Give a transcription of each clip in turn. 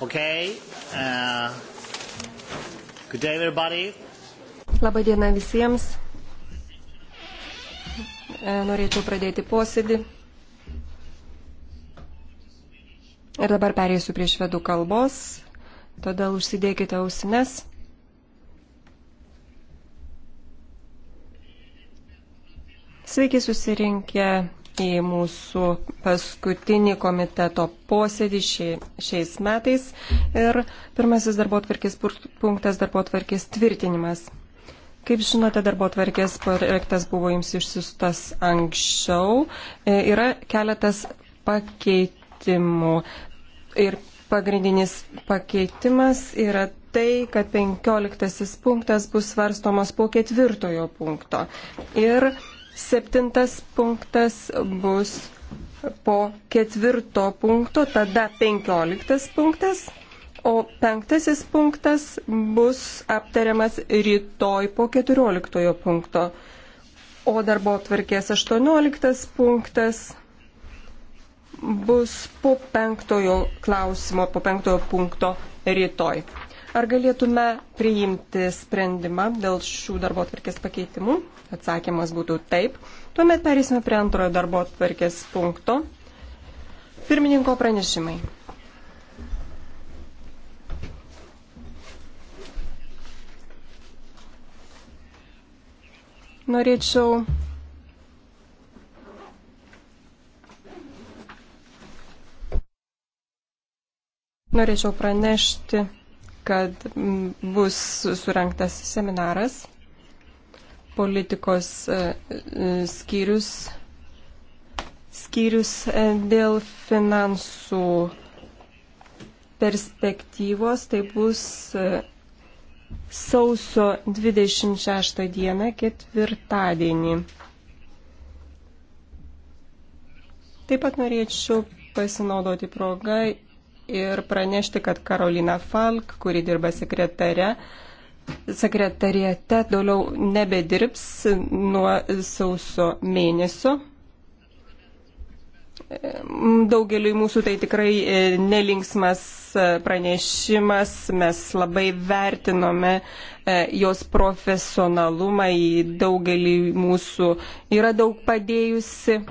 Okay. Uh, good day everybody. Labai diena visiems. E, norėčiau pradėti posėdį. Ir dabar perėsiu prie švedų kalbos, todėl užsidėkite ausines. Sveiki susirinkę į mūsų paskutinį komiteto posėdį šiais metais. Ir pirmasis darbo atvarkės punktas darbo atvarkės tvirtinimas. Kaip žinote, darbo atvarkės projektas buvo jums išsiustas anksčiau. E, yra keletas pakeitimų. Ir pagrindinis pakeitimas yra tai, kad penkioliktasis punktas bus svarstomas po ketvirtojo punkto. Ir Septintas punktas bus po ketvirto punkto, tada penkioliktas punktas, o penktasis punktas bus aptariamas rytoj po keturioliktojo punkto. O darbo tvarkės aštuonioliktas punktas bus po penktojo klausimo, po penktojo punkto rytoj. Ar galėtume priimti sprendimą dėl šių darbo atvarkės pakeitimų? Atsakymas būtų taip. Tuomet perėsime prie antrojo darbo atvarkės punkto. Pirmininko pranešimai. Norėčiau Norėčiau pranešti kad bus surinktas seminaras. Politikos e, e, skyrius, skyrius e, dėl finansų perspektyvos, tai bus sausio 26 dieną, ketvirtadienį. Taip pat norėčiau pasinaudoti progą ir pranešti, kad Karolina Falk, kuri dirba sekretare, sekretariate toliau nebedirbs nuo sauso mėnesio. Daugeliui mūsų tai tikrai e, nelinksmas e, pranešimas, mes labai vertinome e, jos profesionalumą, į daugelį mūsų yra daug padėjusi.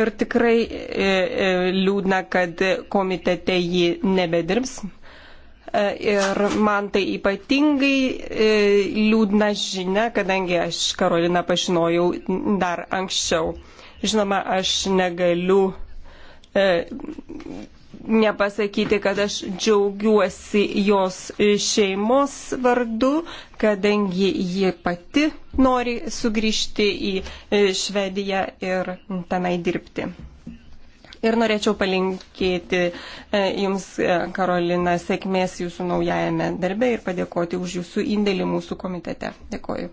Ir tikrai e, e, liūdna, kad komitete ji nebedirbs. E, ir man tai ypatingai liūdna žinia, kadangi aš Karoliną pažinojau dar anksčiau. Žinoma, aš negaliu nepasakyti, kad aš džiaugiuosi jos šeimos vardu, kadangi ji pati nori sugrįžti į e, Švediją ir tenai dirbti. Ir norėčiau palinkėti e, Jums, e, Karolina, sėkmės Jūsų naujajame darbe ir padėkoti už Jūsų indėlį mūsų komitete. Dėkoju.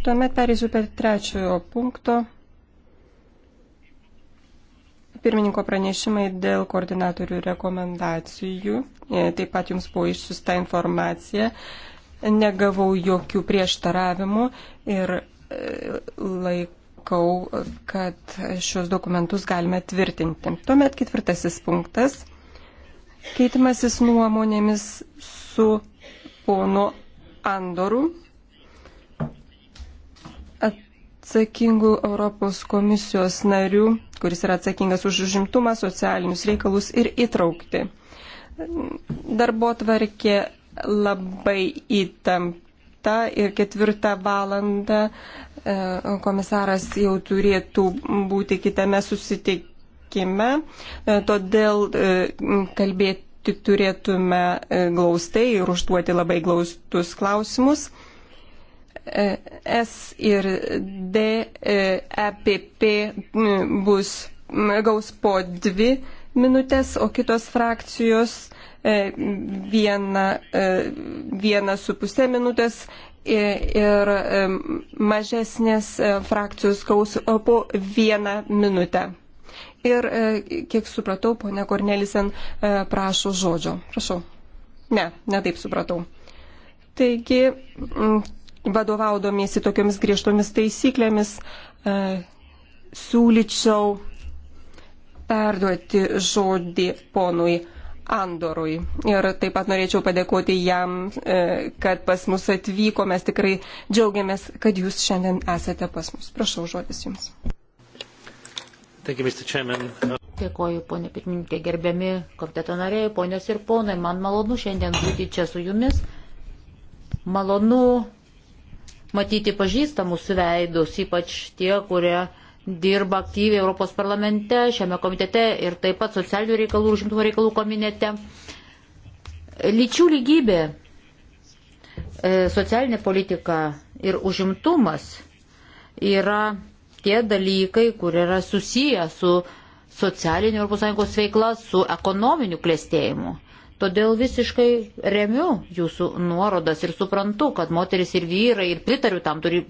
Tuomet perėsiu per trečiojo punkto. Pirmininko pranešimai dėl koordinatorių rekomendacijų. E, taip pat jums buvo išsiusta informacija. Negavau jokių prieštaravimų ir e, laikau, kad šios dokumentus galime tvirtinti. Tuomet ketvirtasis punktas. Keitimasis nuomonėmis su ponu Andoru atsakingų Europos komisijos narių, kuris yra atsakingas už žimtumą, socialinius reikalus ir įtraukti. Darbo tvarkė labai įtempta ir ketvirtą valandą e, komisaras jau turėtų būti kitame susitikime, e, todėl e, kalbėti turėtume glaustai ir užduoti labai glaustus klausimus. S ir D EPP e bus gaus po dvi minutės, o kitos frakcijos vieną, vieną e, su pusė minutės e, ir mažesnės frakcijos gaus po vieną minutę. Ir, kiek supratau, ponia Kornelisen prašo žodžio. Prašau. Ne, netaip supratau. Taigi, vadovaudomėsi tokiamis griežtomis taisyklėmis, e, siūlyčiau perduoti žodį ponui Andorui. Ir taip pat norėčiau padėkoti jam, e, kad pas mus atvyko. Mes tikrai džiaugiamės, kad jūs šiandien esate pas mus. Prašau, žodis jums. Dėkoju, ponė pirmininkė, gerbiami komiteto nariai, ponios ir ponai. Man malonu šiandien būti čia su jumis. Malonu matyti pažįstamus veidus, ypač tie, kurie dirba aktyviai Europos parlamente, šiame komitete ir taip pat socialinių reikalų, užimtumo reikalų komitete. Lyčių lygybė, e, socialinė politika ir užimtumas yra tie dalykai, kur yra susiję su socialiniu ES veikla, su ekonominiu klėstėjimu. Todėl visiškai remiu jūsų nuorodas ir suprantu, kad moteris ir vyrai, ir pritariu tam, turi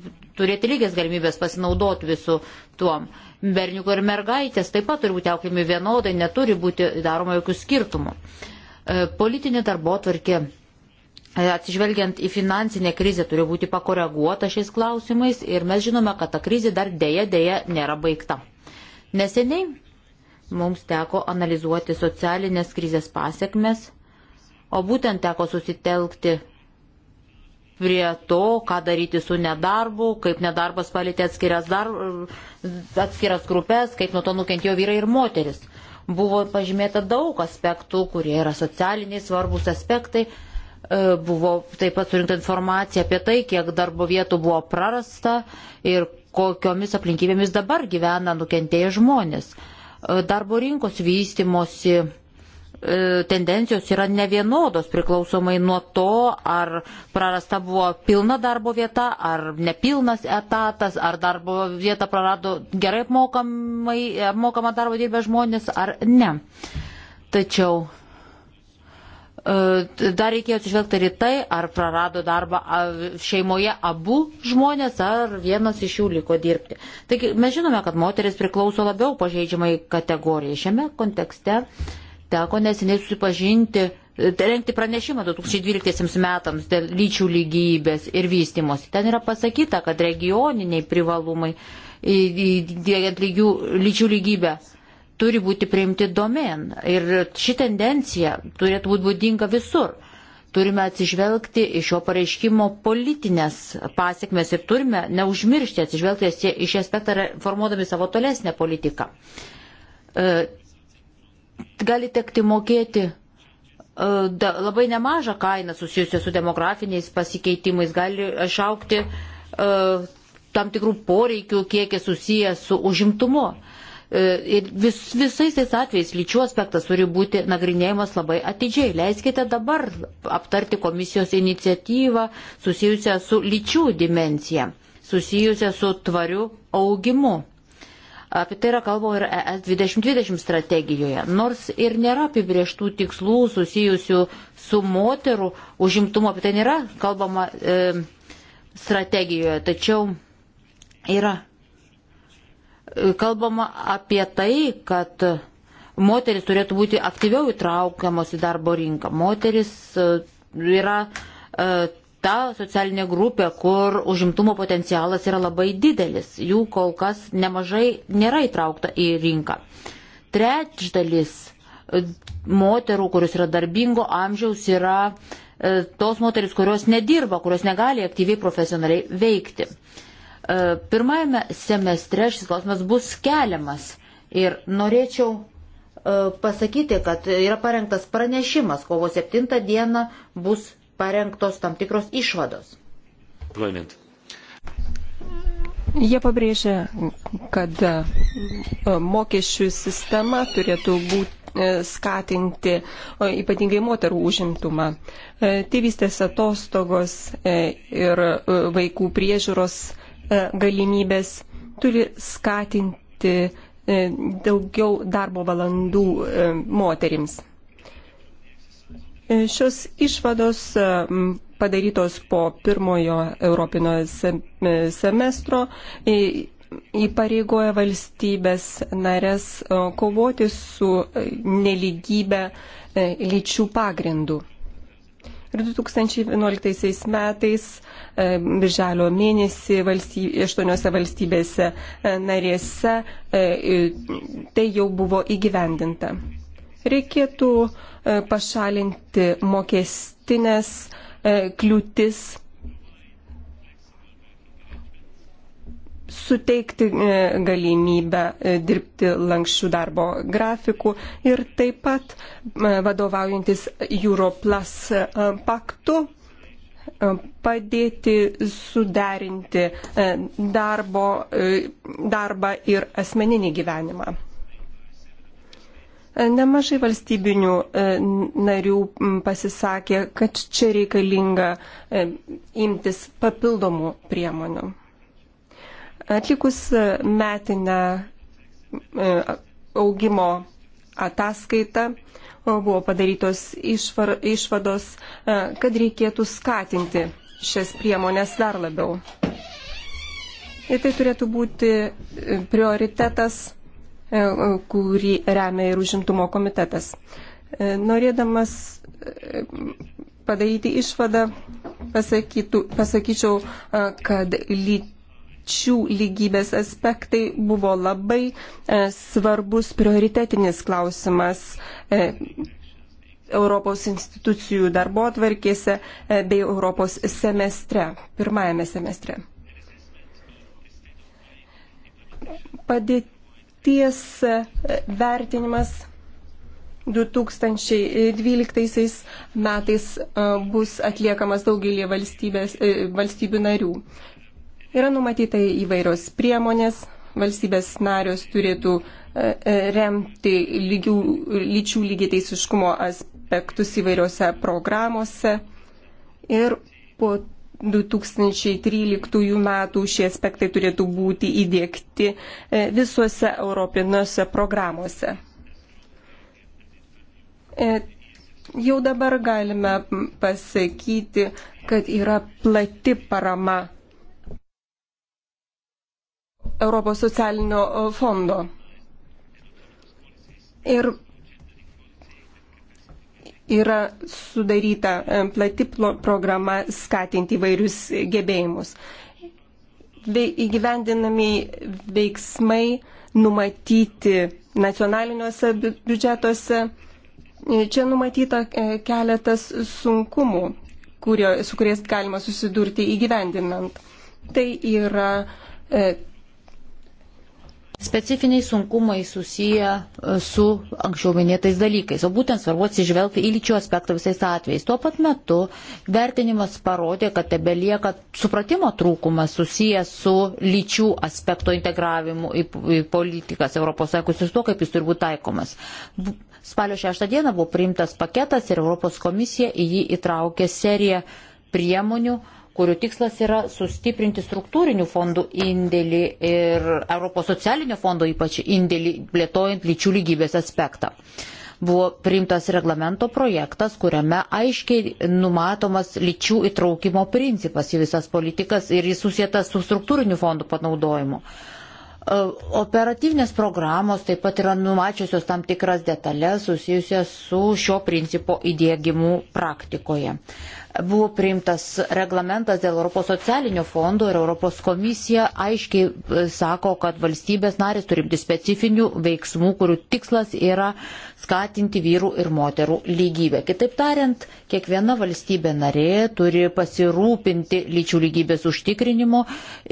turėti lygias galimybės pasinaudoti visų tuom. Berniukai ir mergaitės taip pat turi būti auklimi vienodai, neturi būti daroma jokių skirtumų. E, politinė darbo tvarkė, e, atsižvelgiant į finansinę krizę, turi būti pakoreguota šiais klausimais ir mes žinome, kad ta krizė dar dėja dėja nėra baigta. Neseniai mums teko analizuoti socialinės krizės pasiekmes o būtent teko susitelkti prie to, ką daryti su nedarbu, kaip nedarbas palėtė atskiras, dar, atskiras grupės, kaip nuo to nukentėjo vyrai ir moteris. Buvo pažymėta daug aspektų, kurie yra socialiniai svarbus aspektai. E, buvo taip pat surinkta informacija apie tai, kiek darbo vietų buvo prarasta ir kokiomis aplinkybėmis dabar gyvena nukentėję žmonės. E, darbo rinkos vystimosi E, tendencijos yra nevienodos priklausomai nuo to, ar prarasta buvo pilna darbo vieta, ar nepilnas etatas, ar darbo vietą prarado gerai apmokama darbo dirbę žmonės, ar ne. Tačiau e, dar reikėjo atsižvelgti ir į tai, ar prarado darbą šeimoje abu žmonės, ar vienas iš jų liko dirbti. Taigi mes žinome, kad moteris priklauso labiau pažeidžiamai kategorijai. Šiame kontekste uh, teko neseniai susipažinti, e, rengti pranešimą 2012 metams dėl lyčių lygybės ir vystimos. Ten yra pasakyta, kad regioniniai privalumai įdėgiant lyčių lygybę turi būti priimti domen. Ir ši tendencija turėtų būti būdinga visur. Turime atsižvelgti iš šio pareiškimo politinės pasiekmes ir turime neužmiršti atsižvelgti į šį aspektą formuodami savo tolesnę politiką e, gali tekti mokėti e, da, labai nemažą kainą susijusią su demografiniais pasikeitimais, gali išaukti uh, tam tikrų poreikių kiekis susijęs su užimtumu. Uh, ir vis, visais tais atvejais lyčių aspektas turi būti nagrinėjimas labai atidžiai. Leiskite dabar aptarti komisijos iniciatyvą susijusią su lyčių dimencija, susijusią su tvariu augimu. Apie tai yra kalbama ir ES 2020 strategijoje. Nors ir nėra apibrieštų tikslų susijusių su moterų užimtumu, apie tai nėra kalbama e, strategijoje, tačiau yra e, kalbama apie tai, kad moteris turėtų būti aktyviau įtraukiamos į darbo rinką. Moteris e, yra e, ta socialinė grupė, kur užimtumo potencialas yra labai didelis. Jų kol kas nemažai nėra įtraukta į rinką. Trečdalis e, moterų, kurios yra darbingo amžiaus, yra e, tos moteris, kurios nedirba, kurios negali aktyviai profesionaliai veikti. E, pirmajame semestre šis klausimas bus keliamas ir norėčiau pasakyti, kad yra parengtas pranešimas, kovo 7 dieną bus parengtos tam tikros išvados. Plainant. Jie pabrėžia, kad e, mokesčių sistema turėtų būti e, skatinti ypatingai moterų užimtumą. E, tėvystės atostogos ir vaikų priežiūros galimybės turi skatinti daugiau darbo valandų moterims. Šios išvados e, padarytos po pirmojo Europinio e, semestro įpareigoja valstybės narės e, kovoti su neligybė lyčių pagrindų. Ir 2011 metais, birželio mėnesį, valstybė, aštuoniuose valstybėse narėse tai jau buvo įgyvendinta reikėtų e, pašalinti mokestinės e, kliūtis, suteikti e, galimybę dirbti lankščių darbo grafikų ir taip pat vadovaujantis Europlas paktu padėti suderinti darbo, darbą ir asmeninį gyvenimą. Nemažai valstybinių e, narių pasisakė, kad čia reikalinga e, imtis papildomų priemonių. Atlikus e, metinę augimo ataskaitą buvo padarytos išvar, išvados, kad reikėtų skatinti šias priemonės dar labiau. Ir tai turėtų būti prioritetas E, kurį remia ir užimtumo komitetas. E, norėdamas e, padaryti išvadą, pasakytų, pasakyčiau, kad lyčių lygybės aspektai buvo labai svarbus prioritetinis klausimas Europos institucijų darbo atvarkėse bei Europos semestre, pirmajame semestre. Padėti padėties e, vertinimas 2012 metais e, bus atliekamas daugelį e, valstybių narių. Yra numatyta įvairios priemonės, valstybės narios turėtų remti lygių, lyčių lygiateisiškumo aspektus įvairiose programuose ir po 2013 metų šie aspektai turėtų būti įdėkti e, visuose europinose programuose. E, jau dabar galime pasakyti, kad yra plati parama Europos socialinio fondo. Ir yra sudaryta e, plati programa skatinti įvairius gebėjimus. Įgyvendinami veiksmai numatyti nacionaliniuose biudžetuose. E, čia numatyta e, keletas sunkumų, kurio, su kuriais galima susidurti įgyvendinant. Tai yra Specifiniai sunkumai susiję e, su anksčiau minėtais dalykais, o būtent svarbu atsižvelgti į lyčių aspektą visais atvejais. Tuo pat metu vertinimas parodė, kad tebelieka supratimo trūkumas susijęs su lyčių aspekto integravimu į, į politikas Europos Sąjungos ir to, kaip jis turi būti taikomas. Spalio 6 dieną buvo priimtas paketas ir Europos komisija į jį įtraukė seriją priemonių kurių tikslas yra sustiprinti struktūrinių fondų indėlį ir Europos socialinio fondo ypač indėlį plėtojant lyčių lygybės aspektą. Buvo priimtas reglamento projektas, kuriame aiškiai numatomas lyčių įtraukimo principas į visas politikas ir jis susijęs su struktūrinių fondų panaudojimu. E, operatyvinės programos taip pat yra numačiusios tam tikras detalės susijusias su šio principo įdėgimu praktikoje. Buvo priimtas reglamentas dėl Europos socialinio fondo ir Europos komisija aiškiai e, sako, kad valstybės narės turimti specifinių veiksmų, kurių tikslas yra skatinti vyrų ir moterų lygybę. Kitaip tariant, kiekviena valstybė narė turi pasirūpinti lyčių lygybės užtikrinimu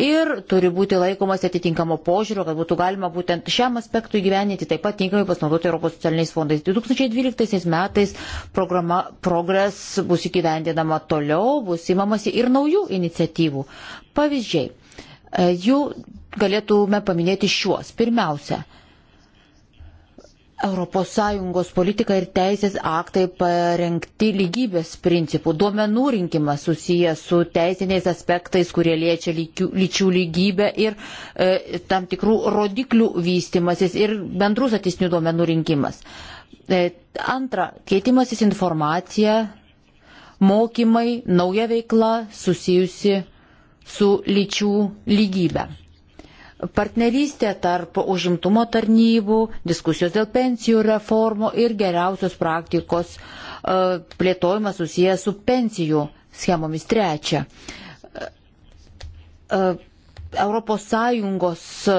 ir turi būti laikomas atitinkamo požiūrio, kad būtų galima būtent šiam aspektui gyveninti, taip pat tinkamai pasinaudoti Europos socialiniais fondais. 2012 metais programa Progress bus įgyvendinama einama toliau, bus įmamasi ir naujų iniciatyvų. Pavyzdžiai, e, jų galėtume paminėti šiuos. Pirmiausia, ES politika ir teisės aktai parengti lygybės principų, duomenų rinkimas susijęs su teisiniais aspektais, kurie liečia lygių, lyčių lygybę ir e, tam tikrų rodiklių vystimasis ir bendrus atisnių duomenų rinkimas. E, antra, keitimasis informacija mokymai, nauja veikla susijusi su lyčių lygybė. Partnerystė tarp užimtumo tarnybų, diskusijos dėl pensijų reformų ir geriausios praktikos e, plėtojimas susijęs su pensijų schemomis. Trečia, e, e, ES e,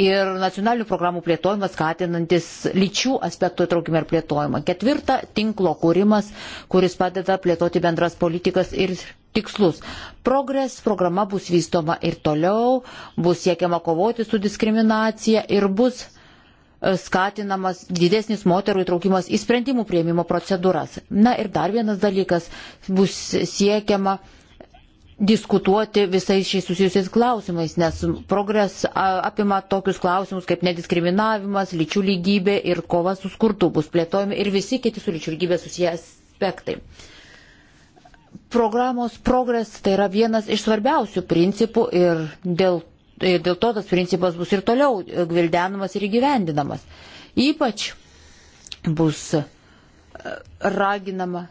ir nacionalinių programų plėtojimas, skatinantis lyčių aspektų įtraukimą ir plėtojimą. Ketvirta - tinklo kūrimas, kuris padeda plėtoti bendras politikas ir tikslus. Progres programa bus vystoma ir toliau, bus siekiama kovoti su diskriminacija ir bus e, skatinamas didesnis moterų įtraukimas į sprendimų prieimimo procedūras. Na ir dar vienas dalykas - bus siekiama uh, diskutuoti visais šiais susijusiais klausimais, nes progres apima tokius klausimus kaip nediskriminavimas, lyčių lygybė ir kova su skurdu bus plėtojami ir visi kiti su lyčių lygybė susiję aspektai. Programos progres tai yra vienas iš svarbiausių principų ir dėl, ir e, dėl to tas principas bus ir toliau e, gvildenamas ir įgyvendinamas. Ypač bus e, raginama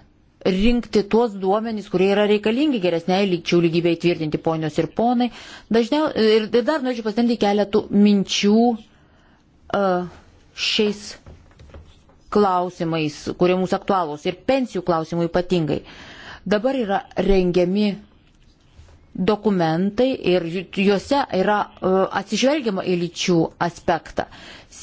rinkti tuos duomenys, kurie yra reikalingi geresniai lygčių lygybei tvirtinti ponios ir ponai. Dažniau, ir dar norėčiau pasitenti keletų minčių uh, šiais klausimais, kurie mūsų aktualūs ir pensijų klausimų ypatingai. Dabar yra rengiami dokumentai ir juose yra e, atsižvelgiama į lyčių aspektą.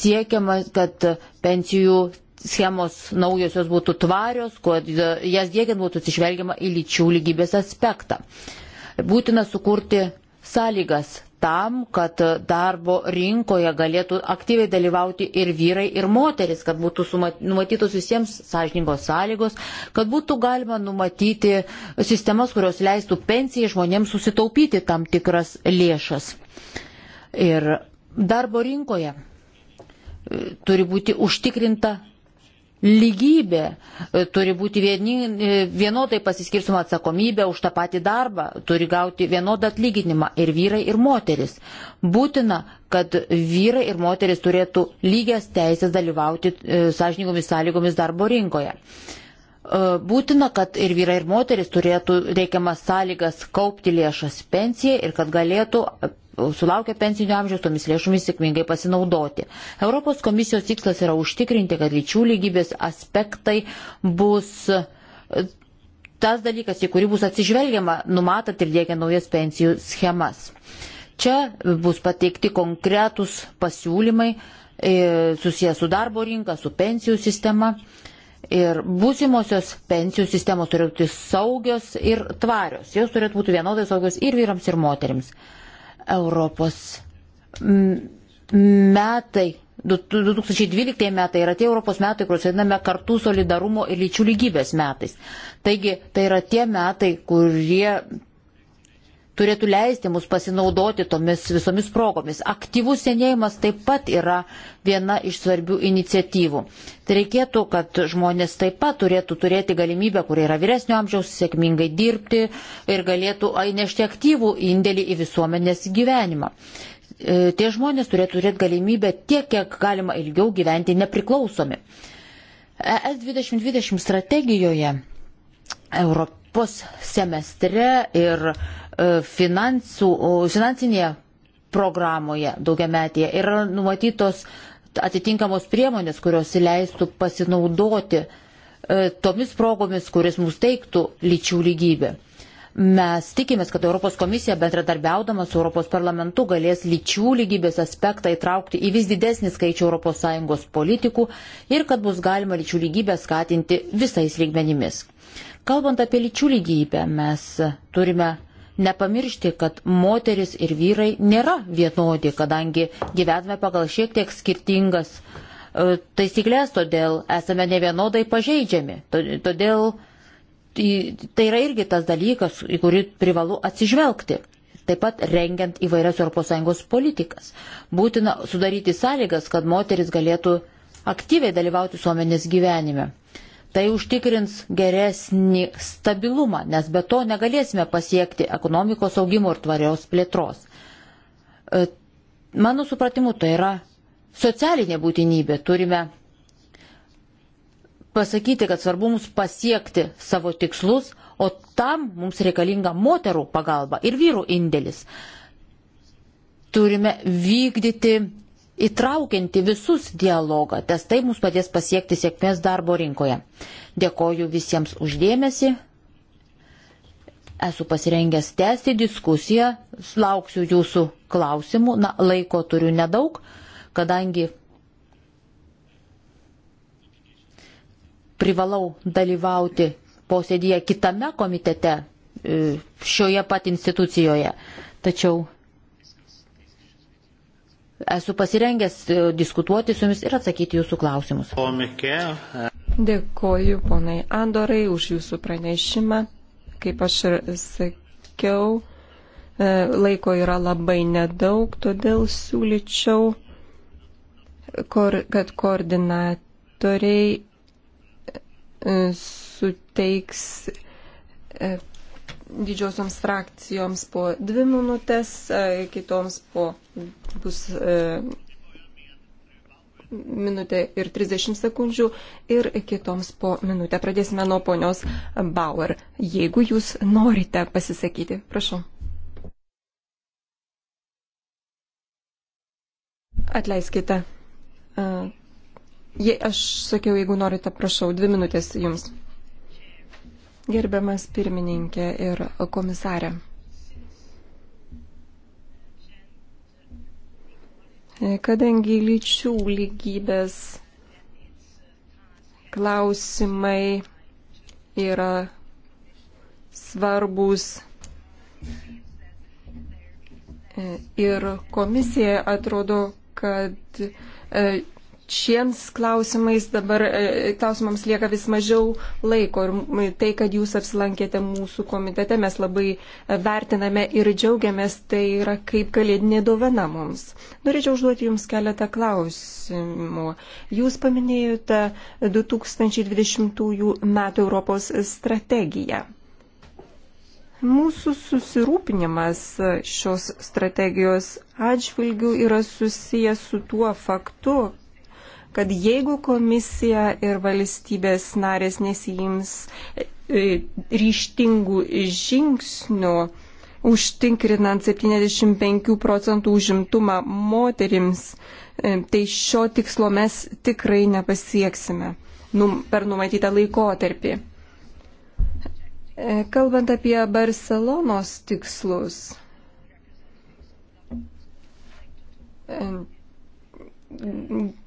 Siekiama, kad pensijų schemos naujosios būtų tvarios, kad e, jas dėgiant būtų atsižvelgiama į lyčių lygybės aspektą. Būtina sukurti sąlygas tam, kad darbo rinkoje galėtų aktyviai dalyvauti ir vyrai, ir moteris, kad būtų numatytos visiems sąžiningos sąlygos, kad būtų galima numatyti sistemas, kurios leistų pensijai žmonėms susitaupyti tam tikras lėšas. Ir darbo rinkoje e, turi būti užtikrinta lygybė, e, turi būti vieni, e, vienodai pasiskirstoma atsakomybė už tą patį darbą, turi gauti vienodą atlyginimą ir vyrai, ir moteris. Būtina, kad vyrai ir moteris turėtų lygias teisės dalyvauti e, sąžiningomis sąlygomis darbo rinkoje. Būtina, kad ir vyrai, ir moteris turėtų reikiamas sąlygas kaupti lėšas pensijai ir kad galėtų sulaukia pensinio amžiaus, tomis lėšomis sėkmingai pasinaudoti. Europos komisijos tikslas yra užtikrinti, kad lyčių lygybės aspektai bus e, tas dalykas, į kurį bus atsižvelgiama, numatant ir dėkia naujas pensijų schemas. Čia bus pateikti konkretus pasiūlymai e, susijęs su darbo rinka, su pensijų sistema. Ir būsimosios pensijų sistemos turėtų būti saugios ir tvarios. Jos turėtų būti vienodai saugios ir vyrams, ir moteriams. Europos metai, 2012 metai yra tie Europos metai, kuriuos vadiname kartų solidarumo ir lyčių lygybės metais. Taigi tai yra tie metai, kurie turėtų leisti mus pasinaudoti tomis visomis progomis. Aktyvus senėjimas taip pat yra viena iš svarbių iniciatyvų. Tai reikėtų, kad žmonės taip pat turėtų turėti galimybę, kurie yra vyresnio amžiaus, sėkmingai dirbti ir galėtų įnešti aktyvų indėlį į visuomenės gyvenimą. E, tie žmonės turėtų turėti galimybę tiek, kiek galima ilgiau gyventi nepriklausomi. ES 2020 strategijoje Europos Europos semestre ir e, finansų, finansinėje programoje daugiametėje yra numatytos atitinkamos priemonės, kurios leistų pasinaudoti e, tomis progomis, kuris mums teiktų lyčių lygybė. Mes tikimės, kad Europos komisija bendradarbiaudama su Europos parlamentu galės lyčių lygybės aspektą įtraukti į vis didesnį skaičių ES politikų ir kad bus galima lyčių lygybę skatinti visais lygmenimis. Kalbant apie lyčių lygybę, mes turime nepamiršti, kad moteris ir vyrai nėra vienodi, kadangi gyvename pagal šiek tiek skirtingas e, taisyklės, todėl esame ne vienodai pažeidžiami. Todėl tai yra irgi tas dalykas, į kurį privalu atsižvelgti. Taip pat rengiant įvairias ES politikas. Būtina sudaryti sąlygas, kad moteris galėtų aktyviai dalyvauti suomenės gyvenime. Tai užtikrins geresnį stabilumą, nes be to negalėsime pasiekti ekonomikos augimo ir tvarios plėtros. E, mano supratimu, tai yra socialinė būtinybė. Turime pasakyti, kad svarbu mums pasiekti savo tikslus, o tam mums reikalinga moterų pagalba ir vyrų indėlis. Turime vykdyti įtraukianti visus dialogą, nes tai mums padės pasiekti sėkmės darbo rinkoje. Dėkoju visiems uždėmesi. Esu pasirengęs tęsti diskusiją, lauksiu jūsų klausimų. Na, laiko turiu nedaug, kadangi privalau dalyvauti posėdėje kitame komitete e, šioje pat institucijoje. Tačiau Esu pasirengęs e, diskutuoti su jumis ir atsakyti jūsų klausimus. E. Dėkoju, ponai Andorai, už jūsų pranešimą. Kaip aš ir sakiau, e, laiko yra labai nedaug, todėl siūlyčiau, kad koordinatoriai suteiks didžiosioms frakcijoms po dvi minutės, kitoms po bus e, minutė ir 30 sekundžių ir kitoms po minutę. Pradėsime nuo ponios Bauer. Jeigu jūs norite pasisakyti, prašau. Atleiskite. E, Jei aš sakiau, jeigu norite, prašau, dvi minutės jums. Gerbiamas pirmininkė ir komisarė. E, kadangi lyčių lygybės klausimai yra svarbus e, ir komisija atrodo, kad e, šiems klausimais dabar e, klausimams lieka vis mažiau laiko ir tai, kad jūs apsilankėte mūsų komitete, mes labai e, vertiname ir džiaugiamės, tai yra kaip kalėdinė dovana mums. Norėčiau užduoti Jums keletą klausimų. Jūs paminėjote 2020 m. Europos strategiją. Mūsų susirūpinimas šios strategijos atžvilgių yra susijęs su tuo faktu, kad jeigu komisija ir valstybės narės nesijims e, ryštingų žingsnių, užtinkrinant 75 procentų užimtumą moterims, e, tai šio tikslo mes tikrai nepasieksime per numatytą laikotarpį. E, kalbant apie Barcelonos tikslus,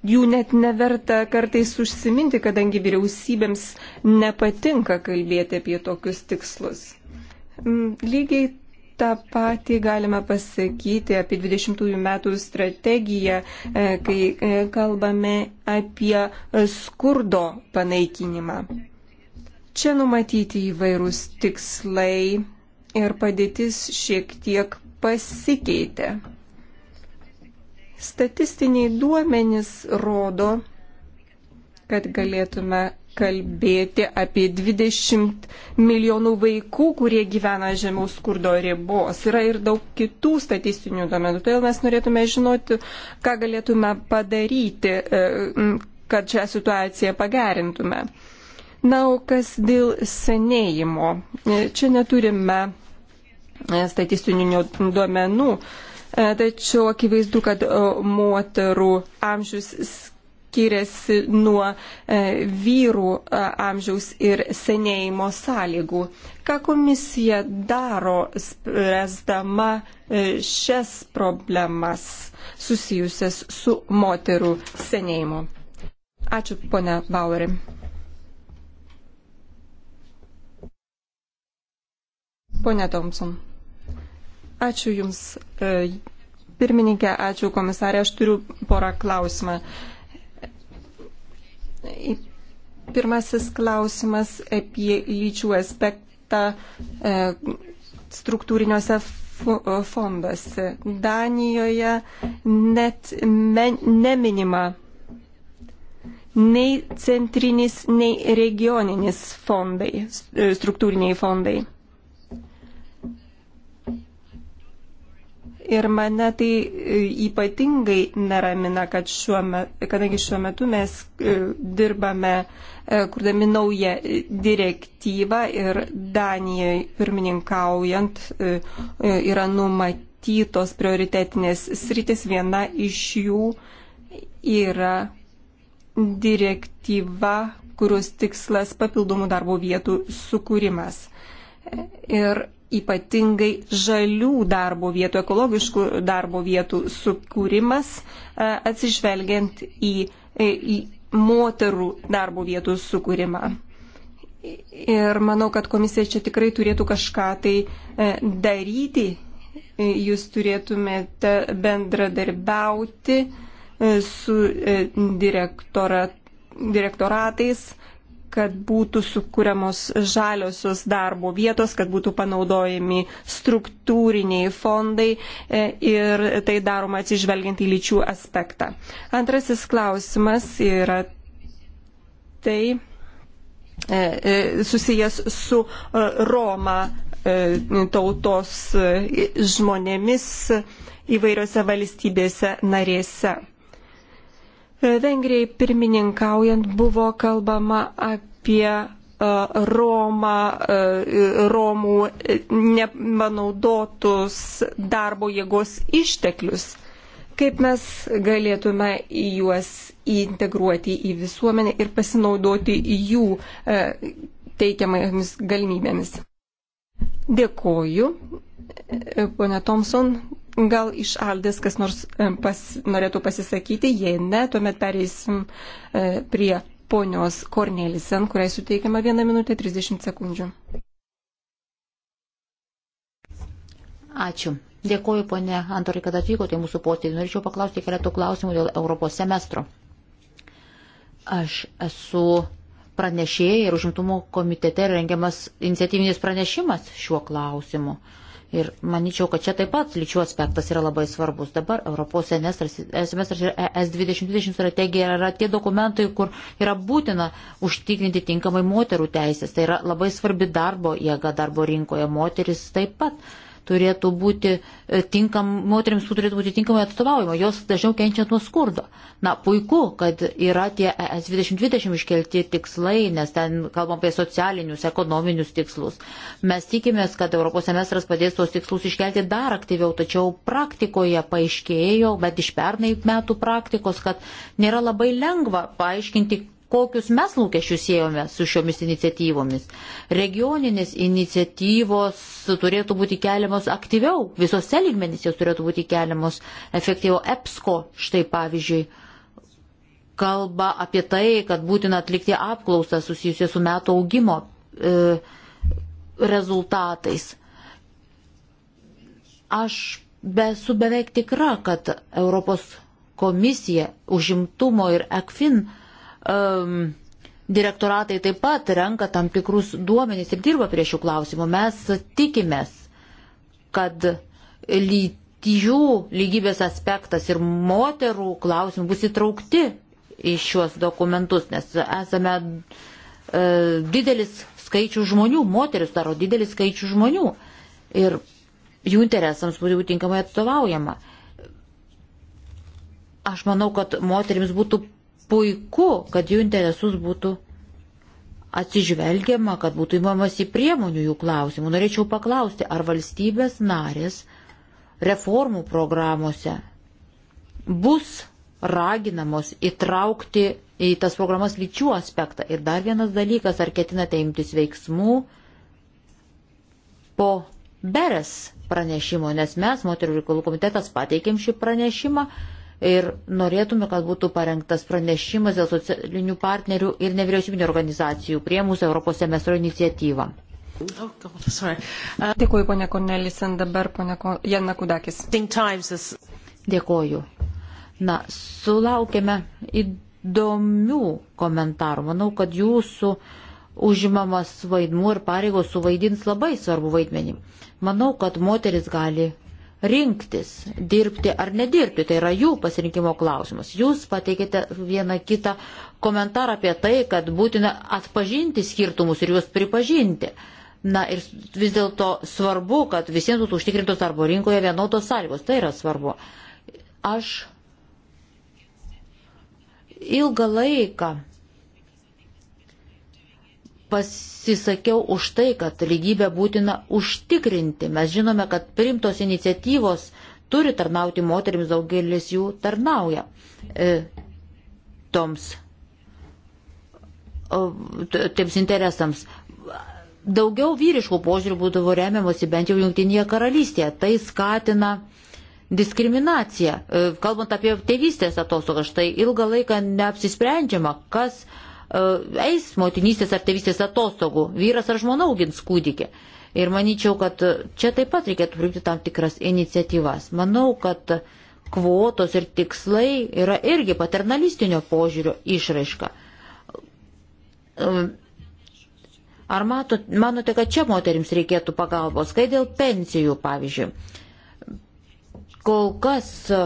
jų net neverta kartais užsiminti, kadangi vyriausybėms nepatinka kalbėti apie tokius tikslus. Mm, lygiai tą patį galime pasakyti apie 20-ųjų metų strategiją, e, kai e, kalbame apie skurdo panaikinimą. Čia numatyti įvairūs tikslai ir padėtis šiek tiek pasikeitė. Statistiniai duomenys rodo, kad galėtume kalbėti apie 20 milijonų vaikų, kurie gyvena žemiaus skurdo ribos. Yra ir daug kitų statistinių duomenų. Todėl mes norėtume žinoti, ką galėtume padaryti, e, kad šią situaciją pagerintume. Na, o kas dėl senėjimo? E, čia neturime e, statistinių duomenų, E, tačiau akivaizdu, kad e, moterų amžius skiriasi nuo e, vyrų amžiaus ir senėjimo sąlygų. Ką komisija daro, spręsdama šias problemas susijusias su moterų senėjimu? Ačiū, ponia Baueri. Ponia Thompson. Ačiū Jums, e, pirmininkė, ačiū komisarė. Aš turiu porą klausimą. Pirmasis klausimas apie lyčių aspektą e, struktūriniuose e, fonduose. Danijoje net men, neminima nei centrinis, nei regioninis fondai, struktūriniai fondai. Ir mane tai e, ypatingai neramina, kad šiuo metu, kadangi šiuo metu mes e, dirbame, e, kurdami naują direktyvą ir Danijai pirmininkaujant yra numatytos prioritetinės sritis. Viena iš jų yra direktyva, kurios tikslas papildomų darbo vietų sukūrimas. Ir ypatingai žalių darbo vietų, ekologiškų darbo vietų sukūrimas, e, atsižvelgiant į, e, į moterų darbo vietų sukūrimą. Ir manau, kad komisija čia tikrai turėtų kažką tai e, daryti. Jūs turėtumėte bendradarbiauti su direktora, direktoratais kad būtų sukūriamos žaliosios darbo vietos, kad būtų panaudojami struktūriniai fondai e, ir tai daroma atsižvelgiant į lyčių aspektą. Antrasis klausimas yra tai e, e, susijęs su Roma tautos žmonėmis įvairiose valstybėse narėse. Vengrijai pirmininkaujant buvo kalbama apie e, Roma, e, Romų nepanaudotus darbo jėgos išteklius. Kaip mes galėtume juos integruoti į visuomenę ir pasinaudoti jų e, teikiamomis galimybėmis. Dėkoju. E, pone Thompson, gal iš Aldės kas nors e, pas, norėtų pasisakyti, jei ne, tuomet pereisim e, prie ponios Kornelisen, kuriai suteikiama 1 minutė 30 sekundžių. Ačiū. Dėkuoju, ponė Antorai, kad atvykote į mūsų posėdį. Norėčiau paklausti keletų klausimų dėl Europos semestro. Aš esu pranešėja ir užimtumo komitete rengiamas iniciatyvinis pranešimas šiuo klausimu. Uh, Ir manyčiau, kad čia taip pat lyčių aspektas yra labai svarbus. Dabar Europos semestras ir ES 2020 strategija yra tie dokumentai, kur yra būtina užtikrinti tinkamai moterų teisės. Tai yra labai svarbi darbo jėga darbo rinkoje. Moteris taip pat turėtų būti e, tinkam, moteriams turėtų būti tinkamai atstovaujama, jos dažniau kenčia nuo skurdo. Na, puiku, kad yra tie ES 2020 iškelti tikslai, nes ten kalbam apie socialinius, ekonominius tikslus. Mes tikimės, kad Europos semestras padės tos tikslus iškelti dar aktyviau, tačiau praktikoje paaiškėjo, bet iš pernai metų praktikos, kad nėra labai lengva paaiškinti, kokius mes lūkesčius siejome su šiomis iniciatyvomis. Regioninės iniciatyvos turėtų būti keliamos aktyviau, visose lygmenys jos turėtų būti keliamos efektyviau. EPSCO štai pavyzdžiui kalba apie tai, kad būtina atlikti apklausą susijusią su metų augimo e, rezultatais. Aš be, su beveik tikra, kad Europos komisija užimtumo ir ECFIN e, um, direktoratai taip pat renka tam tikrus duomenys ir dirba prie šių klausimų. Mes tikimės, kad lyčių lygybės aspektas ir moterų klausimų bus įtraukti į šiuos dokumentus, nes esame e, didelis skaičių žmonių, moteris daro didelis skaičių žmonių ir jų interesams būtų tinkamai atstovaujama. Aš manau, kad moterims būtų puiku, kad jų interesus būtų atsižvelgiama, kad būtų įmamas į priemonių jų klausimų. Norėčiau paklausti, ar valstybės narės reformų programuose bus raginamos įtraukti į tas programas lyčių aspektą. Ir dar vienas dalykas, ar ketinate imtis veiksmų po beres pranešimo, nes mes, moterų reikalų komitetas, pateikėm šį pranešimą ir norėtume, kad būtų parengtas pranešimas dėl socialinių partnerių ir nevyriausybinio organizacijų prie mūsų Europos semestro iniciatyvą. Oh, God, uh, Dėkuoju, ponė Kornelisen, dabar ponė Ko... Jana Kudakis. Is... Dėkuoju. Na, sulaukėme įdomių komentarų. Manau, kad jūsų užimamas vaidmuo ir pareigos suvaidins labai svarbu vaidmenį. Manau, kad moteris gali rinktis, dirbti ar nedirbti. Tai yra jų pasirinkimo klausimas. Jūs pateikėte vieną kitą komentarą apie tai, kad būtina atpažinti skirtumus ir juos pripažinti. Na ir vis dėlto svarbu, kad visiems būtų užtikrintos darbo rinkoje vienodos sąlygos. Tai yra svarbu. Aš ilgą laiką pasisakiau už tai, kad lygybę būtina užtikrinti. Mes žinome, kad primtos iniciatyvos turi tarnauti moteriams, daugelis jų tarnauja e, toms, o, tiems interesams. Daugiau vyriškų požiūrių būdavo remiamasi bent jau Junktinėje karalystėje. Tai skatina diskriminaciją. E, kalbant apie tėvystės atostogas, štai ilgą laiką neapsisprendžiama, kas e, E, eis motinystės ar tėvystės atostogų. Vyras ar žmona augins kūdikį. Ir manyčiau, kad čia taip pat reikėtų priimti tam tikras iniciatyvas. Manau, kad kvotos ir tikslai yra irgi paternalistinio požiūrio išraiška. E, ar matot, manote, kad čia moterims reikėtų pagalbos, kai dėl pensijų, pavyzdžiui? Kol kas e,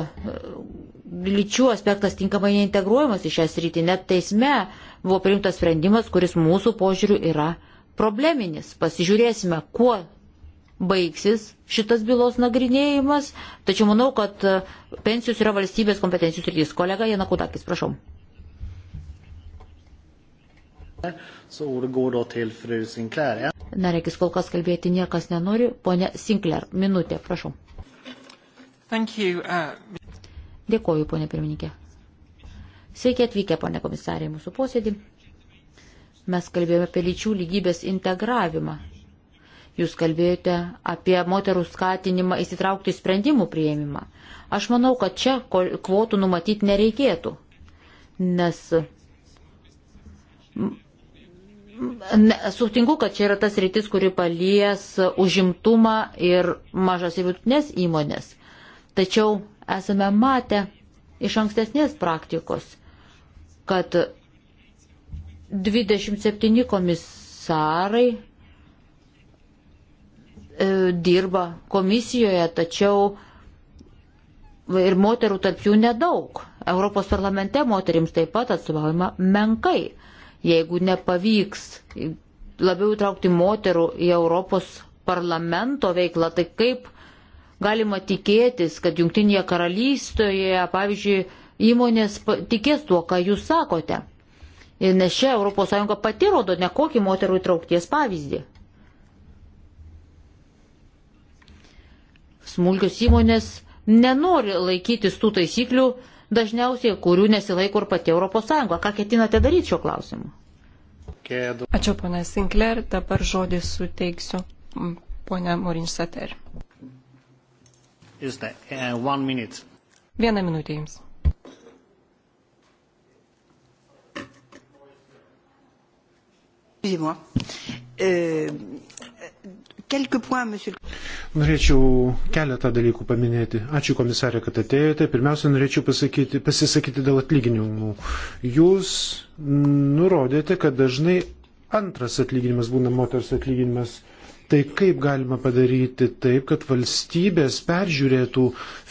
lyčių aspektas tinkamai neintegruojamas į šią sritį, net teisme uh, buvo priimtas sprendimas, kuris mūsų požiūriu yra probleminis. Pasižiūrėsime, kuo baigsis šitas bylos nagrinėjimas, tačiau manau, kad e, pensijos yra valstybės kompetencijų sritis. Kolega Janakudakis, prašau. Nereikis kol kas kalbėti niekas nenori. Pone Sinclair, minutė, prašau. You, uh... Dėkoju, ponė pirmininkė. Sveiki atvykę, ponė komisarė, į mūsų posėdį. Mes kalbėjome apie lyčių lygybės integravimą. Jūs kalbėjote apie moterų skatinimą įsitraukti į sprendimų prieimimą. Aš manau, kad čia kvotų numatyti nereikėtų, nes sutinku, kad čia yra tas rytis, kuri palies užimtumą ir mažas ir vidutinės įmonės. Tačiau esame matę iš ankstesnės praktikos, kad 27 komisarai e, dirba komisijoje, tačiau ir moterų tarp jų nedaug. Europos parlamente moterims taip pat atstovaujama menkai. Jeigu nepavyks labiau įtraukti moterų į Europos parlamento veiklą, tai kaip galima tikėtis, kad Junktinėje karalystėje, pavyzdžiui, įmonės tikės tuo, ką jūs sakote. Ir nes čia ES pati rodo nekokį moterų įtraukties pavyzdį. Smulkios įmonės nenori laikytis tų taisyklių, dažniausiai kurių nesilaiko ir pati ES. Ką ketinate daryti šiuo klausimu? Ačiū, pana Sinclair. Dabar žodį suteiksiu ponia Morin Sater. Uh, Vieną minutę jums. Excusez-moi. Euh, norėčiau keletą dalykų paminėti. Ačiū komisarė, kad atėjote. Pirmiausia, norėčiau pasakyti, pasisakyti dėl atlyginimų. Jūs nurodėte, kad dažnai antras atlyginimas būna moters atlyginimas. Tai kaip galima padaryti taip, kad valstybės peržiūrėtų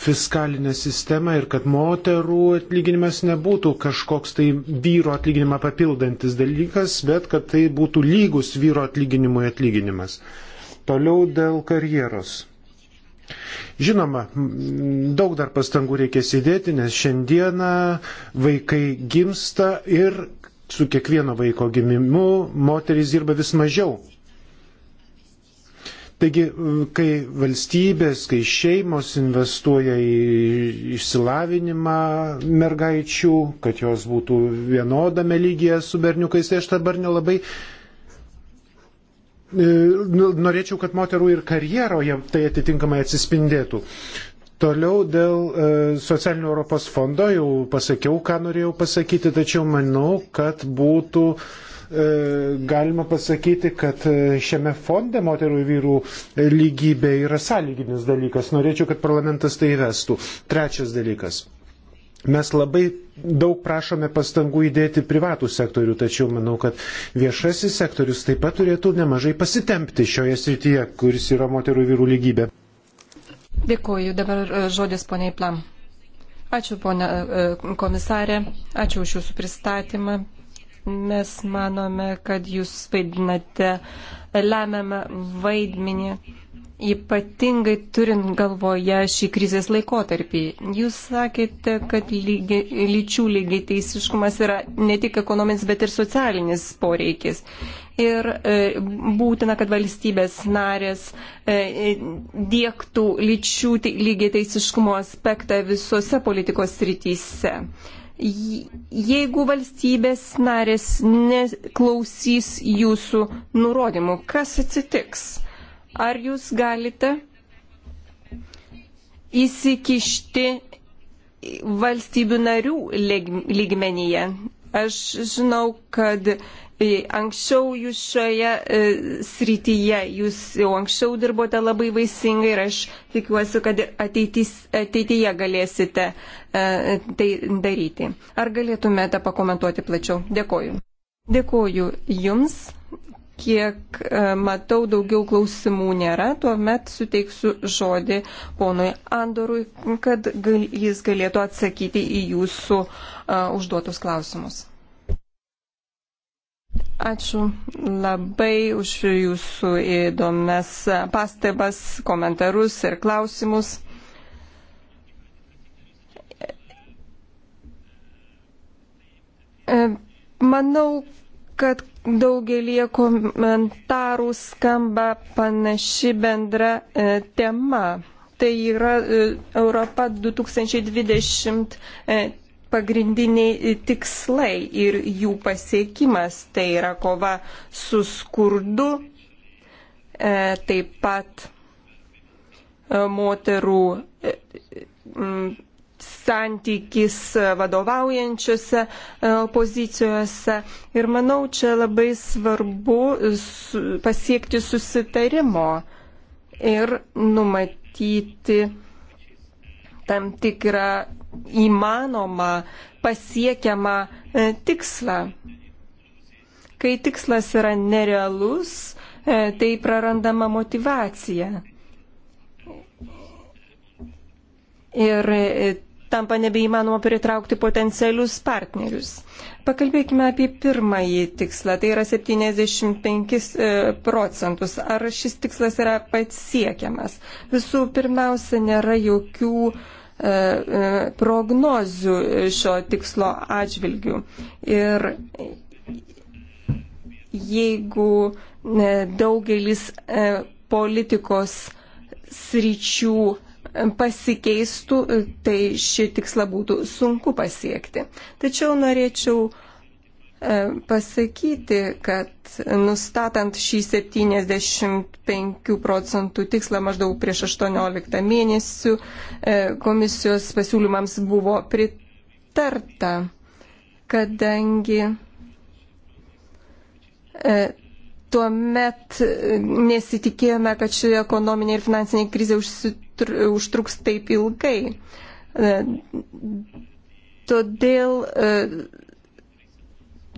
fiskalinę sistemą ir kad moterų atlyginimas nebūtų kažkoks tai vyro atlyginimą papildantis dalykas, bet kad tai būtų lygus vyro atlyginimui atlyginimas. Toliau dėl karjeros. Žinoma, daug dar pastangų reikės įdėti, nes šiandieną vaikai gimsta ir su kiekvieno vaiko gimimu moteris dirba vis mažiau. Taigi, kai valstybės, kai šeimos investuoja į išsilavinimą mergaičių, kad jos būtų vienodame lygyje su berniukais, tai aš dabar nelabai e, nu, norėčiau, kad moterų ir karjeroje tai atitinkamai atsispindėtų. Toliau dėl e, socialinio Europos fondo jau pasakiau, ką norėjau pasakyti, tačiau manau, kad būtų uh, E, galima pasakyti, kad e, šiame fonde moterų ir vyrų e, lygybė yra sąlyginis dalykas. Norėčiau, kad parlamentas tai įvestų. Trečias dalykas. Mes labai daug prašome pastangų įdėti privatų sektorių, tačiau manau, kad viešasis sektorius taip pat turėtų nemažai pasitempti šioje srityje, kuris yra moterų ir vyrų lygybė. Dėkuoju. Dabar žodis poniai Plam. Ačiū, ponia komisarė. Ačiū už jūsų pristatymą. Mes manome, kad jūs vaidinate lemiamą vaidmenį, ypatingai turint galvoje šį krizės laikotarpį. Jūs sakėte, kad lygi, lyčių lygiai teisiškumas yra ne tik ekonominis, bet ir socialinis poreikis. Ir e, būtina, kad valstybės narės e, dėktų lyčių lygiai teisiškumo aspektą visose politikos rytise. E, jeigu valstybės narės neklausys jūsų nurodymų, kas atsitiks? Ar jūs galite įsikišti valstybių narių lygmenyje? Aš žinau, kad E, anksčiau jūs šioje e, srityje, jūs jau anksčiau dirbote labai vaisingai ir aš tikiuosi, kad ateitys, ateityje galėsite e, tai daryti. Ar galėtumėte pakomentuoti plačiau? Dėkoju. Dėkoju Jums. Kiek e, matau, daugiau klausimų nėra, tuomet suteiksiu žodį ponui Andorui, kad gal, jis galėtų atsakyti į jūsų e, užduotus klausimus. Ačiū labai už jūsų įdomias pastabas, komentarus ir klausimus. E, manau, kad daugelie komentarų skamba panaši bendra e, tema. Tai yra e, Europa 2020 pagrindiniai e, tikslai ir jų pasiekimas. Tai yra kova su skurdu, e, taip pat e, moterų santykis vadovaujančiose pozicijose. Ir manau, čia labai svarbu pasiekti susitarimo ir numatyti tam tikrą įmanomą pasiekiamą e, tikslą. Kai tikslas yra nerealus, e, tai prarandama motivacija. Ir e, tampa nebeįmanoma pritraukti potencialius partnerius. Pakalbėkime apie pirmąjį tikslą, tai yra 75 procentus. Ar šis tikslas yra pats siekiamas? Visų pirmiausia, nėra jokių uh, E, e, prognozių šio tikslo atžvilgių. Ir jeigu e, daugelis politikos sričių pasikeistų, tai šį tikslą būtų sunku pasiekti. Tačiau norėčiau E, pasakyti, kad nustatant šį 75 procentų tikslą maždaug prieš 18 mėnesių e, komisijos pasiūlymams buvo pritarta, kadangi e, tuomet nesitikėjome, kad ši ekonominė ir finansinė krizė užtruks taip ilgai. Todėl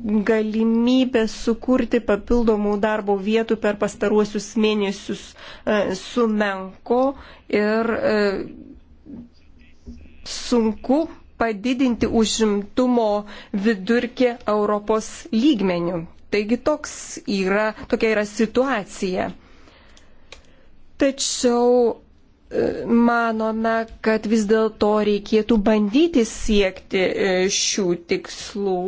galimybę sukurti papildomų darbo vietų per pastaruosius mėnesius e, sumenko ir e, sunku padidinti užimtumo vidurkį Europos lygmenių. Taigi toks yra, tokia yra situacija. Tačiau e, manome, kad vis dėlto reikėtų bandyti siekti šių tikslų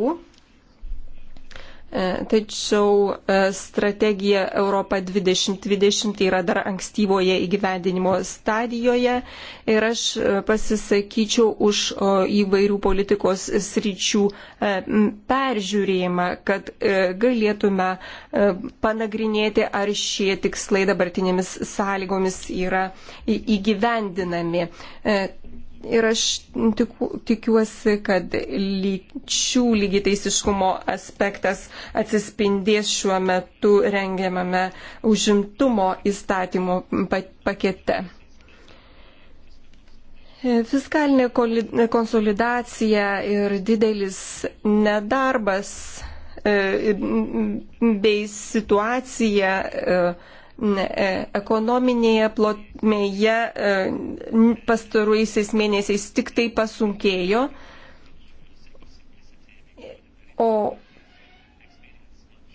E, tačiau e, strategija Europa 2020 tai yra dar ankstyvoje įgyvendinimo stadijoje ir aš e, pasisakyčiau už įvairių politikos sričių peržiūrėjimą, kad galėtume panagrinėti, ar šie tikslai dabartinėmis sąlygomis yra įgyvendinami ir aš tiku, tikiuosi, kad lyčių lygiteisiškumo aspektas atsispindės šiuo metu rengiamame užimtumo įstatymo pakete. Fiskalinė konsolidacija ir didelis nedarbas e, bei situacija e, E, ekonominėje plotmėje e, pastaruisiais mėnesiais tik tai pasunkėjo. O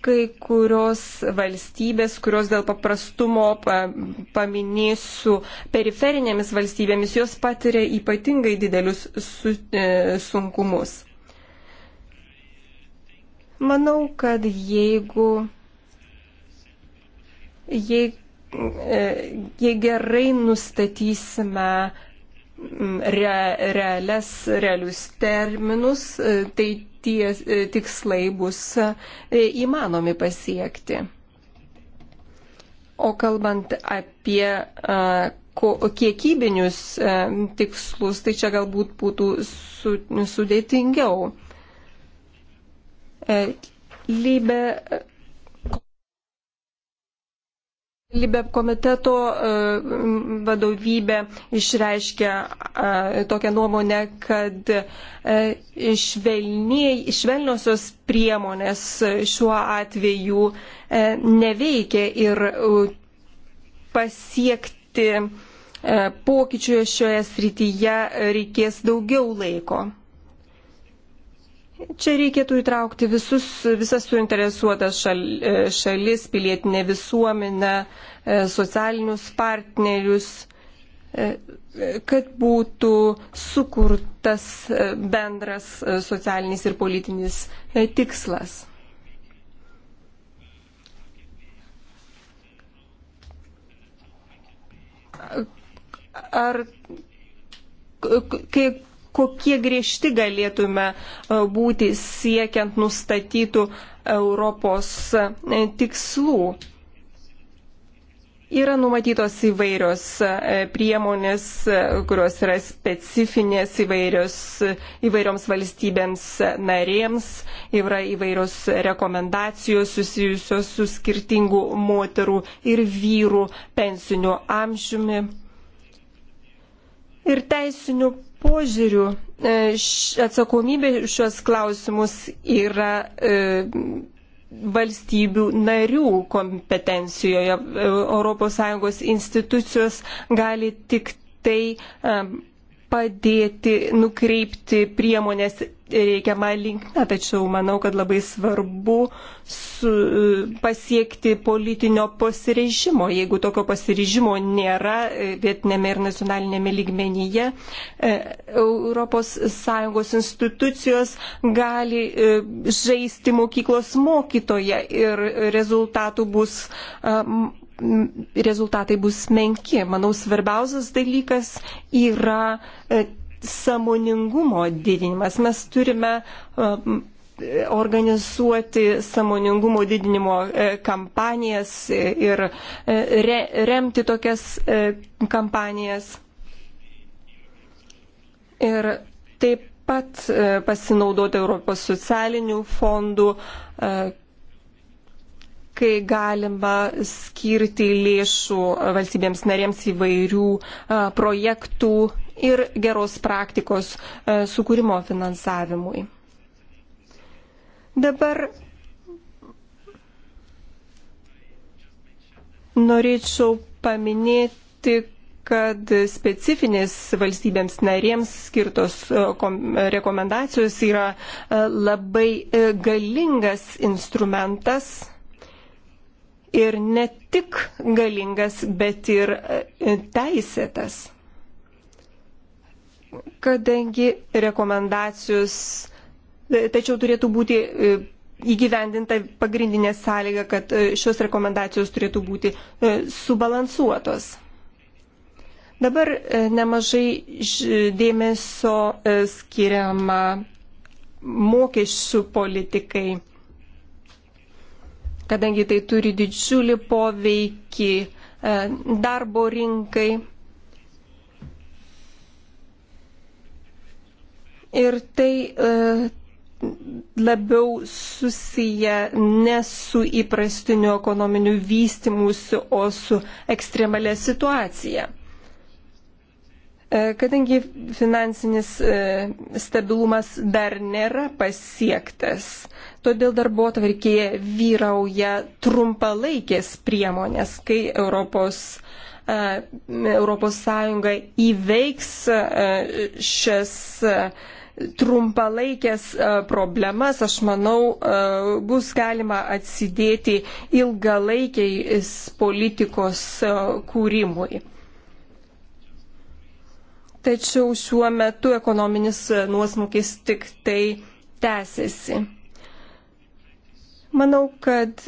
kai kurios valstybės, kurios dėl paprastumo paminėsiu periferinėmis valstybėmis, jos patiria ypatingai didelius su, e, sunkumus. Manau, kad jeigu jei, e, jei gerai nustatysime re, realias, realius terminus, e, tai tie e, tikslai bus įmanomi pasiekti. O kalbant apie kiekybinius tikslus, tai čia galbūt būtų sudėtingiau. Lybe Libe komiteto e, vadovybė išreiškia tokią nuomonę, kad e, švelniai, švelniosios priemonės šiuo atveju e, neveikia ir pasiekti pokyčių šioje srityje reikės daugiau laiko. Čia reikėtų įtraukti visus, visas suinteresuotas šal, e, šalis, pilietinę visuomenę, e, socialinius partnerius, e, kad būtų sukurtas bendras socialinis ir politinis tikslas. Ar kaip kokie griežti galėtume e, būti siekiant nustatytų Europos e, tikslų. Yra numatytos įvairios e, priemonės, kurios yra specifinės įvairios, įvairioms valstybėms narėms, yra įvairios rekomendacijos susijusios su skirtingu moterų ir vyrų pensiniu amžiumi. Ir teisiniu požiūrių e, atsakomybė šios klausimus yra e, valstybių narių kompetencijoje. ES institucijos gali tik tai e, padėti nukreipti priemonės reikiamą linkmę, tačiau manau, kad labai svarbu su, pasiekti politinio pasirežimo. Jeigu tokio pasirežimo nėra e, vietinėme ir nacionalinėme lygmenyje, ES institucijos gali e, žaisti mokyklos mokytoje ir rezultatų bus rezultatai bus menki. Manau, svarbiausias dalykas yra e, samoningumo didinimas. Mes turime uh, organizuoti samoningumo didinimo uh, kampanijas ir uh, re, remti tokias kampanijas. Ir taip pat pasinaudoti Europos socialinių fondų kai galima skirti lėšų valstybėms narėms įvairių projektų ir geros praktikos e, sukūrimo finansavimui. Dabar norėčiau paminėti, kad specifinės valstybėms narėms skirtos e, rekomendacijos yra e, labai galingas instrumentas ir ne tik galingas, bet ir teisėtas kadangi rekomendacijos, tačiau turėtų būti e, įgyvendinta pagrindinė sąlyga, kad e, šios rekomendacijos turėtų būti e, subalansuotos. Dabar nemažai dėmesio skiriama mokesčių politikai, kadangi tai turi didžiulį poveikį darbo rinkai ir tai e, labiau susiję ne su įprastiniu ekonominiu vystimusiu, o su ekstremalia situacija. E, kadangi finansinis e, stabilumas dar nėra pasiektas, todėl darbo tvarkėje vyrauja trumpalaikės priemonės, kai Europos ES įveiks e, šias trumpalaikės e, problemas, aš manau, e, bus galima atsidėti ilgalaikiai politikos e, kūrimui. Tačiau šiuo metu ekonominis nuosmukis tik tai tęsiasi. Manau, kad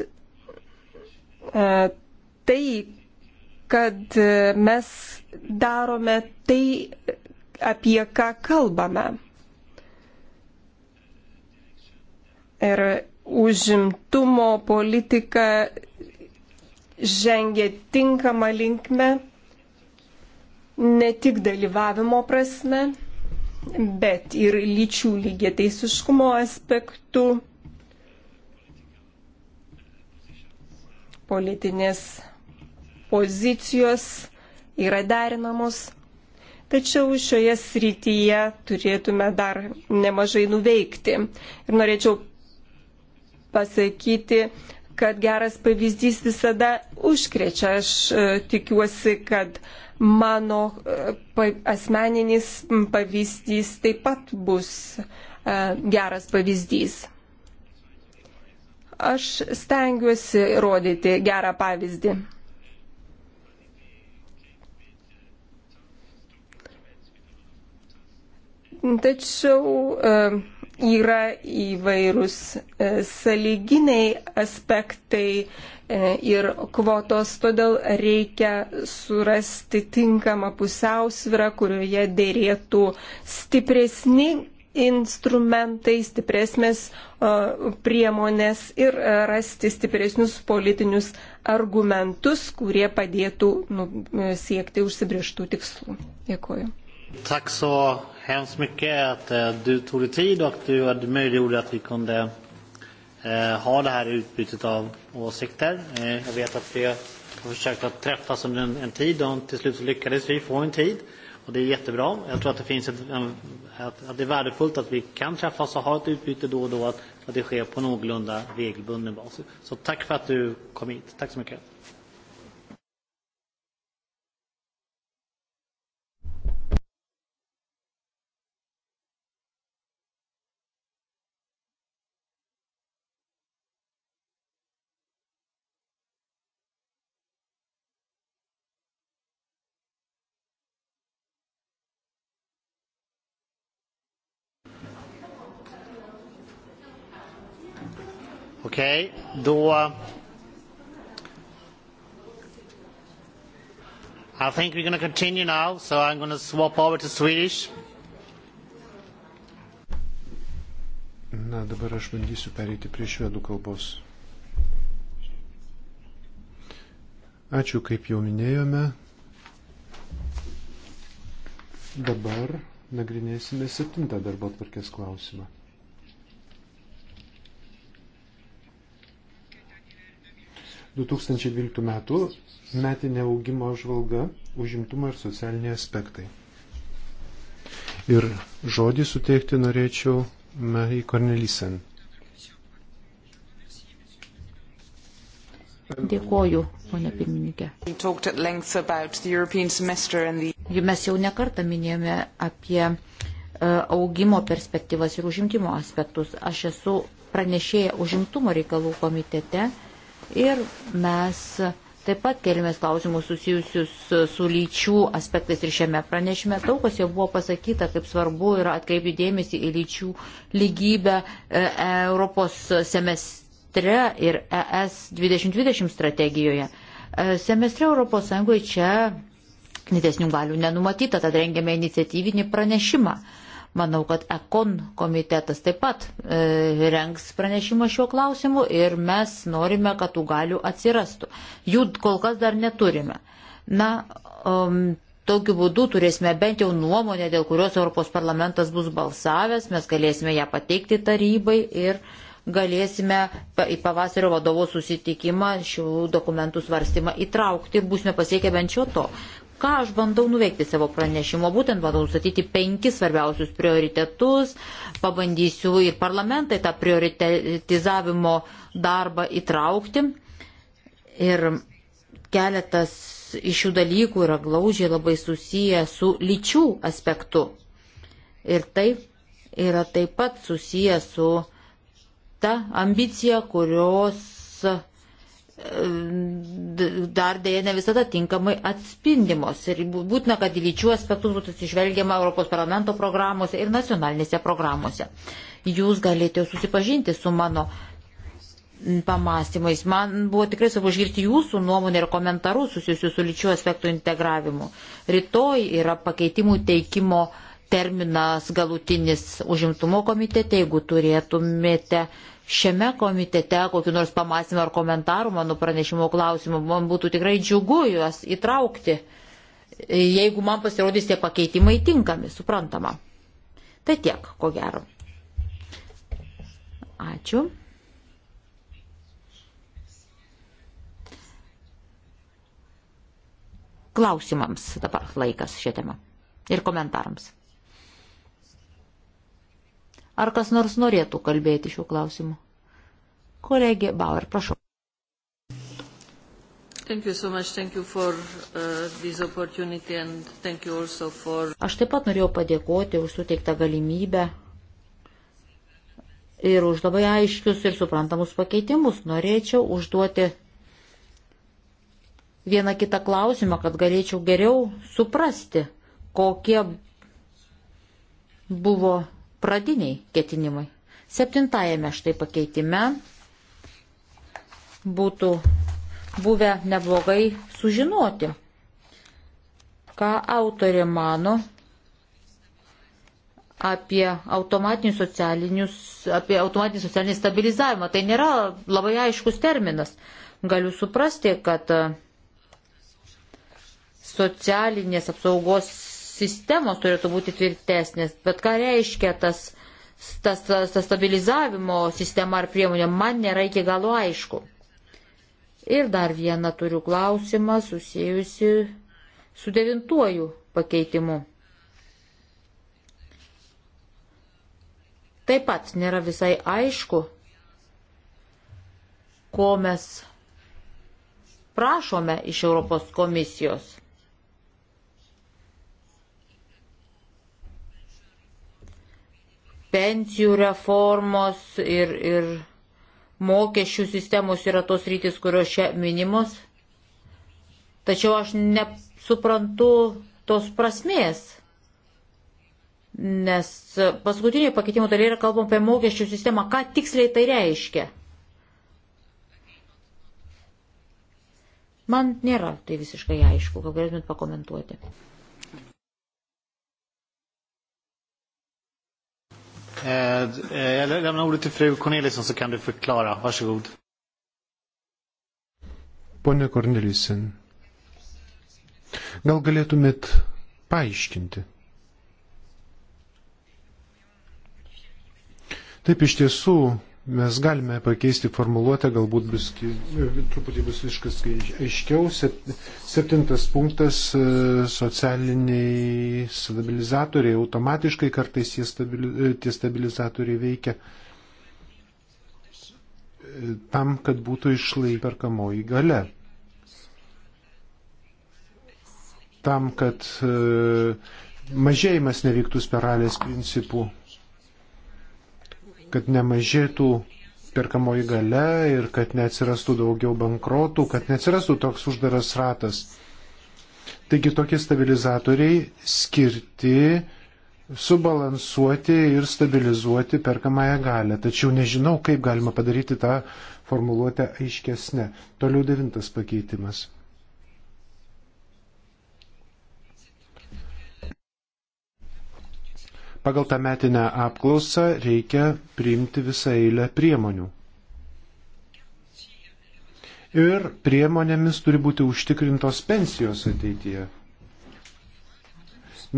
tai, kad mes darome tai, apie ką kalbame. ir užimtumo politika žengia tinkamą linkmę, ne tik dalyvavimo prasme, bet ir lyčių lygiateisiškumo aspektų, politinės pozicijos yra derinamos. Tačiau šioje srityje turėtume dar nemažai nuveikti. Ir norėčiau pasakyti, kad geras pavyzdys visada užkrečia. Aš e, tikiuosi, kad mano e, asmeninis pavyzdys taip pat bus e, geras pavyzdys aš stengiuosi rodyti gerą pavyzdį. Tačiau yra įvairūs e, saliginiai aspektai e, ir kvotos, todėl reikia surasti tinkamą pusiausvyrą, kurioje dėrėtų stipresni instrumentai, stipresnės priemonės ir rasti stipresnius politinius argumentus, kurie padėtų nu, siekti užsibrieštų tikslų. Dėkuoju. Tak så hemskt mycket att eh, du tog dig tid och du möjliggjorde att vi kunde eh, ha det här utbytet av åsikter. Eh, jag vet att vi har försökt att träffas under en, en tid och till slut så lyckades vi få en tid. Och det är jättebra. Jag tror att det, finns ett, en, att, att det är värdefullt att vi kan träffas och ha ett utbyte då och då. Att, att det sker på någorlunda regelbunden basis. Så tack för att du kom hit. Tack så mycket. Okej, okay, då... I think we're going to continue now, so I'm going to swap over to Swedish. Na, dabar aš bandysiu pereiti prie švedų kalbos. Ačiū, kaip jau minėjome. Dabar nagrinėsime septintą darbo atvarkės klausimą. 2012 metų metinė augimo žvalga užimtumo ir socialiniai aspektai. Ir žodį suteikti norėčiau Marijai Kornelysen. Dėkoju, ponė pirmininkė. Juk mes jau nekartą minėjome apie e, augimo perspektyvas ir užimtimo aspektus. Aš esu pranešėja užimtumo reikalų komitete Ir mes taip pat kelimės klausimus susijusius su lyčių aspektais ir šiame pranešime. Daug kas jau buvo pasakyta, kaip svarbu yra atkreipti dėmesį į lyčių lygybę e, Europos semestre ir ES 2020 strategijoje. E, semestre Europos Sąjungoje čia didesnių galių nenumatyta, tad rengiame iniciatyvinį pranešimą. Manau, kad Ekon komitetas taip pat e, rengs pranešimą šiuo klausimu ir mes norime, kad tų galių atsirastų. Jų kol kas dar neturime. Na, um, tokiu būdu turėsime bent jau nuomonę, dėl kurios Europos parlamentas bus balsavęs, mes galėsime ją pateikti tarybai ir galėsime į pavasario vadovo susitikimą šių dokumentų svarstymą įtraukti ir būsime pasiekę bent šio to ką aš bandau nuveikti savo pranešimo. Būtent bandau nustatyti penkis svarbiausius prioritetus, pabandysiu ir parlamentai tą prioritetizavimo darbą įtraukti. Ir keletas iš šių dalykų yra glaužiai labai susiję su lyčių aspektu. Ir tai yra taip pat susiję su ta ambicija, kurios dar dėja ne visada tinkamai atspindimos. Ir būtina, kad į lyčių aspektus būtų atsižvelgiama Europos parlamento programuose ir nacionalinėse programuose. Jūs galėtumėte susipažinti su mano pamastymais. Man buvo tikrai svarbu išgirti jūsų nuomonę ir komentarus susijusius su lyčių aspektų integravimu. Rytoj yra pakeitimų teikimo terminas galutinis užimtumo komitete, jeigu turėtumėte uh, šiame komitete kokiu nors pamastymu ar komentaru mano pranešimo klausimu, man būtų tikrai džiugu juos įtraukti, jeigu man pasirodys tie pakeitimai tinkami, suprantama. Tai tiek, ko gero. Ačiū. Klausimams dabar laikas šią temą ir komentarams. Ar kas nors norėtų kalbėti šiuo klausimu? Kolegė Bauer, prašau. Thank you so much. Thank you for uh, this opportunity and thank you also for. Aš taip pat norėjau padėkoti už suteiktą galimybę ir už labai aiškius ir suprantamus pakeitimus. Norėčiau užduoti vieną kitą klausimą, kad galėčiau geriau suprasti, kokie buvo pradiniai ketinimai. Septintajame štai pakeitime būtų buvę neblogai sužinoti, ką autorė mano apie automatinį, apie automatinį socialinį stabilizavimą. Tai nėra labai aiškus terminas. Galiu suprasti, kad socialinės apsaugos sistemos turėtų būti tvirtesnės, bet ką reiškia tas, tas, tas, tas stabilizavimo sistema ar priemonė, man nėra iki galo aišku. Ir dar vieną turiu klausimą susijusi su devintuoju pakeitimu. Taip pat nėra visai aišku, ko mes prašome iš Europos komisijos. pensijų reformos ir, ir mokesčių sistemos yra tos rytis, kurios čia minimos. Tačiau aš nesuprantu tos prasmės, nes paskutinėje pakeitimo dalyje yra kalbam apie mokesčių sistemą, ką tiksliai tai reiškia. Man nėra tai visiškai aišku, gal galėtumėt pakomentuoti. Eh, eh, jag lämnar ordet till fru Corneliusson så kan du förklara. Varsågod. Pone Corneliusson, gal galėtumėt paaiškinti? Taip iš tiesų, Mes galime pakeisti formuluotę, galbūt bus, e, truputį bus viskas aiškiau. Septintas punktas e, - socialiniai stabilizatoriai. Automatiškai kartais e, tie stabilizatoriai veikia tam, kad būtų išlaiperkamoji gale. Tam, kad mažėjimas nevyktų spiralės principų kad nemažėtų perkamoji gale ir kad neatsirastų daugiau bankrotų, kad neatsirastų toks uždaras ratas. Taigi tokie stabilizatoriai skirti subalansuoti ir stabilizuoti perkamąją galę. Tačiau nežinau, kaip galima padaryti tą formuluotę aiškesnę. Toliau devintas pakeitimas. Pagal tą metinę apklausą reikia priimti visą eilę priemonių. Ir priemonėmis turi būti užtikrintos pensijos ateityje.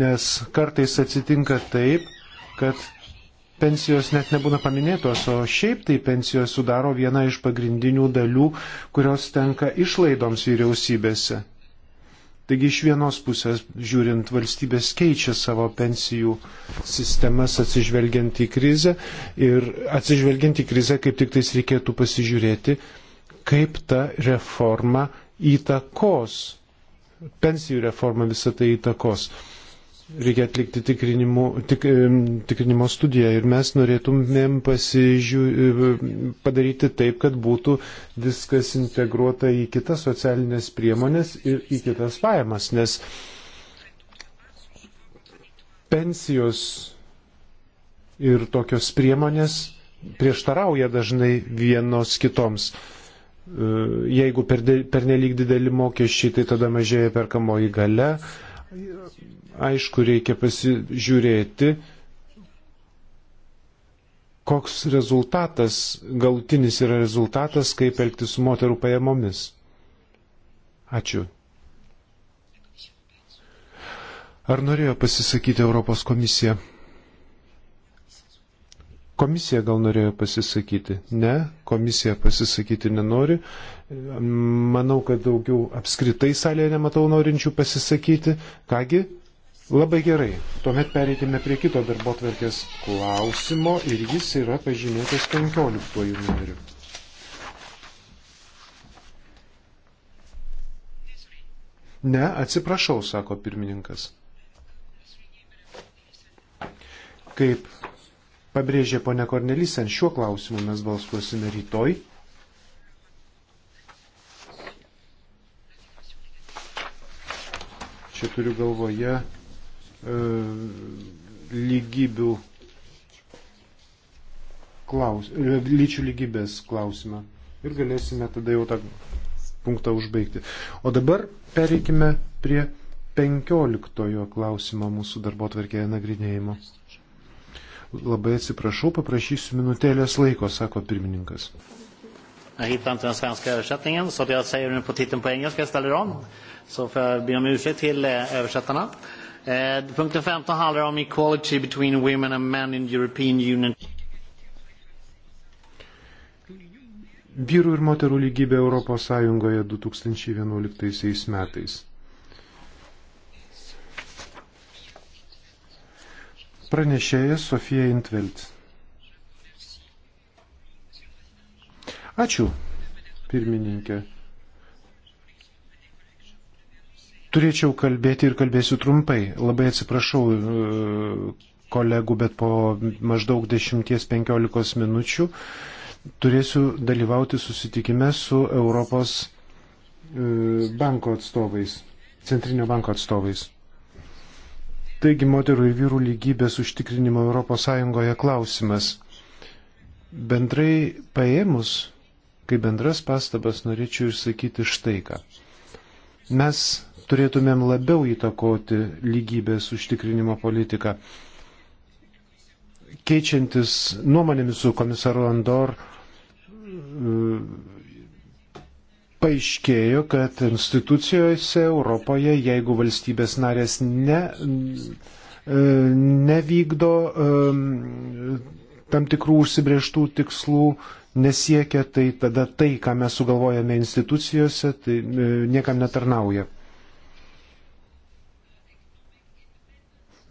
Nes kartais atsitinka taip, kad pensijos net nebūna paminėtos, o šiaip tai pensijos sudaro vieną iš pagrindinių dalių, kurios tenka išlaidoms vyriausybėse. Taigi iš vienos pusės žiūrint valstybės keičia savo pensijų sistemas atsižvelgiant į krizę ir atsižvelgiant į krizę kaip tik tais reikėtų pasižiūrėti, kaip ta reforma įtakos, pensijų reforma visą tai įtakos reikia atlikti tikrinimo, tik, tikrinimo studiją ir mes norėtumėm pasižiū, padaryti taip, kad būtų viskas integruota į kitas socialinės priemonės ir į kitas pajamas, nes pensijos ir tokios priemonės prieštarauja dažnai vienos kitoms. E, jeigu per, de, per nelik dideli mokesčiai, tai tada mažėja perkamoji gale Aišku, reikia pasižiūrėti, koks rezultatas, galutinis yra rezultatas, kaip elgtis su moterų pajamomis. Ačiū. Ar norėjo pasisakyti Europos komisija? Komisija gal norėjo pasisakyti? Ne, komisija pasisakyti nenori. Manau, kad daugiau apskritai salėje nematau norinčių pasisakyti. Kągi, Labai gerai. Tuomet pereikime prie kito darbo tvarkės klausimo ir jis yra pažymėtas 15 numeriu. Ne, atsiprašau, sako pirmininkas. Kaip pabrėžė ponia Kornelysen, šiuo klausimu mes balsuosime rytoj. Čia turiu galvoje E, lygybių klaus, e, lyčių lygybės klausimą. Ir galėsime tada jau tą punktą užbaigti. O dabar pereikime prie penkioliktojo klausimo mūsų darbo tvarkėje nagrinėjimo. Labai atsiprašau, paprašysiu minutėlės laiko, sako pirmininkas. Jag hittar inte den svenska översättningen så jag säger nu på titeln på engelska istället om. Så får jag be om ursäkt till eh, översättarna. Eh, Eh, punkten 15 handlar om equality between women and men in the European Union. Vyrų ir moterų lygybė Europos Sąjungoje 2011 metais. Pranešėja Sofija Intvelt. Ačiū, pirmininkė. Turėčiau kalbėti ir kalbėsiu trumpai. Labai atsiprašau e, kolegų, bet po maždaug 10-15 minučių turėsiu dalyvauti susitikime su Europos e, banko atstovais, Centrinio banko atstovais. Taigi moterų ir vyrų lygybės užtikrinimo ES klausimas. Bendrai paėmus, kaip bendras pastabas, norėčiau išsakyti štai ką. Mes turėtumėm labiau įtakoti lygybės užtikrinimo politiką. Keičiantis nuomonėmis su komisaru Andor, e, paaiškėjo, kad institucijose Europoje, jeigu valstybės narės ne, e, nevykdo e, tam tikrų užsibrieštų tikslų, nesiekia, tai tada tai, ką mes sugalvojame institucijose, tai niekam netarnauja.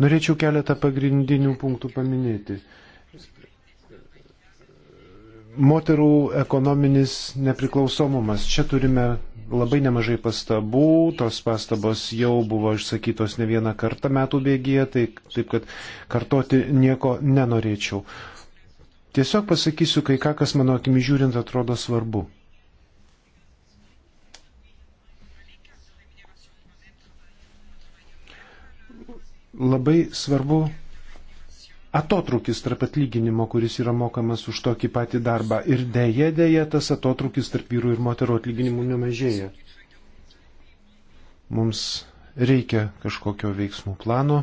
Norėčiau keletą pagrindinių punktų paminėti. Moterų ekonominis nepriklausomumas. Čia turime labai nemažai pastabų, tos pastabos jau buvo išsakytos ne vieną kartą metų bėgyje, tai taip kad kartoti nieko nenorėčiau. Tiesiog pasakysiu kai ką, kas mano akimi žiūrint atrodo svarbu. labai svarbu atotrukis tarp atlyginimo, kuris yra mokamas už tokį patį darbą. Ir dėje, dėje tas atotrukis tarp vyrų ir moterų atlyginimų nemažėja. Mums reikia kažkokio veiksmų plano.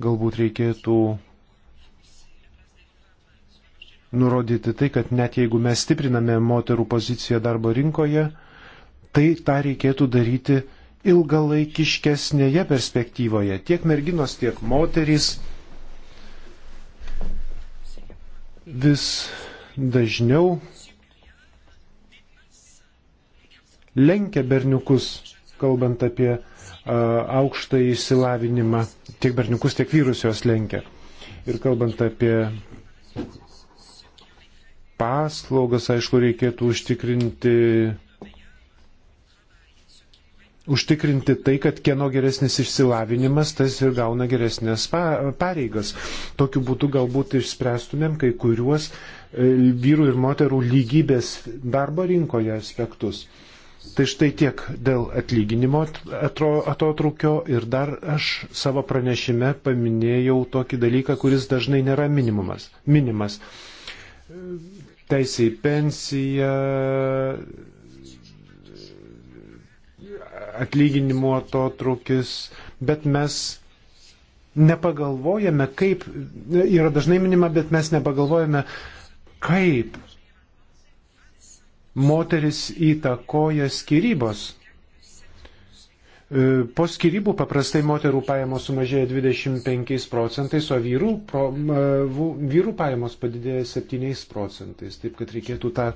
Galbūt reikėtų nurodyti tai, kad net jeigu mes stipriname moterų poziciją darbo rinkoje, tai tą reikėtų daryti ilgalaikiškesnėje perspektyvoje. Tiek merginos, tiek moterys vis dažniau lenkia berniukus, kalbant apie aukštą įsilavinimą. Tiek berniukus, tiek vyrus jos lenkia. Ir kalbant apie paslaugas, aišku, reikėtų užtikrinti užtikrinti tai, kad kieno geresnis išsilavinimas, tas ir gauna geresnės pareigas. Tokiu būdu galbūt išspręstumėm kai kuriuos e, vyrų ir moterų lygybės darbo rinkoje aspektus. Tai štai tiek dėl atlyginimo atotrukio ir dar aš savo pranešime paminėjau tokį dalyką, kuris dažnai nėra minimumas, minimas. Teisė į pensiją, atlyginimo to trukis, bet mes nepagalvojame, kaip, yra dažnai minima, bet mes nepagalvojame, kaip moteris įtakoja skirybos. E, po skirybų paprastai moterų pajamos sumažėja 25 procentais, o vyrų, pro, e, vyrų pajamos padidėja 7 procentais. Taip kad reikėtų tą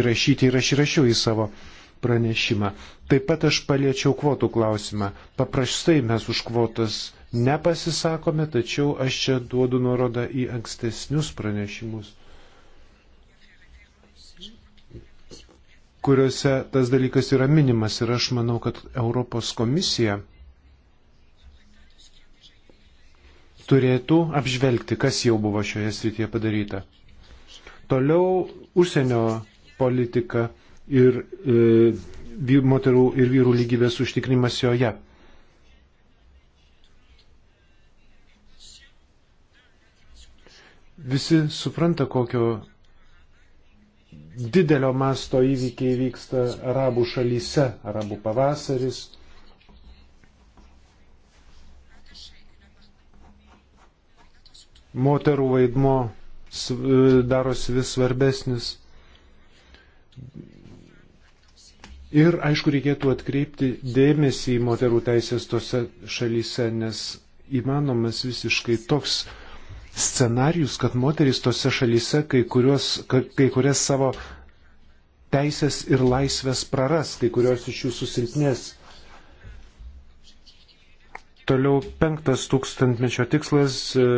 įrašyti ir aš įrašiau į savo uh, pranešimą. Taip pat aš paliečiau kvotų klausimą. Paprastai mes už kvotas nepasisakome, tačiau aš čia duodu nuorodą į ankstesnius pranešimus, kuriuose tas dalykas yra minimas ir aš manau, kad Europos komisija turėtų apžvelgti, kas jau buvo šioje srityje padaryta. Toliau užsienio politika ir e, moterų ir vyrų lygybės užtikrimas joje. Visi supranta, kokio didelio masto įvykiai vyksta arabų šalyse, arabų pavasaris. Moterų vaidmo e, darosi vis svarbesnis Ir, aišku, reikėtų atkreipti dėmesį į moterų teisės tose šalyse, nes įmanomas visiškai toks scenarius, kad moteris tose šalyse kai, kurios, kai kurias savo teisės ir laisvės praras, kai kurios iš jų susilpnės. Toliau penktas tūkstantmečio tikslas e,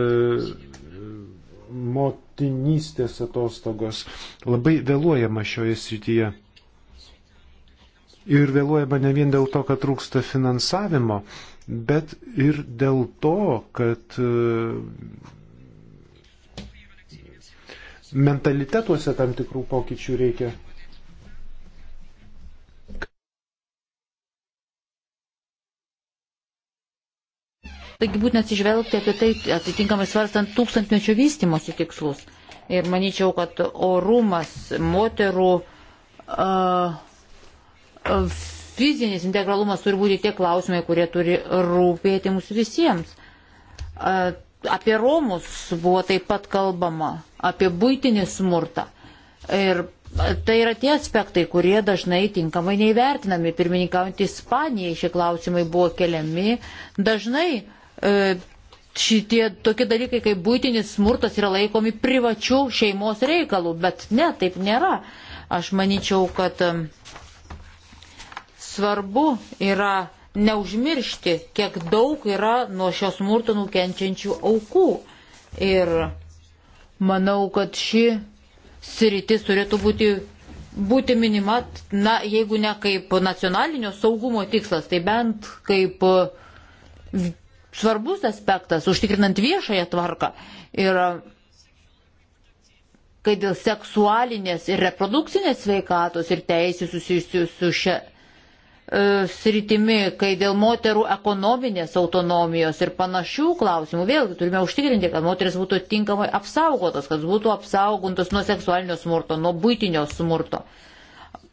motinystės atostogos. Labai vėluojama šioje srityje. Ir vėluojama ne vien dėl to, kad trūksta finansavimo, bet ir dėl to, kad e, mentalitetuose tam tikrų pokyčių reikia. Taigi būtent atsižvelgti apie tai, atitinkamai svarstant tūkstantmečio vystimosi tikslus. Ir manyčiau, kad orumas moterų uh, fizinis integralumas turi būti tie klausimai, kurie turi rūpėti mums visiems. Apie Romus buvo taip pat kalbama, apie būtinį smurtą. Ir tai yra tie aspektai, kurie dažnai tinkamai neįvertinami. Pirmininkaujant Ispanijai šie klausimai buvo keliami. Dažnai e, šitie tokie dalykai kaip būtinis smurtas yra laikomi privačių šeimos reikalų, bet ne, taip nėra. Aš manyčiau, kad e, svarbu yra neužmiršti, kiek daug yra nuo šios smurto nukenčiančių aukų. Ir manau, kad ši sritis turėtų būti, būti minima, na, jeigu ne kaip nacionalinio saugumo tikslas, tai bent kaip e, svarbus aspektas, užtikrinant viešąją tvarką. Ir e, kai dėl seksualinės ir reprodukcinės sveikatos ir teisės susijusių su šia E, sritimi, kai dėl moterų ekonominės autonomijos ir panašių klausimų, vėlgi turime užtikrinti, kad moteris būtų tinkamai apsaugotas, kad būtų apsaugotas nuo seksualinio smurto, nuo būtinio smurto.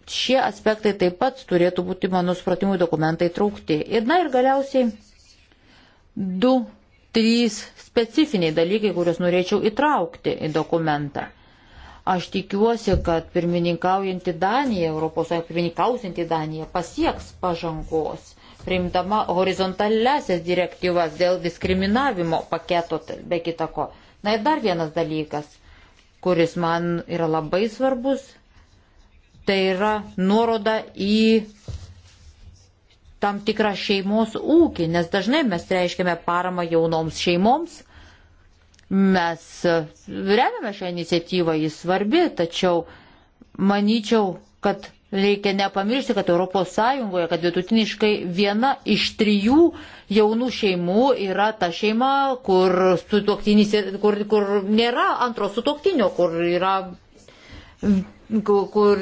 Šie aspektai taip pat turėtų būti, mano supratimu, dokumentai traukti. Ir na ir galiausiai du, trys specifiniai dalykai, kuriuos norėčiau įtraukti į dokumentą. Aš tikiuosi, kad pirmininkaujanti Danija, ES pirmininkausinti Danija pasieks pažangos, priimdama horizontaliasias direktyvas dėl diskriminavimo paketo, tai be kitako. Na ir dar vienas dalykas, kuris man yra labai svarbus, tai yra nuoroda į tam tikrą šeimos ūkį, nes dažnai mes reiškiame paramą jaunoms šeimoms Mes remiame šią iniciatyvą, jis svarbi, tačiau manyčiau, kad reikia nepamiršti, kad ES, kad vidutiniškai viena iš trijų jaunų šeimų yra ta šeima, kur, kur, kur nėra antro sutoktinio, kur yra kur,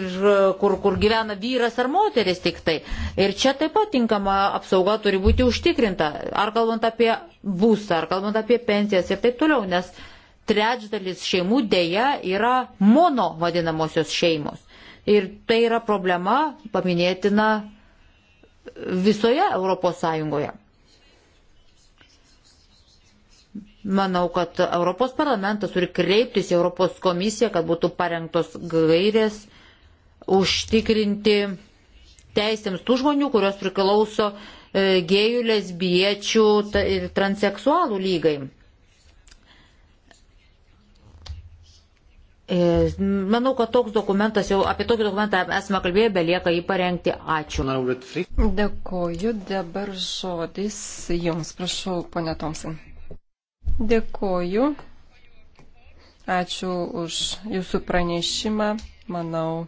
kur, kur gyvena vyras ar moteris tik tai. Ir čia taip pat tinkama apsauga turi būti užtikrinta, ar kalbant apie būstą, ar kalbant apie pensijas ir taip toliau, nes trečdalis šeimų dėja yra mono vadinamosios šeimos. Ir tai yra problema paminėtina visoje Europos Sąjungoje. Manau, kad Europos parlamentas turi kreiptis į Europos komisiją, kad būtų parengtos gairės užtikrinti teisėms tų žmonių, kurios priklauso e, gėjų, lesbiečių ir transeksualų lygai. E, manau, kad toks dokumentas, jau apie tokį dokumentą esame kalbėję, belieka jį parengti. Ačiū. Dėkoju, dabar žodis jums, prašau, ponė Tomsin. Dėkoju. Ačiū už jūsų pranešimą. Manau,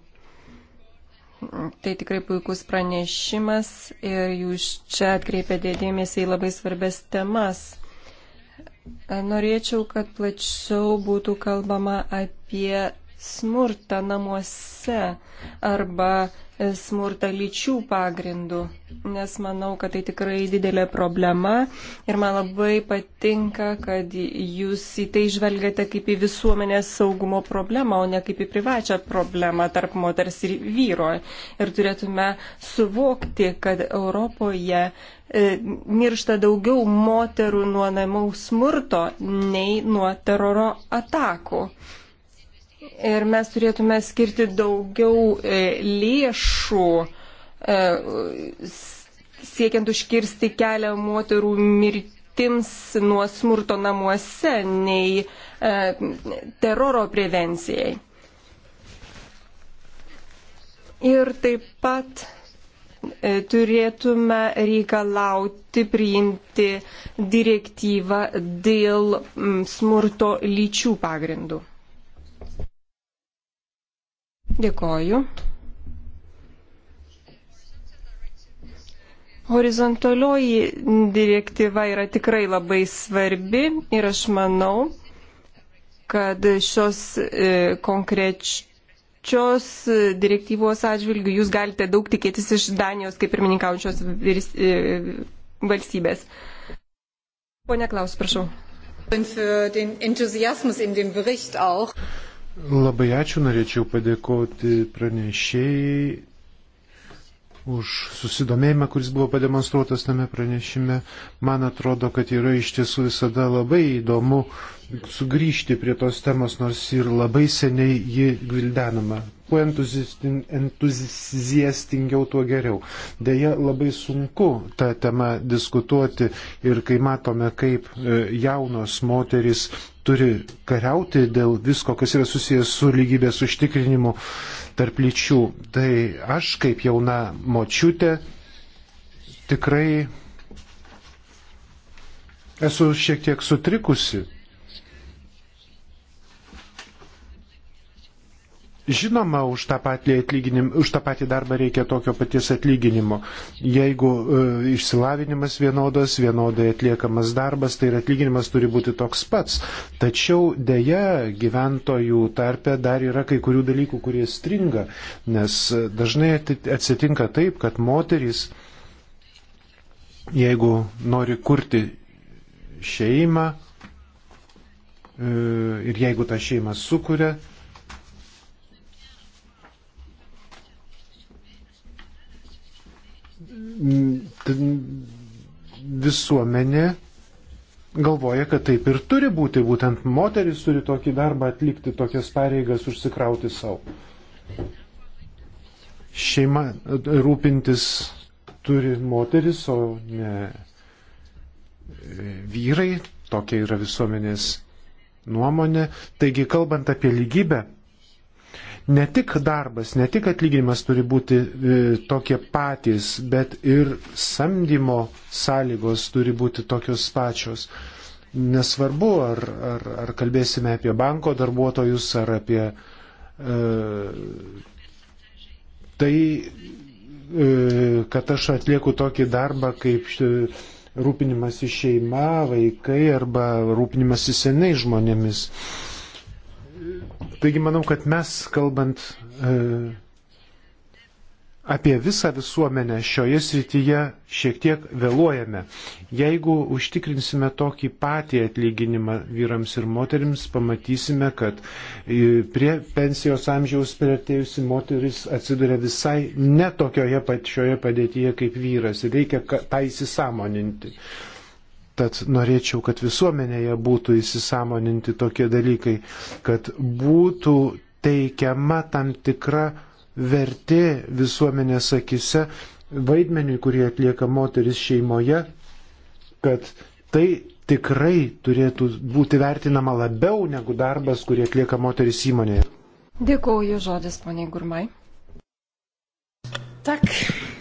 tai tikrai puikus pranešimas ir jūs čia atkreipėte dėmesį į labai svarbės temas. Norėčiau, kad plačiau būtų kalbama apie smurtą namuose arba smurtą lyčių pagrindų, nes manau, kad tai tikrai didelė problema ir man labai patinka, kad jūs į tai žvelgiate kaip į visuomenės saugumo problemą, o ne kaip į privačią problemą tarp moters ir vyro. Ir turėtume suvokti, kad Europoje e, miršta daugiau moterų nuo namaus smurto nei nuo teroro atakų. Ir mes turėtume skirti daugiau e, lėšų e, siekiant užkirsti kelią moterų mirtims nuo smurto namuose, nei e, teroro prevencijai. Ir taip pat turėtume reikalauti priimti direktyvą dėl smurto lyčių pagrindų. Dėkoju. Horizontalioji direktyva yra tikrai labai svarbi ir aš manau, kad šios e, konkrečios direktyvos atžvilgių jūs galite daug tikėtis iš Danijos kaip pirmininkaujančios e, valstybės. Pone Klaus, prašau. Labai ačiū, norėčiau padėkoti pranešėjai už susidomėjimą, kuris buvo pademonstruotas tame pranešime. Man atrodo, kad yra iš tiesų visada labai įdomu sugrįžti prie tos temos, nors ir labai seniai ji gvildenama. Kuo entuziastingiau, tuo geriau. Deja, labai sunku tą temą diskutuoti ir kai matome, kaip e, jaunos moteris turi kariauti dėl visko, kas yra susijęs su lygybės užtikrinimu, uh, tarp lyčių. Tai aš kaip jauna močiutė tikrai esu šiek tiek sutrikusi Žinoma, už tą, už tą patį darbą reikia tokio paties atlyginimo. Jeigu e, išsilavinimas vienodas, vienodai atliekamas darbas, tai ir atlyginimas turi būti toks pats. Tačiau dėja gyventojų tarpe dar yra kai kurių dalykų, kurie stringa, nes e, dažnai atsitinka taip, kad moterys, jeigu nori kurti šeimą, e, ir jeigu tą šeimą sukuria, visuomenė galvoja, kad taip ir turi būti, būtent moteris turi tokį darbą atlikti, tokias pareigas užsikrauti savo. Šeima rūpintis turi moteris, o ne e, vyrai, tokia yra visuomenės nuomonė. Taigi, kalbant apie lygybę, ne tik darbas, ne tik atlyginimas turi būti e, tokie patys, bet ir samdymo sąlygos turi būti tokios pačios. Nesvarbu, ar, ar, ar kalbėsime apie banko darbuotojus, ar apie e, tai, e, kad aš atlieku tokį darbą kaip e, rūpinimas į šeimą, vaikai arba rūpinimas į seniai žmonėmis. E, Taigi manau, kad mes, kalbant e, apie visą visuomenę, šioje srityje šiek tiek vėluojame. Jeigu užtikrinsime tokį patį atlyginimą vyrams ir moterims, pamatysime, kad e, prie pensijos amžiaus prieartėjusi moteris atsiduria visai netokioje pačioje padėtyje kaip vyras ir reikia tą įsisamoninti. Tad norėčiau, kad visuomenėje būtų įsisamoninti tokie dalykai, kad būtų teikiama tam tikra vertė visuomenės akise vaidmeniui, kurį atlieka moteris šeimoje, kad tai tikrai turėtų būti vertinama labiau negu darbas, kurį atlieka moteris įmonėje. Dėkuoju žodis, poniai Gurmai. Tak,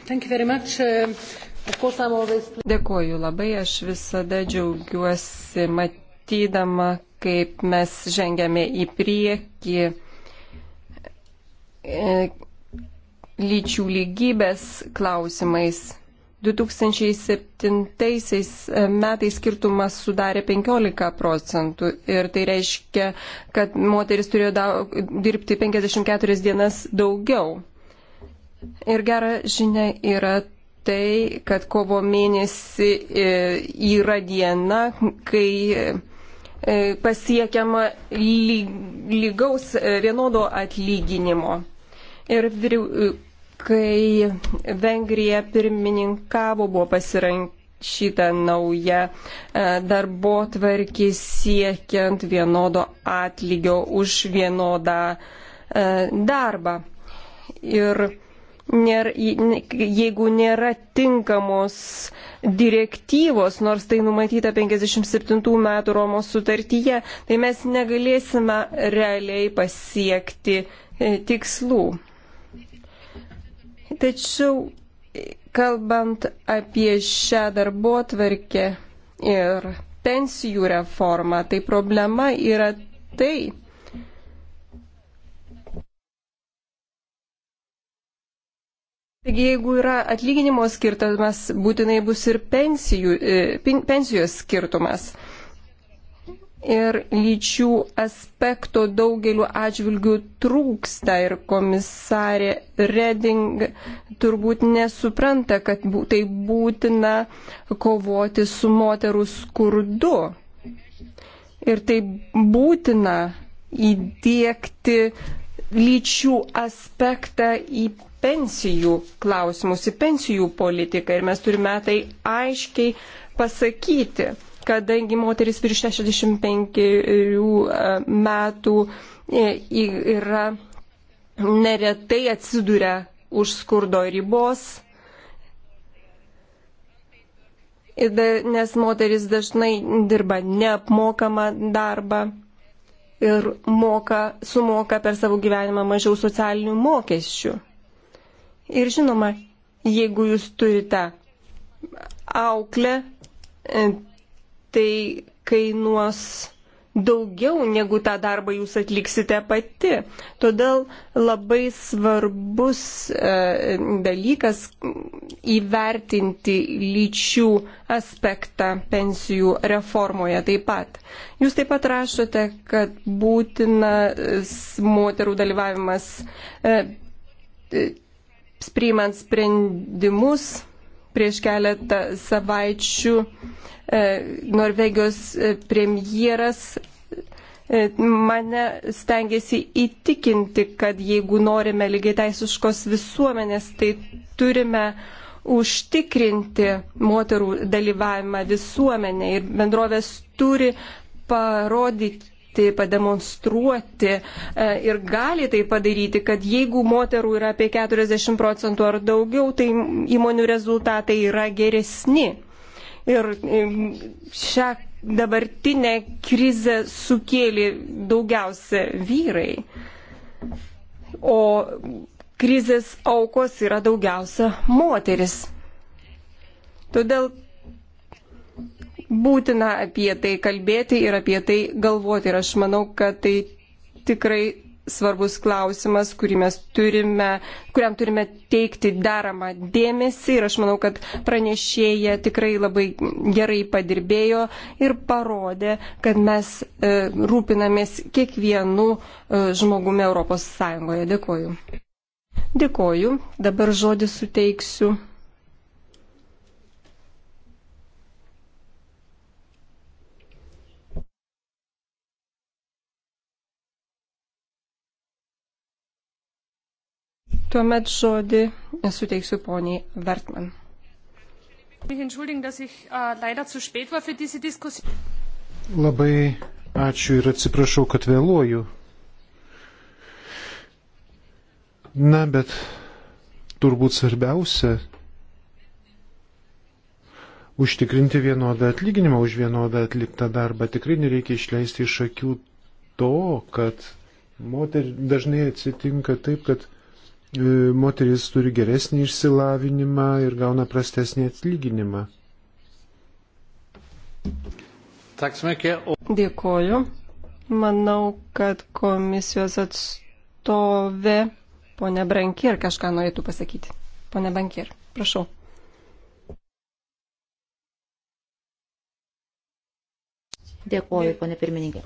thank you very much. Uh... Dėkoju labai, aš visada džiaugiuosi matydama, kaip mes žengėme į priekį e, lyčių lygybės klausimais. 2007 e, metais skirtumas sudarė 15 procentų ir tai reiškia, kad moteris turėjo daug, dirbti 54 dienas daugiau. Ir gera žinia yra tai, kad kovo mėnesį e, yra diena, kai e, pasiekiama lygaus e, vienodo atlyginimo. Ir kai Vengrija pirmininkavo, buvo pasirašyta nauja darbo tvarkė siekiant vienodo atlygio už vienodą darbą. Ir nėra, jeigu nėra tinkamos direktyvos, nors tai numatyta 57 metų Romos sutartyje, tai mes negalėsime realiai pasiekti e, tikslų. Tačiau, e, kalbant apie šią darbo tvarkę ir pensijų reformą, tai problema yra tai, Taigi, jeigu yra atlyginimo skirtumas, būtinai bus ir pensijų, e, pensijos skirtumas. Ir lyčių aspekto daugeliu atžvilgių trūksta ir komisarė Reding turbūt nesupranta, kad tai būtina kovoti su moterų skurdu. Ir tai būtina įdėkti lyčių aspektą į pensijų klausimus, į pensijų politiką ir mes turime tai aiškiai pasakyti, kadangi moteris virš 65 e, metų e, yra neretai atsiduria už skurdo ribos, nes moteris dažnai dirba neapmokamą darbą ir moka, sumoka per savo gyvenimą mažiau socialinių mokesčių. Ir žinoma, jeigu jūs turite auklę, e, tai kainuos daugiau negu tą darbą jūs atliksite pati. Todėl labai svarbus e, dalykas įvertinti lyčių aspektą pensijų reformoje taip pat. Jūs taip pat rašote, kad būtinas moterų dalyvavimas e, priimant sprendimus prieš keletą savaičių e, Norvegijos e, premjeras e, mane stengiasi įtikinti, kad jeigu norime lygiai teisiškos visuomenės, tai turime užtikrinti moterų dalyvavimą visuomenė ir bendrovės turi parodyti parodyti, pademonstruoti e, ir gali tai padaryti, kad jeigu moterų yra apie 40 procentų ar daugiau, tai įmonių rezultatai yra geresni. Ir e, šią dabartinę krizę sukėlė daugiausia vyrai. O krizės aukos yra daugiausia moteris. Todėl būtina apie tai kalbėti ir apie tai galvoti. Ir aš manau, kad tai tikrai svarbus klausimas, turime, kuriam turime teikti deramą dėmesį ir aš manau, kad pranešėja tikrai labai gerai padirbėjo ir parodė, kad mes e, rūpinamės kiekvienu e, žmogumi Europos Sąjungoje. Dėkoju. Dėkoju. Dabar žodį suteiksiu Tuomet žodį suteiksiu poniai Vertman. Äh, Labai ačiū ir atsiprašau, kad vėluoju. Na, bet turbūt svarbiausia užtikrinti vienodą atlyginimą už vienodą atliktą darbą. Tikrai nereikia išleisti iš akių to, kad moter, dažnai atsitinka taip, kad E, moteris turi geresnį išsilavinimą ir gauna prastesnį atlyginimą. Dėkoju. Manau, kad komisijos atstovė ponė Brankier kažką norėtų pasakyti. Pone Bankier, prašau. Dėkoju, ponė pirmininkė.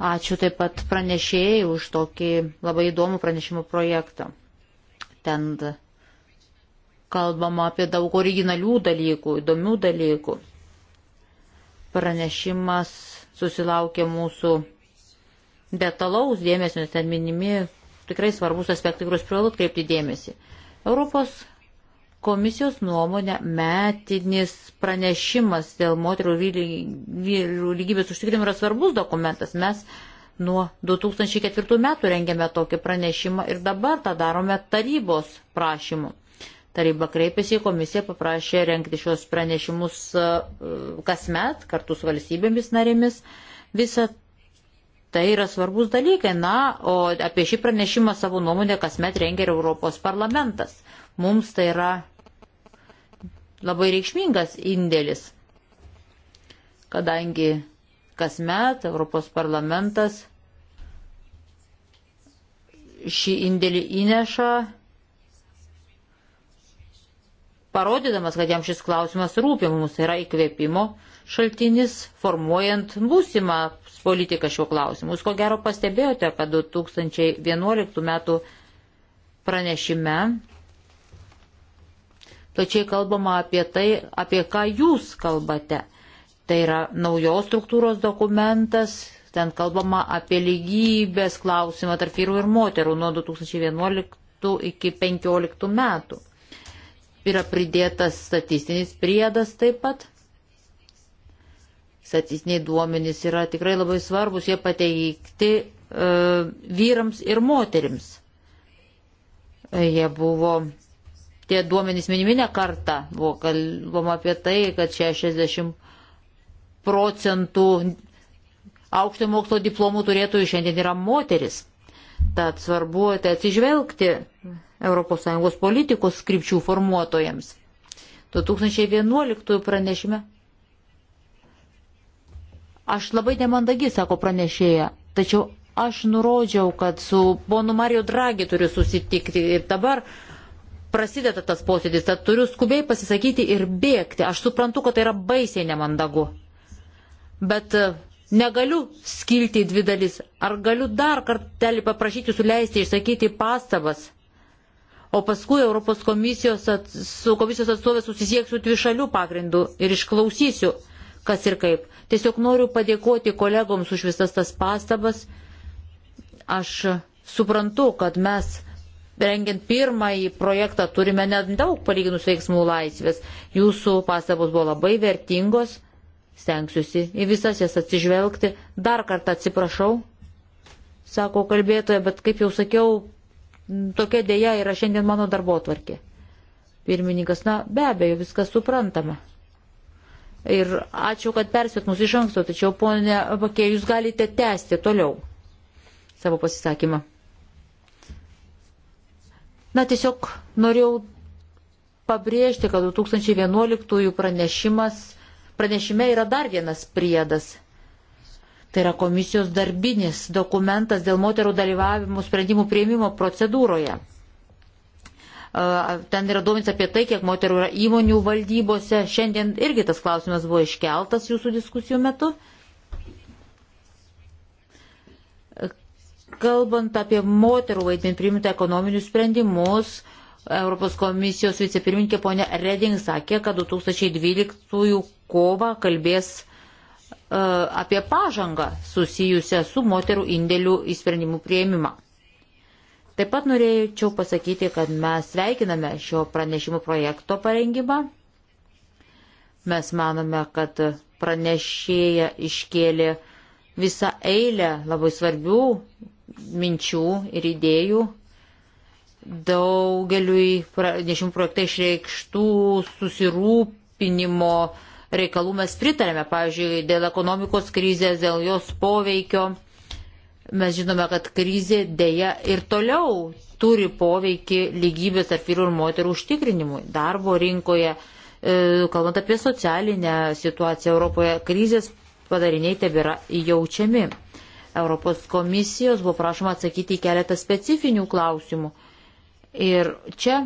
Ačiū taip pat pranešėjai už tokį labai įdomų pranešimų projektą. Ten kalbama apie daug originalių dalykų, įdomių dalykų. Pranešimas susilaukė mūsų detalaus dėmesio, nes ten minimi tikrai svarbus aspektai, kuriuos privalu atkreipti dėmesį. Europos Komisijos nuomonė metinis pranešimas dėl moterų vyrų lygybės užtikrinimo yra svarbus dokumentas. Mes nuo 2004 metų rengėme tokį pranešimą ir dabar tą darome tarybos prašymu. Taryba kreipėsi į komisiją, paprašė renkti šios pranešimus e, kasmet kartu su valstybėmis narėmis. Visa tai yra svarbus dalykai. Na, o apie šį pranešimą savo nuomonę kasmet rengia ir Europos parlamentas. Mums tai yra labai reikšmingas indėlis, kadangi kasmet Europos parlamentas šį indėlį įneša, parodydamas, kad jam šis klausimas rūpi, mums yra įkvėpimo šaltinis formuojant būsimą politiką šiuo klausimu. Jūs ko gero pastebėjote, kad 2011 m. pranešime plačiai kalbama apie tai, apie ką jūs kalbate. Tai yra naujos struktūros dokumentas, ten kalbama apie lygybės klausimą tarp vyrų ir moterų nuo 2011 iki 2015 metų. Yra pridėtas statistinis priedas taip pat. Statistiniai duomenys yra tikrai labai svarbus, jie pateikti e, vyrams ir moterims. E, jie buvo tie duomenys minimi ne kartą. Buvo kalbama apie tai, kad 60 procentų aukštojo mokslo diplomų turėtojų šiandien yra moteris. Tad svarbu tai atsižvelgti ES politikos skripčių formuotojams. 2011 pranešime. Aš labai nemandagi, sako pranešėja, tačiau aš nurodžiau, kad su ponu Mario Dragi turiu susitikti ir dabar uh, prasideda tas posėdis, tad turiu skubiai pasisakyti ir bėgti. Aš suprantu, kad tai yra baisiai nemandagu. Bet e, negaliu skilti į dvi dalis. Ar galiu dar kartelį paprašyti jūsų leisti išsakyti pastabas? O paskui Europos komisijos, at, su komisijos atstovė susisieksiu dvi šalių pagrindų ir išklausysiu, kas ir kaip. Tiesiog noriu padėkoti kolegoms už visas tas pastabas. Aš suprantu, kad mes rengiant pirmąjį projektą turime nedaug palyginus veiksmų laisvės. Jūsų pastabos buvo labai vertingos, stengsiuosi į visas jas atsižvelgti. Dar kartą atsiprašau, sako kalbėtoja, bet kaip jau sakiau, tokia dėja yra šiandien mano darbo tvarkė. Pirmininkas, na be abejo, viskas suprantama. Ir ačiū, kad persvėt mus iš anksto, tačiau ponė Bakė, jūs galite tęsti toliau savo pasisakymą. Na, tiesiog norėjau pabrėžti, kad 2011 pranešimas, pranešime yra dar vienas priedas. Tai yra komisijos darbinis dokumentas dėl moterų dalyvavimų sprendimų prieimimo procedūroje. Ten yra duomenys apie tai, kiek moterų yra įmonių valdybose. Šiandien irgi tas klausimas buvo iškeltas jūsų diskusijų metu. Kalbant apie moterų vaidmenį priimti ekonominius sprendimus, Europos komisijos vicepirmininkė ponė Reding sakė, kad 2012 kovą kalbės uh, apie pažangą susijusią su moterų indėlių į sprendimų prieimimą. Taip pat norėčiau pasakyti, kad mes sveikiname šio pranešimų projekto parengimą. Mes manome, kad pranešėja iškėlė visą eilę labai svarbių minčių ir idėjų, daugeliui pranešimų projektai išreikštų susirūpinimo reikalų mes pritarėme, pavyzdžiui, dėl ekonomikos krizės, dėl jos poveikio. Mes žinome, kad krizė dėja ir toliau turi poveikį lygybės tarp vyrų ir moterų užtikrinimui darbo rinkoje. E, kalbant apie socialinę situaciją Europoje, krizės padariniai tebėra jaučiami. Europos komisijos buvo prašoma atsakyti į keletą specifinių klausimų. Ir čia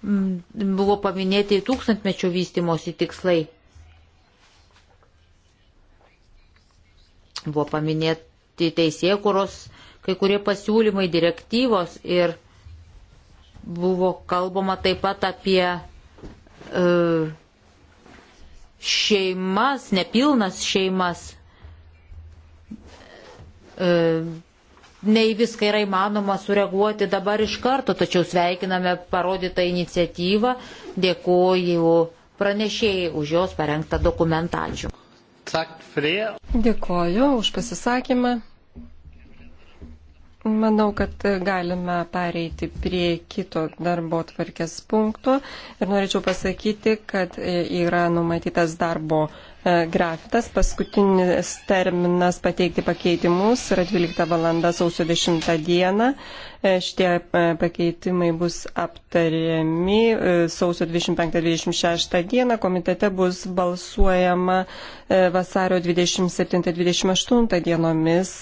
mm, buvo paminėti tūkstantmečio vystimosi tikslai. Buvo paminėti teisėkuros kai kurie pasiūlymai direktyvos ir buvo kalbama taip pat apie e, šeimas, nepilnas šeimas E, nei viską yra įmanoma sureaguoti dabar iš karto, tačiau sveikiname parodytą iniciatyvą, dėkoju pranešėjai už jos parengtą dokumentačių. Dėkoju už pasisakymą. Manau, kad galime pereiti prie kito darbo tvarkės punkto ir norėčiau pasakyti, kad yra numatytas darbo E, grafikas. Paskutinis terminas pateikti pakeitimus yra 12 val. sausio 10 dieną. E, šitie e, pakeitimai bus aptariami sausio 25-26 dieną. Komitete bus balsuojama vasario 27-28 dienomis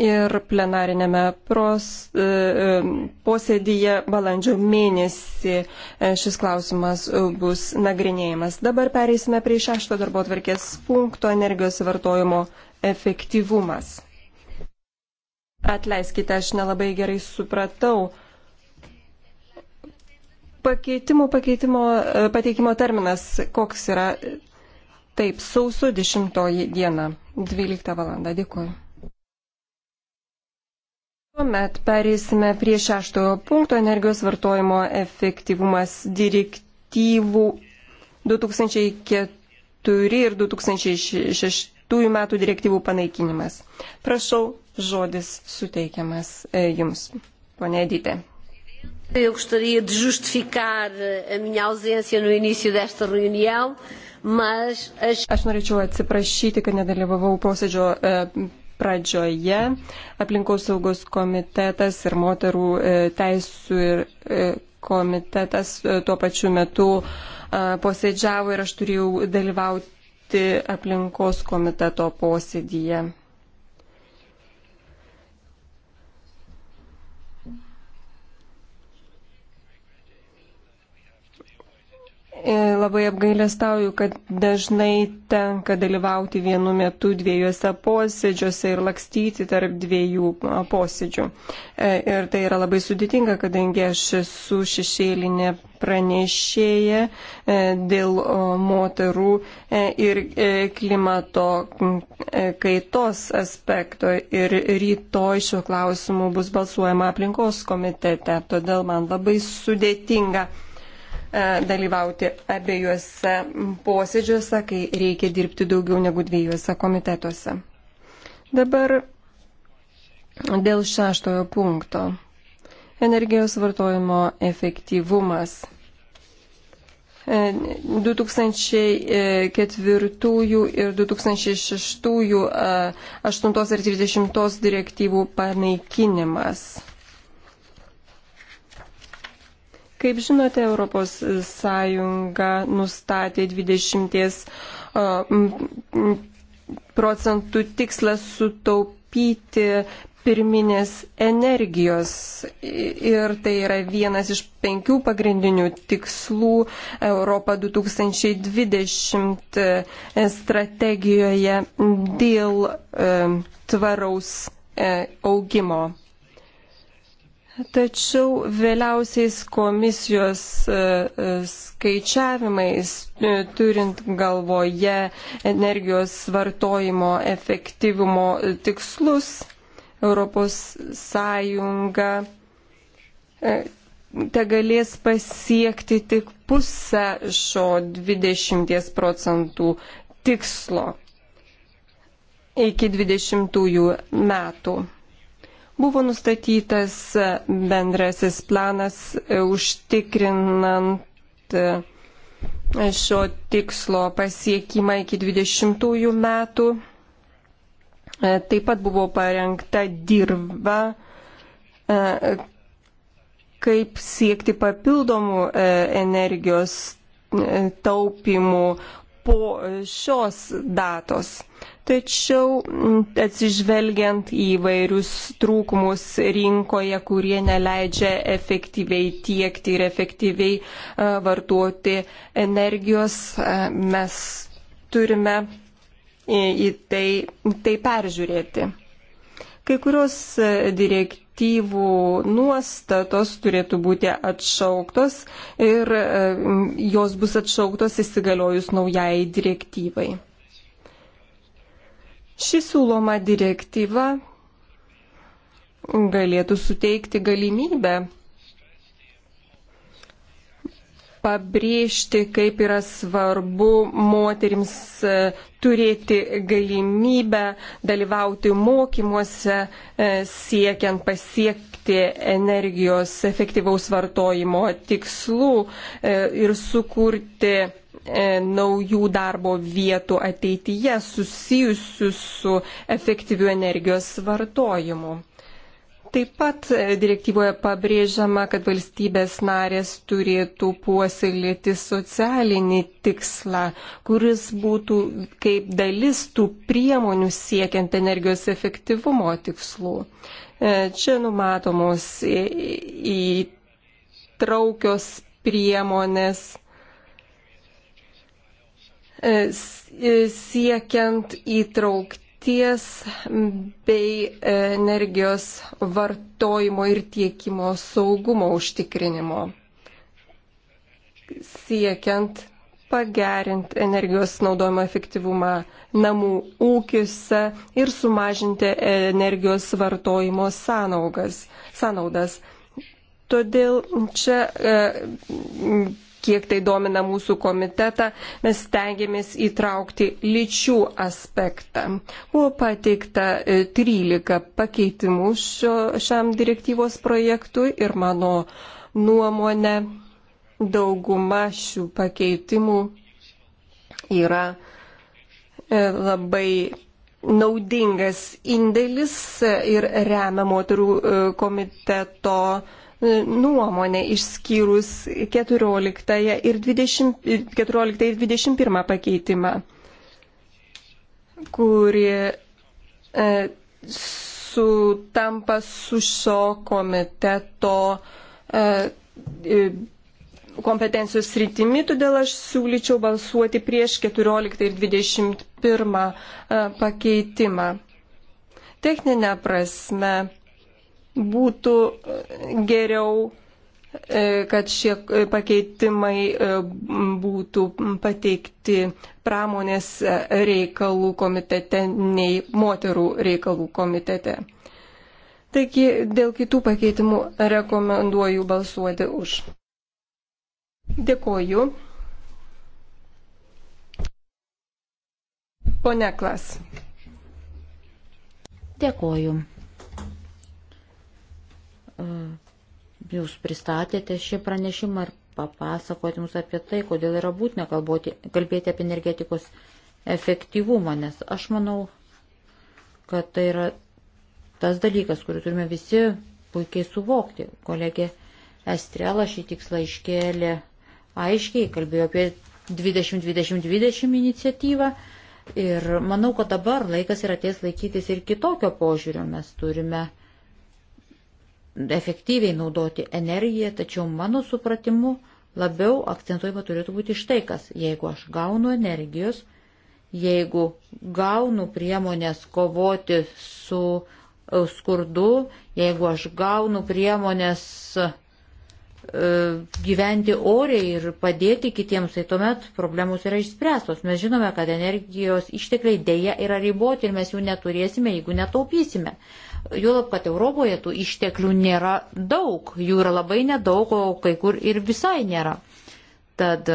ir plenarinėme pros, e, e, posėdyje balandžio mėnesį e, šis klausimas bus nagrinėjimas. Dabar pereisime prie šešto darbo tvarkės punkto energijos vartojimo efektyvumas. Atleiskite, aš nelabai gerai supratau. Pakeitimų pakeitimo, pateikimo terminas, koks yra? Taip, sausio 10 diena, 12 valanda. Dėkuoju. Tuomet pereisime prie šeštojo punkto energijos vartojimo efektyvumas direktyvų 2004 ir 2006 metų direktyvų panaikinimas. Prašau, žodis suteikiamas e, jums, ponė Edite. Eu gostaria de justificar eh, a minha ausência no início desta reunião, mas... Aš norėčiau atsiprašyti, kad nedalyvavau posėdžio e, pradžioje aplinkos saugos komitetas ir moterų e, teisų ir e, komitetas e, tuo pačiu metu posėdžiavo ir aš turėjau dalyvauti aplinkos komiteto posėdyje. E, labai apgailestauju, kad dažnai tenka dalyvauti vienu metu dviejose posėdžiuose ir lakstyti tarp dviejų posėdžių. E, ir tai yra labai sudėtinga, kadangi aš esu šešėlinė pranešėja e, dėl moterų ir klimato kaitos aspekto. Ir rytoj šiuo klausimu bus balsuojama aplinkos komitete. Todėl man labai sudėtinga E, dalyvauti abiejuose posėdžiuose, kai reikia dirbti daugiau negu dviejuose komitetuose. Dabar dėl šeštojo punkto. Energijos vartojimo efektyvumas. 2004 e, ir 2006, 8 e, ir 30 direktyvų panaikinimas. Kaip žinote, ES nustatė 20 procentų tikslas sutaupyti pirminės energijos. Ir tai yra vienas iš penkių pagrindinių tikslų Europą 2020 e, strategijoje dėl e, tvaraus e, augimo. Tačiau vėliausiais komisijos e, e, skaičiavimais, e, turint galvoje energijos vartojimo efektyvumo tikslus, Europos Sąjunga te galės pasiekti tik pusę šio 20 procentų tikslo iki 20 metų. Buvo nustatytas bendrasis planas e, užtikrinant e, šio tikslo pasiekimą iki 20 metų. E, taip pat buvo parengta dirba, kaip siekti papildomų energijos taupimų po šios datos tačiau atsižvelgiant į vairius trūkumus rinkoje, kurie neleidžia efektyviai tiekti ir efektyviai e, vartoti energijos, e, mes turime į tai, tai peržiūrėti. Kai kurios direktyvos direktyvų nuostatos turėtų būti atšauktos ir e, jos bus atšauktos įsigaliojus naujai direktyvai. Ši siūloma direktyva galėtų suteikti galimybę pabrėžti, kaip yra svarbu moterims e, turėti galimybę dalyvauti mokymuose, e, siekiant pasiekti energijos efektyvaus vartojimo tikslų e, ir sukurti E, naujų darbo vietų ateityje susijusių su efektyviu energijos vartojimu. Taip pat e, direktyvoje pabrėžiama, kad valstybės narės turėtų puoselėti socialinį tikslą, kuris būtų kaip dalis tų priemonių siekiant energijos efektyvumo tikslų. E, čia numatomos įtraukios priemonės E, e, siekiant įtraukties bei e, energijos vartojimo ir tiekimo saugumo užtikrinimo, siekiant pagerinti energijos naudojimo efektyvumą namų ūkiuose ir sumažinti energijos vartojimo sąnaudas. Todėl čia e, kiek tai domina mūsų komitetą, mes stengiamės įtraukti lyčių aspektą. Buvo pateikta 13 e, pakeitimų šio, šiam direktyvos projektui ir mano nuomonė dauguma šių pakeitimų yra e, labai naudingas indėlis ir remia moterų e, komiteto nuomonę išskyrus 14 ir, 20, 14 ir 21 pakeitimą, kurie e, sutampa su šio komiteto e, kompetencijos rytimi, todėl aš siūlyčiau balsuoti prieš 14 ir 21 e, pakeitimą. Techninė prasme būtų e, geriau, e, kad šie e, pakeitimai būtų pateikti pramonės reikalų komitete nei moterų reikalų komitete. Taigi dėl kitų pakeitimų rekomenduoju balsuoti už. Dėkoju. Pone Klas. Dėkoju. Jūs pristatėte šį pranešimą ir papasakoti mums apie tai, kodėl yra būtina kalboti, kalbėti apie energetikos efektyvumą, nes aš manau, kad tai yra tas dalykas, kurį turime visi puikiai suvokti. Kolegė Estrela šį tikslą iškėlė aiškiai, kalbėjo apie 2020-2020 iniciatyvą ir manau, kad dabar laikas yra ties laikytis ir kitokio požiūrio. Mes turime efektyviai naudoti energiją, tačiau mano supratimu labiau akcentuojama turėtų būti štai kas. Jeigu aš gaunu energijos, jeigu gaunu priemonės kovoti su e, skurdu, jeigu aš gaunu priemonės e, gyventi oriai ir padėti kitiems, tai tuomet problemos yra išspręstos. Mes žinome, kad energijos ištekliai dėja yra riboti ir mes jų neturėsime, jeigu netaupysime. Uh, Juolab, kad Europoje tų išteklių nėra daug, jų yra labai nedaug, o kai kur ir visai nėra. Tad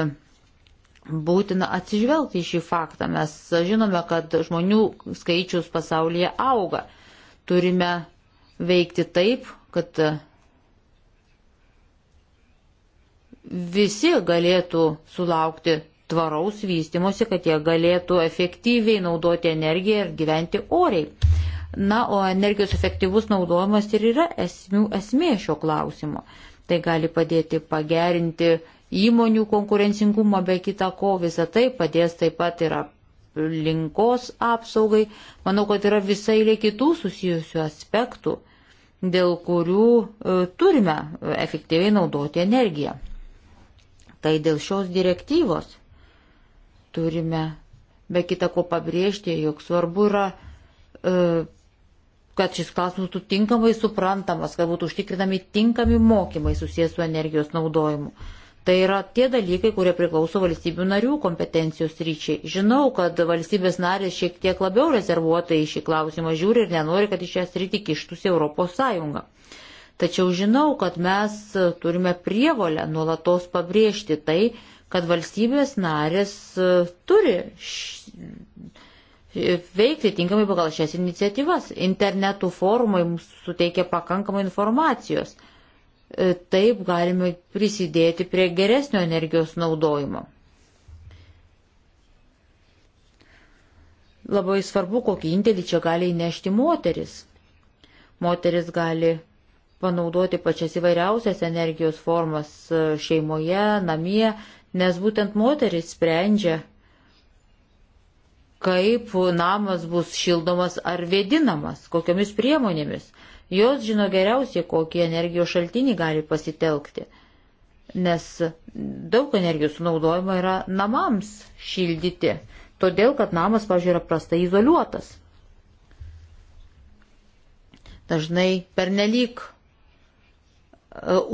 būtina atsižvelgti į šį faktą. Mes žinome, kad žmonių skaičius pasaulyje auga. Turime veikti taip, kad visi galėtų sulaukti tvaraus vystimosi, kad jie galėtų efektyviai naudoti energiją ir gyventi oriai. Na, o energijos efektyvus naudojimas ir yra esmių, esmė šio klausimo. Tai gali padėti pagerinti įmonių konkurencingumą, be kita ko visą tai padės taip pat ir aplinkos apsaugai. Manau, kad yra visai lė kitų susijusių aspektų, dėl kurių e, turime e, efektyviai naudoti energiją. Tai dėl šios direktyvos turime be kita ko pabrėžti, jog svarbu yra e, kad šis klausimas būtų tinkamai suprantamas, kad būtų užtikrinami tinkami mokymai susijęs su energijos naudojimu. Tai yra tie dalykai, kurie priklauso valstybių narių kompetencijos ryčiai. Žinau, kad valstybės narės šiek tiek labiau rezervuotai į šį klausimą žiūri ir nenori, kad į šią sritį kištųsi Europos Sąjunga. Tačiau žinau, kad mes turime prievolę nuolatos pabrėžti tai, kad valstybės narės turi š veikti tinkamai pagal šias iniciatyvas. Internetų forumai mums suteikia pakankamai informacijos. E, taip galime prisidėti prie geresnio energijos naudojimo. Labai svarbu, kokį indėlį čia gali įnešti moteris. Moteris gali panaudoti pačias įvairiausias energijos formas e, šeimoje, namie, nes būtent moteris sprendžia kaip namas bus šildomas ar vėdinamas, kokiomis priemonėmis. Jos žino geriausiai, kokį energijos šaltinį gali pasitelkti, nes daug energijos sunaudojama yra namams šildyti, todėl kad namas, pažiūrėjau, yra prastai izoliuotas. Dažnai pernelyg e,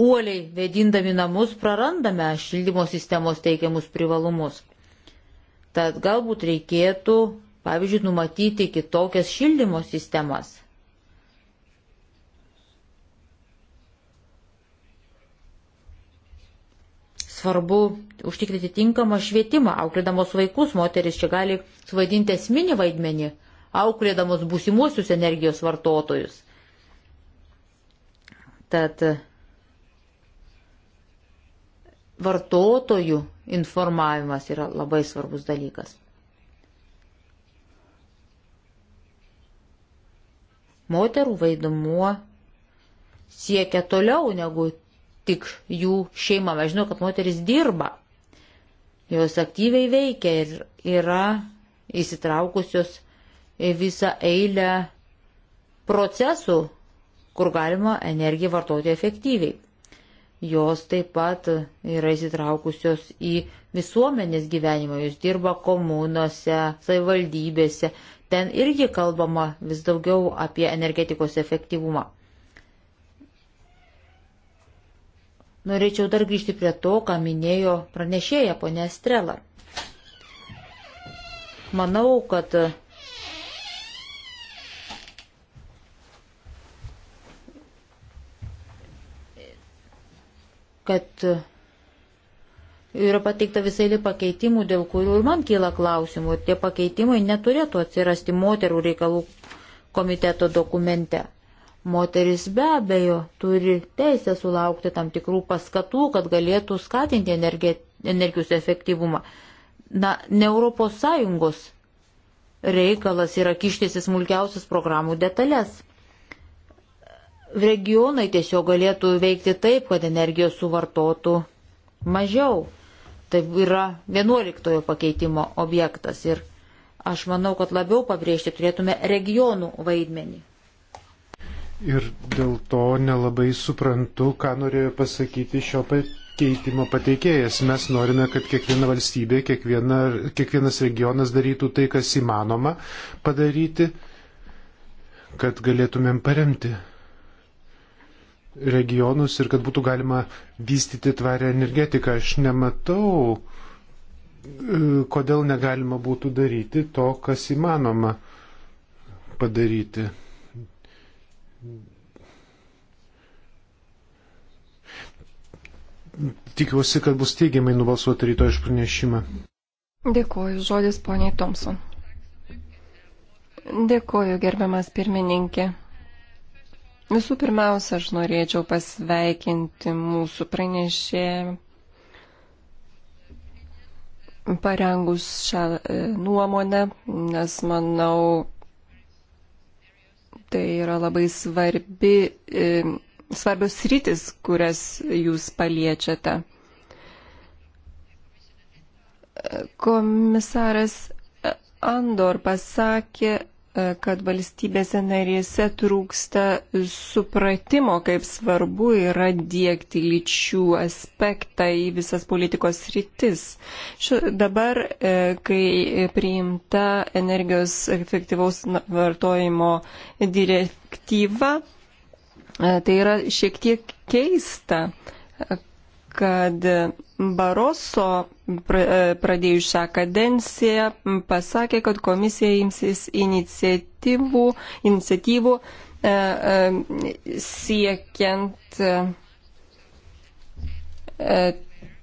uoliai vėdindami namus prarandame šildymo sistemos teikiamus privalumus. Tad galbūt reikėtų, pavyzdžiui, numatyti kitokias šildymo sistemas. Svarbu užtikrinti tinkamą švietimą, auklėdamos vaikus moteris čia gali suvaidinti esminį vaidmenį, auklėdamos būsimuosius energijos vartotojus. Tad vartotojų informavimas yra labai svarbus dalykas. Moterų vaidmuo siekia toliau negu tik jų šeima. Aš žinau, kad moteris dirba, jos aktyviai veikia ir yra įsitraukusios į visą eilę procesų, kur galima energiją vartoti efektyviai jos taip pat yra įsitraukusios į visuomenės gyvenimą, jos dirba komunose, savivaldybėse, ten irgi kalbama vis daugiau apie energetikos efektyvumą. Norėčiau dar grįžti prie to, ką minėjo pranešėja ponė Strela. Manau, kad kad yra pateikta visai li pakeitimų, dėl kurių ir man kyla klausimų. Ir tie pakeitimai neturėtų atsirasti moterų reikalų komiteto dokumente. Moteris be abejo turi teisę sulaukti tam tikrų paskatų, kad galėtų skatinti energijos efektyvumą. Na, ne Europos Sąjungos reikalas yra kištis į smulkiausias programų detalės regionai tiesiog galėtų veikti taip, kad energijos suvartotų mažiau. Tai yra 11 pakeitimo objektas ir aš manau, kad labiau pabrėžti turėtume regionų vaidmenį. Ir dėl to nelabai suprantu, ką norėjo pasakyti šio pakeitimo pateikėjas. Mes norime, kad kiekviena valstybė, kiekviena, kiekvienas regionas darytų tai, kas įmanoma padaryti, kad galėtumėm paremti regionus ir kad būtų galima vystyti tvarę energetiką. Aš nematau, e, kodėl negalima būtų daryti to, kas įmanoma padaryti. Tikiuosi, kad bus teigiamai nubalsuota rytoj iš pranešimą. Dėkuoju, žodis poniai Thompson. Dėkuoju, gerbiamas pirmininkė. Visų pirmiausia, aš norėčiau pasveikinti mūsų pranešėją parengus šią e, nuomonę, nes manau, tai yra labai svarbi, e, svarbios rytis, kurias jūs paliečiate. E, komisaras Andor pasakė, kad valstybėse narėse trūksta supratimo, kaip svarbu yra dėkti lyčių aspektą į visas politikos rytis. Ši, dabar, e, kai priimta energijos efektyvaus vartojimo direktyva, e, tai yra šiek tiek keista kad Baroso pradėjus šią kadenciją pasakė, kad komisija imsis iniciatyvų, iniciatyvų e, e, siekiant e, e,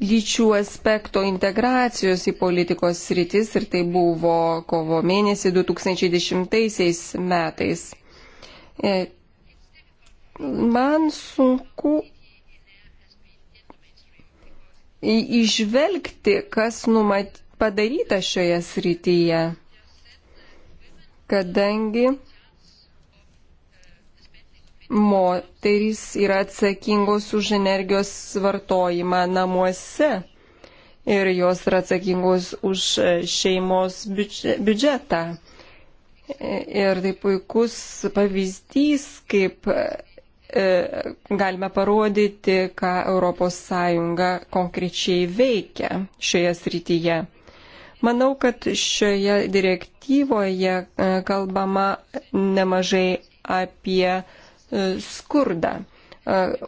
lyčių aspekto integracijos į politikos sritis ir tai buvo kovo mėnesį 2010 metais. E, man sunku išvelgti, kas numat, padaryta šioje srityje, kadangi moterys yra atsakingos už energijos vartojimą namuose ir jos yra atsakingos už šeimos biudžetą. E, ir tai puikus pavyzdys, kaip E, galime parodyti, ką ES konkrečiai veikia šioje srityje. Manau, kad šioje direktyvoje e, kalbama nemažai apie e, skurdą.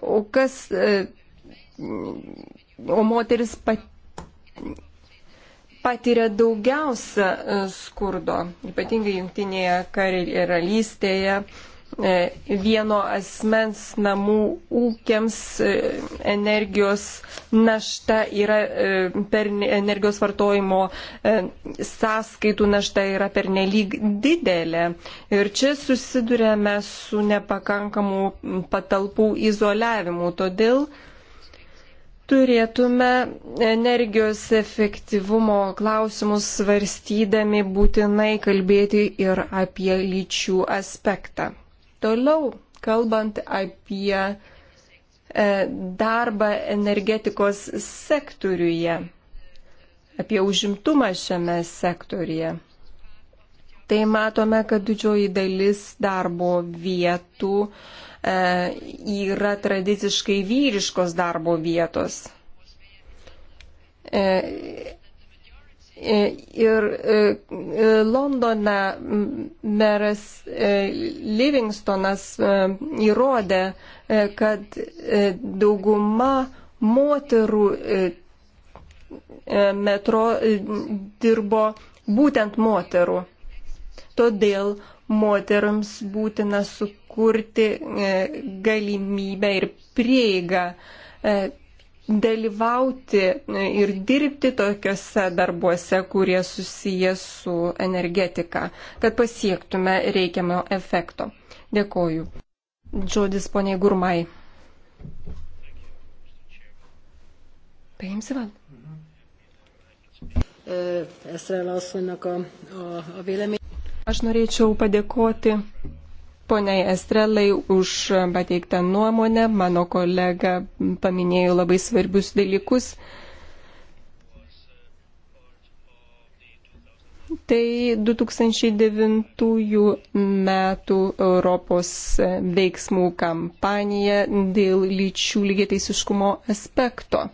O kas, o moteris pat, patiria daugiausia skurdo, ypatingai jungtinėje karalystėje. Kar E, vieno asmens namų ūkiams e, energijos našta yra e, per energijos vartojimo sąskaitų našta yra pernelyg didelė. Ir čia susidurėme su nepakankamu patalpų izoliavimu. Todėl turėtume energijos efektyvumo klausimus svarstydami būtinai kalbėti ir apie lyčių aspektą. Toliau, kalbant apie e, darbą energetikos sektoriuje, apie užimtumą šiame sektoriuje. Tai matome, kad didžioji dalis darbo vietų e, yra tradiciškai vyriškos darbo vietos. E, E, ir e, e, Londone meras Livingstonas įrodė, kad dauguma moterų metro dirbo būtent moterų. Todėl moteriams būtina sukurti galimybę ir prieigą dalyvauti ir dirbti tokiuose darbuose, kurie susiję su energetika, kad pasiektume reikiamo efekto. Dėkoju. Žodis poniai Gurmai. Paimsi van. E, Aš norėčiau padėkoti poniai Estrelai už pateiktą nuomonę. Mano kolega paminėjo labai svarbius dalykus. Tai 2009 metų Europos veiksmų kampanija dėl lyčių lygiateisiškumo aspekto.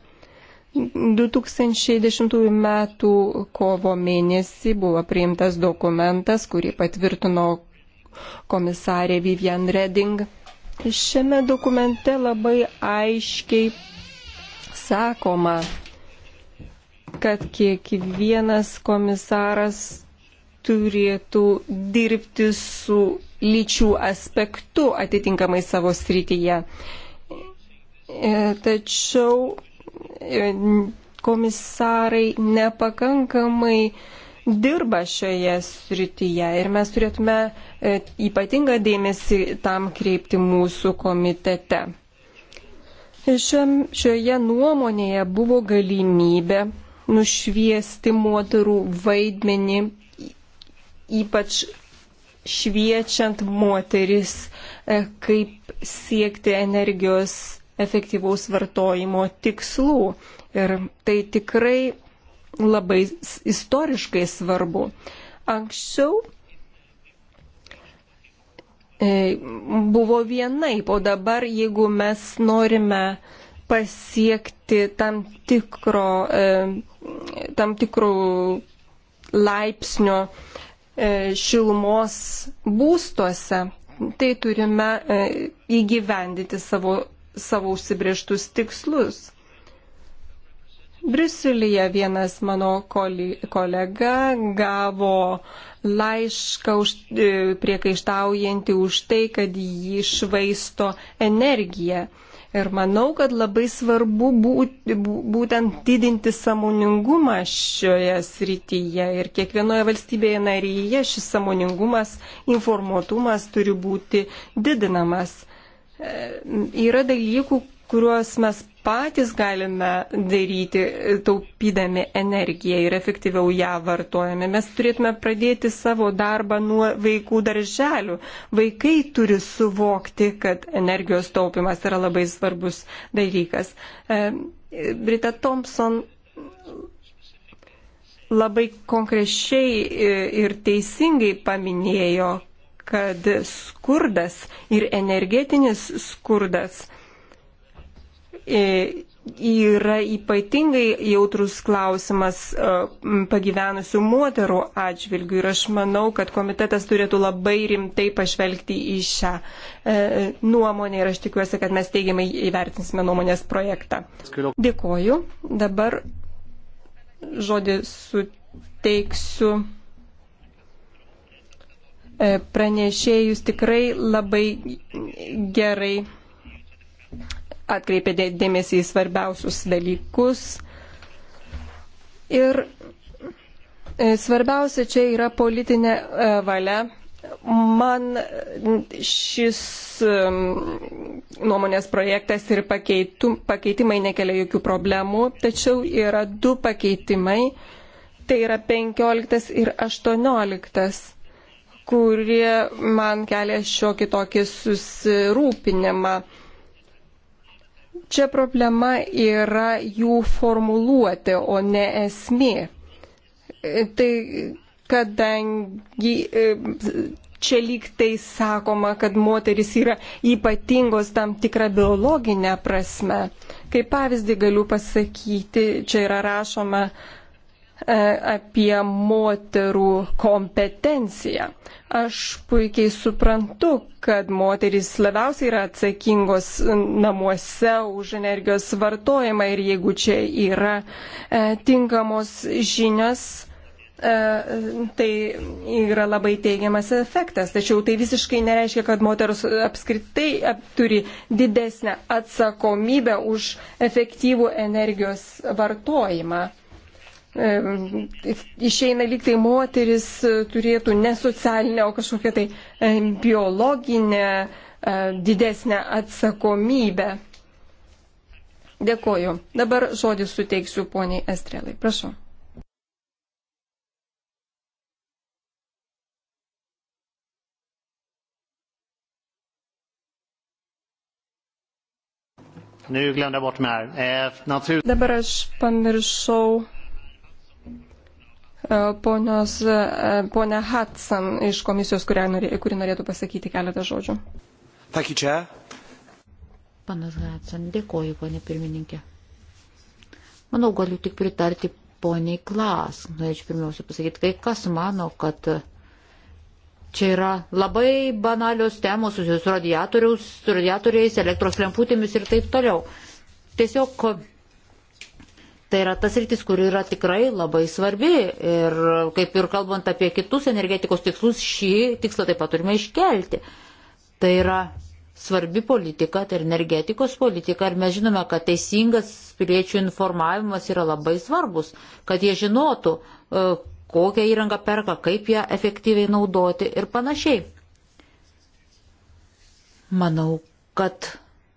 2010 m. kovo mėnesį buvo priimtas dokumentas, kurį patvirtino komisarė Vivian Reding. Šiame dokumente labai aiškiai sakoma, kad kiekvienas komisaras turėtų dirbti su lyčių aspektu atitinkamai savo srityje. E, tačiau e, komisarai nepakankamai uh, dirba šioje srityje ir mes turėtume e, ypatingą dėmesį tam kreipti mūsų komitete. Šioje nuomonėje buvo galimybė nušviesti moterų vaidmenį, ypač šviečiant moteris, e, kaip siekti energijos efektyvaus vartojimo tikslų. Ir tai tikrai labai istoriškai svarbu. Anksčiau e, buvo vienaip, o dabar jeigu mes norime pasiekti tam tikro, e, tam tikro laipsnio e, šilumos būstuose, tai turime įgyvendyti savo, savo užsibrieštus tikslus. Briuselyje vienas mano kolega gavo laišką už, e, priekaištaujantį už tai, kad jį švaisto energiją. Ir manau, kad labai svarbu būti, būtent didinti samoningumą šioje srityje. Ir kiekvienoje valstybėje narėje šis samoningumas, informuotumas turi būti didinamas. E, yra dalykų, kuriuos mes patys galime daryti, taupydami energiją ir efektyviau ją vartojame. Mes turėtume pradėti savo darbą nuo vaikų darželių. Vaikai turi suvokti, kad energijos taupimas yra labai svarbus dalykas. E, Brita Thompson labai konkrečiai e, ir teisingai paminėjo, kad skurdas ir energetinis skurdas – E, yra ypatingai jautrus klausimas e, pagyvenusių moterų atžvilgių ir aš manau, kad komitetas turėtų labai rimtai pažvelgti į šią e, nuomonę ir aš tikiuosi, kad mes teigiamai įvertinsime nuomonės projektą. Dėkoju. Dabar žodį suteiksiu pranešėjus tikrai labai gerai atkreipė dėmesį į svarbiausius dalykus. Ir e, svarbiausia čia yra politinė e, valia. Man šis e, nuomonės projektas ir pakeitum, pakeitimai nekelia jokių problemų, tačiau yra du pakeitimai, tai yra 15 ir 18 kurie man kelia šiokį tokį susirūpinimą čia problema yra jų formuluoti, o ne esmė. Tai kadangi e, čia lyg tai sakoma, kad moteris yra ypatingos tam tikrą biologinę prasme. Kaip pavyzdį galiu pasakyti, čia yra rašoma, E, apie moterų kompetenciją. Aš puikiai suprantu, kad moterys labiausiai yra atsakingos namuose už energijos vartojimą ir jeigu čia yra e, tinkamos žinios, e, tai yra labai teigiamas efektas. Tačiau tai visiškai nereiškia, kad moteris apskritai ap, turi didesnę atsakomybę už efektyvų energijos vartojimą. Ehm, išeina lyg tai moteris e, turėtų ne socialinę, o kažkokią tai ehm, biologinę e, didesnę atsakomybę. Dėkoju. Dabar žodį suteiksiu poniai Estrelai. Prašau. Nu, eh, Dabar aš pamiršau E, ponios, e, ponia Hudson iš komisijos, norė, kuri norėtų pasakyti keletą žodžių. Thank you, Chair. Panas Hudson, dėkoju, ponė pirmininkė. Manau, galiu tik pritarti poniai Klas. Norėčiau pirmiausia pasakyti, kai kas mano, kad čia yra labai banalios temos susijusios su radiatoriais, elektros lemputėmis ir taip toliau. Tiesiog Tai yra tas rytis, kur yra tikrai labai svarbi ir kaip ir kalbant apie kitus energetikos tikslus, šį tikslą taip pat turime iškelti. Tai yra svarbi politika, tai energetikos politika ir mes žinome, kad teisingas piliečių informavimas yra labai svarbus, kad jie žinotų, e, kokią įrangą perka, kaip ją efektyviai naudoti ir panašiai. Manau, kad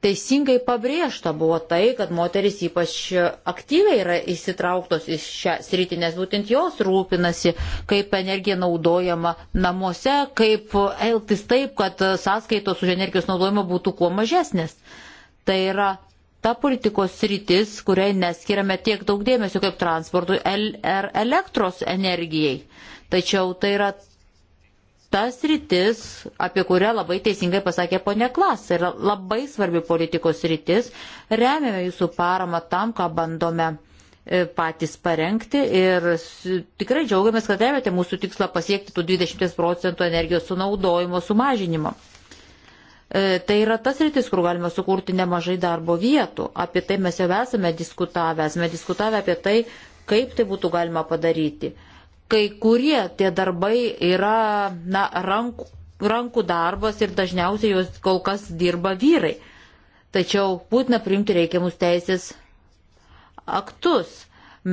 teisingai pabrėžta buvo tai, kad moteris ypač aktyviai yra įsitrauktos į šią sritį, nes būtent jos rūpinasi, kaip energija naudojama namuose, kaip elgtis taip, kad sąskaitos už energijos naudojimą būtų kuo mažesnės. Tai yra ta politikos sritis, kuriai neskiriame tiek daug dėmesio kaip transportui ir er, elektros energijai. Tačiau tai yra tas rytis, apie kurią labai teisingai pasakė ponė Klas, yra labai svarbi politikos rytis, remiame jūsų paramą tam, ką bandome e, patys parengti ir tikrai džiaugiamės, kad remiate mūsų tikslą pasiekti tų 20 procentų energijos sunaudojimo sumažinimo. E, tai yra tas rytis, kur galima sukurti nemažai darbo vietų. Apie tai mes jau esame diskutavę, esame diskutavę apie tai, kaip tai būtų galima padaryti kai kurie tie darbai yra na, rankų, rankų darbas ir dažniausiai juos kol kas dirba vyrai. Tačiau būtina priimti reikiamus teisės aktus.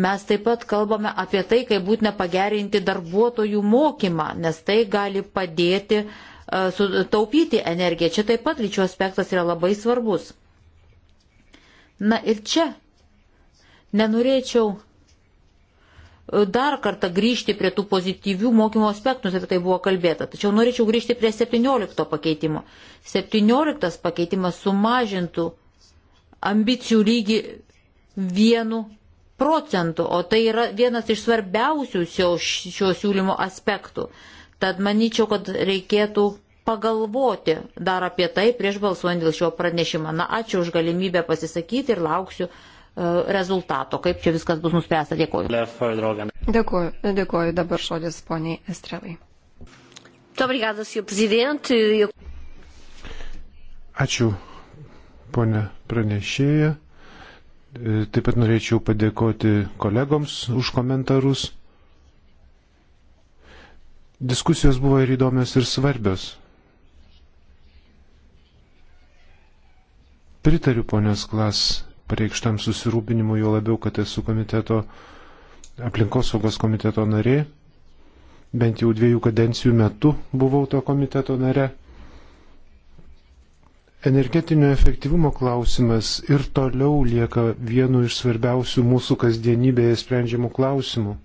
Mes taip pat kalbame apie tai, kaip būtina pagerinti darbuotojų mokymą, nes tai gali padėti uh, e, sutaupyti energiją. Čia taip pat lyčių aspektas yra labai svarbus. Na ir čia nenorėčiau dar kartą grįžti prie tų pozityvių mokymo aspektų, apie tai buvo kalbėta. Tačiau norėčiau grįžti prie 17 pakeitimo. 17 pakeitimas sumažintų ambicijų lygį vienu procentų, o tai yra vienas iš svarbiausių šio, šio siūlymo aspektų. Tad manyčiau, kad reikėtų pagalvoti dar apie tai prieš balsuojant dėl šio pranešimo. Na, ačiū už galimybę pasisakyti ir lauksiu E, rezultato, kaip čia viskas bus nuspręsta. Dėkuoju. Dėkuoju, dėkuoju dabar šodis poniai Estrelai. Ačiū, ponė pranešėja. E, taip pat norėčiau padėkoti kolegoms už komentarus. Diskusijos buvo ir įdomios, ir svarbios. Pritariu ponios klas pareikštam susirūpinimu, jo labiau, kad esu komiteto, aplinkosaugos komiteto narė. Bent jau dviejų kadencijų metu buvau to komiteto nare. Energetinio efektyvumo klausimas ir toliau lieka vienu iš svarbiausių mūsų kasdienybėje sprendžiamų klausimų.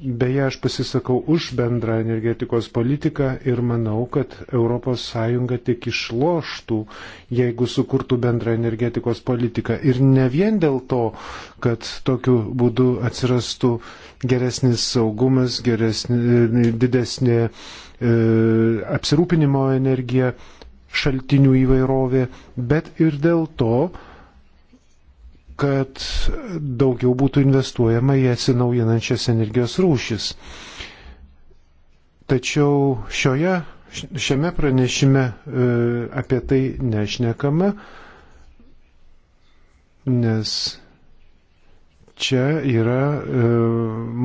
Beje, aš pasisakau už bendrą energetikos politiką ir manau, kad ES tik išloštų, jeigu sukurtų bendrą energetikos politiką. Ir ne vien dėl to, kad tokiu būdu atsirastų geresnis saugumas, geresnė, didesnė e, apsirūpinimo energija, šaltinių įvairovė, bet ir dėl to, kad daugiau būtų investuojama į atsinaujinančias energijos rūšis. Tačiau šioje, šiame pranešime e, apie tai nešnekama, nes čia yra e,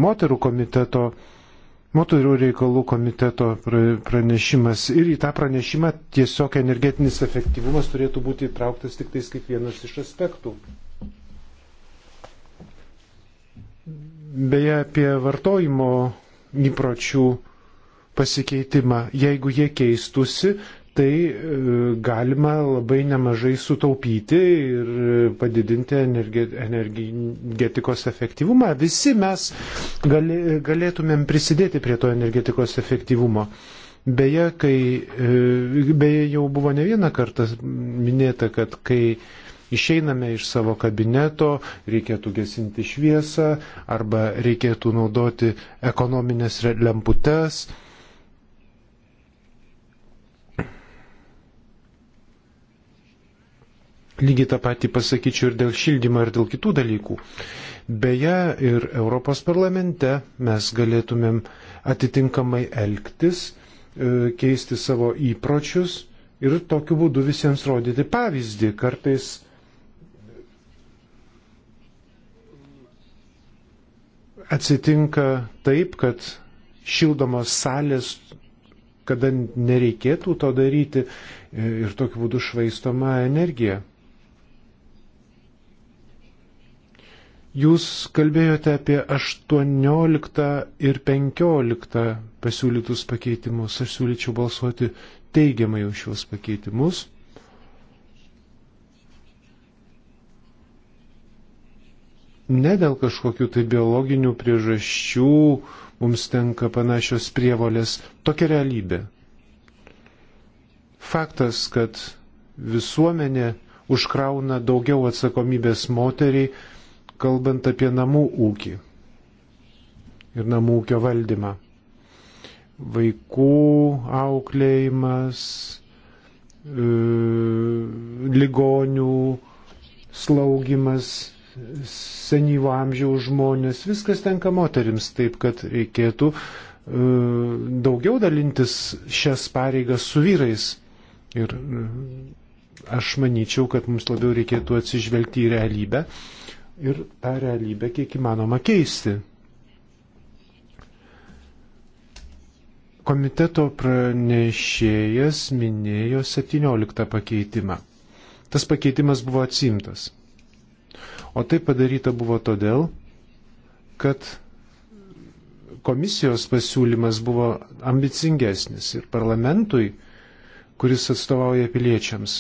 moterų komiteto Moterų reikalų komiteto pranešimas ir į tą pranešimą tiesiog energetinis efektyvumas turėtų būti įtrauktas tik tais kaip vienas iš aspektų. beje apie vartojimo įpročių pasikeitimą. Jeigu jie keistusi, tai e, galima labai nemažai sutaupyti ir e, padidinti energetikos efektyvumą. Visi mes galėtumėm prisidėti prie to energetikos efektyvumo. Beje, kai, e, beje, jau buvo ne vieną kartą minėta, kad kai išeiname iš savo kabineto, reikėtų gesinti šviesą arba reikėtų naudoti ekonominės lemputes. Lygiai tą patį pasakyčiau ir dėl šildymo, ir dėl kitų dalykų. Beje, ir Europos parlamente mes galėtumėm atitinkamai elgtis, e, keisti savo įpročius ir tokiu būdu visiems rodyti pavyzdį. Kartais atsitinka taip, kad šildomos salės, kada nereikėtų to daryti ir tokiu būdu švaistoma energija. Jūs kalbėjote apie 18 ir 15 pasiūlytus pakeitimus. Aš siūlyčiau balsuoti teigiamai už šios pakeitimus. ne dėl kažkokių tai biologinių priežasčių mums tenka panašios prievolės. Tokia realybė. Faktas, kad visuomenė užkrauna daugiau atsakomybės moteriai, kalbant apie namų ūkį ir namų ūkio valdymą. Vaikų auklėjimas, e, ligonių slaugimas, senyvo amžiaus žmonės, viskas tenka moterims, taip kad reikėtų e, daugiau dalintis šias pareigas su vyrais. Ir e, aš manyčiau, kad mums labiau reikėtų atsižvelgti į realybę ir tą realybę kiek įmanoma keisti. Komiteto pranešėjas minėjo 17 pakeitimą. Tas pakeitimas buvo atsimtas. O tai padaryta buvo todėl, kad komisijos pasiūlymas buvo ambicingesnis ir parlamentui, kuris atstovauja piliečiams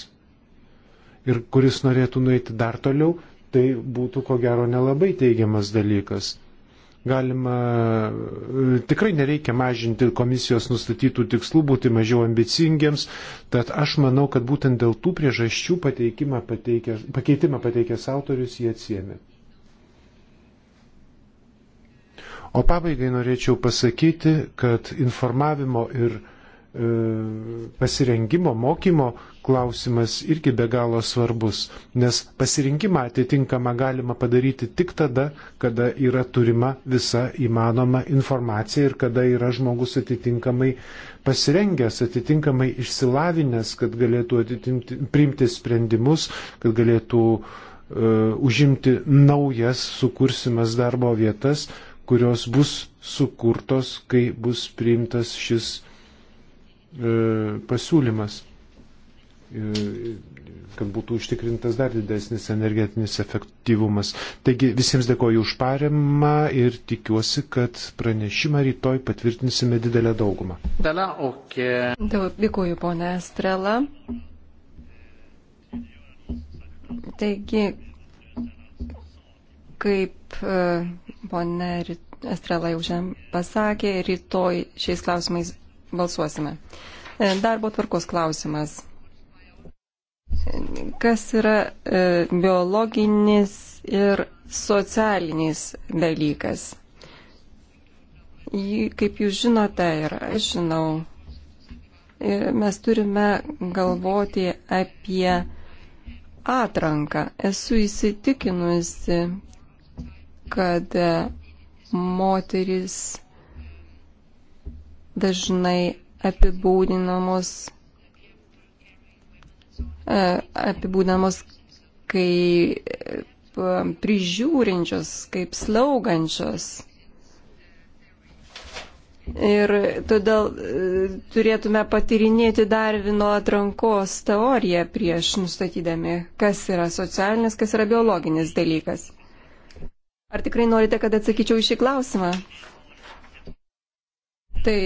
ir kuris norėtų nueiti dar toliau, tai būtų ko gero nelabai teigiamas dalykas galima, e, tikrai nereikia mažinti komisijos nustatytų tikslų, būti mažiau ambicingiems, tad aš manau, kad būtent dėl tų priežasčių pakeitimą pateikęs autorius jie atsiemė. O pabaigai norėčiau pasakyti, kad informavimo ir e, pasirengimo mokymo klausimas irgi be galo svarbus, nes pasirinkimą atitinkamą galima padaryti tik tada, kada yra turima visa įmanoma informacija ir kada yra žmogus atitinkamai pasirengęs, atitinkamai išsilavinęs, kad galėtų atitimti, priimti sprendimus, kad galėtų uh, užimti naujas sukursimas darbo vietas, kurios bus sukurtos, kai bus priimtas šis uh, pasiūlymas kad būtų užtikrintas dar didesnis energetinis efektyvumas. Taigi visiems dėkoju už parimą ir tikiuosi, kad pranešimą rytoj patvirtinsime didelę daugumą. Dėkoju, ponė Estrela. Taigi, kaip e, ponė Estrela jau pasakė, rytoj šiais klausimais balsuosime. E, darbo tvarkos klausimas kas yra e, biologinis ir socialinis dalykas. Kaip jūs žinote ir aš žinau, e, mes turime galvoti apie atranką. Esu įsitikinusi, kad moteris dažnai apibūdinamos E, apibūdinamos kaip e, prižiūrinčios, kaip slaugančios. Ir todėl e, turėtume patirinėti Darvino atrankos teoriją prieš nustatydami, kas yra socialinis, kas yra biologinis dalykas. Ar tikrai norite, kad atsakyčiau į šį klausimą? Tai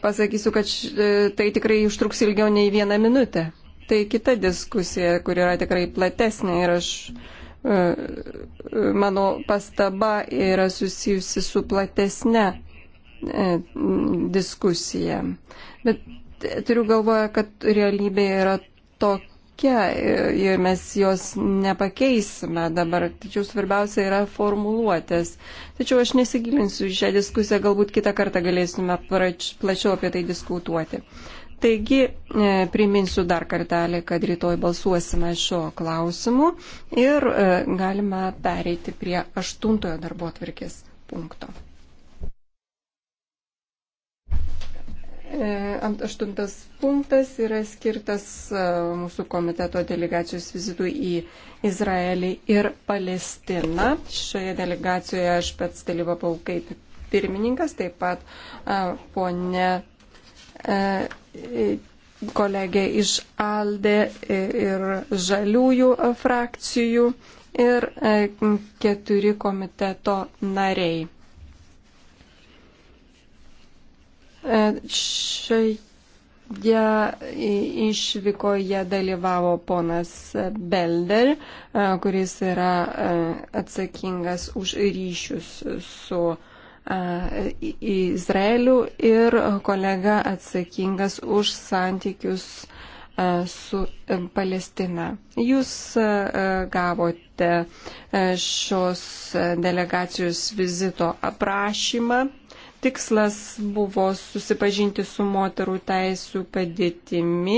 pasakysiu, kad e, tai tikrai užtruks ilgiau nei vieną minutę. Tai kita diskusija, kur yra tikrai platesnė ir aš, e, e, mano pastaba yra susijusi su platesne diskusija. Bet turiu galvoje, kad realybė yra tokia tokia ir mes jos nepakeisime dabar. Tačiau svarbiausia yra formuluotės. Tačiau aš nesigilinsiu į šią diskusiją, galbūt kitą kartą galėsime plačiau apie tai diskutuoti. Taigi, e, priminsiu dar kartelį, kad rytoj balsuosime šio klausimu ir e, galime pereiti prie aštuntojo darbo atvirkės punkto. E, aštuntas punktas yra skirtas e, mūsų komiteto delegacijos vizitui į Izraelį ir Palestiną. Šioje delegacijoje aš pats dalyvavau kaip pirmininkas, taip pat e, ponė kolegė iš Alde ir Žaliųjų frakcijų ir keturi komiteto nariai. E, šioje išvykoje dalyvavo ponas Belder, e, kuris yra e, atsakingas už ryšius su Izraeliu ir kolega atsakingas už santykius su Palestina. Jūs gavote šios delegacijos vizito aprašymą Tikslas buvo susipažinti su moterų teisų padėtimi,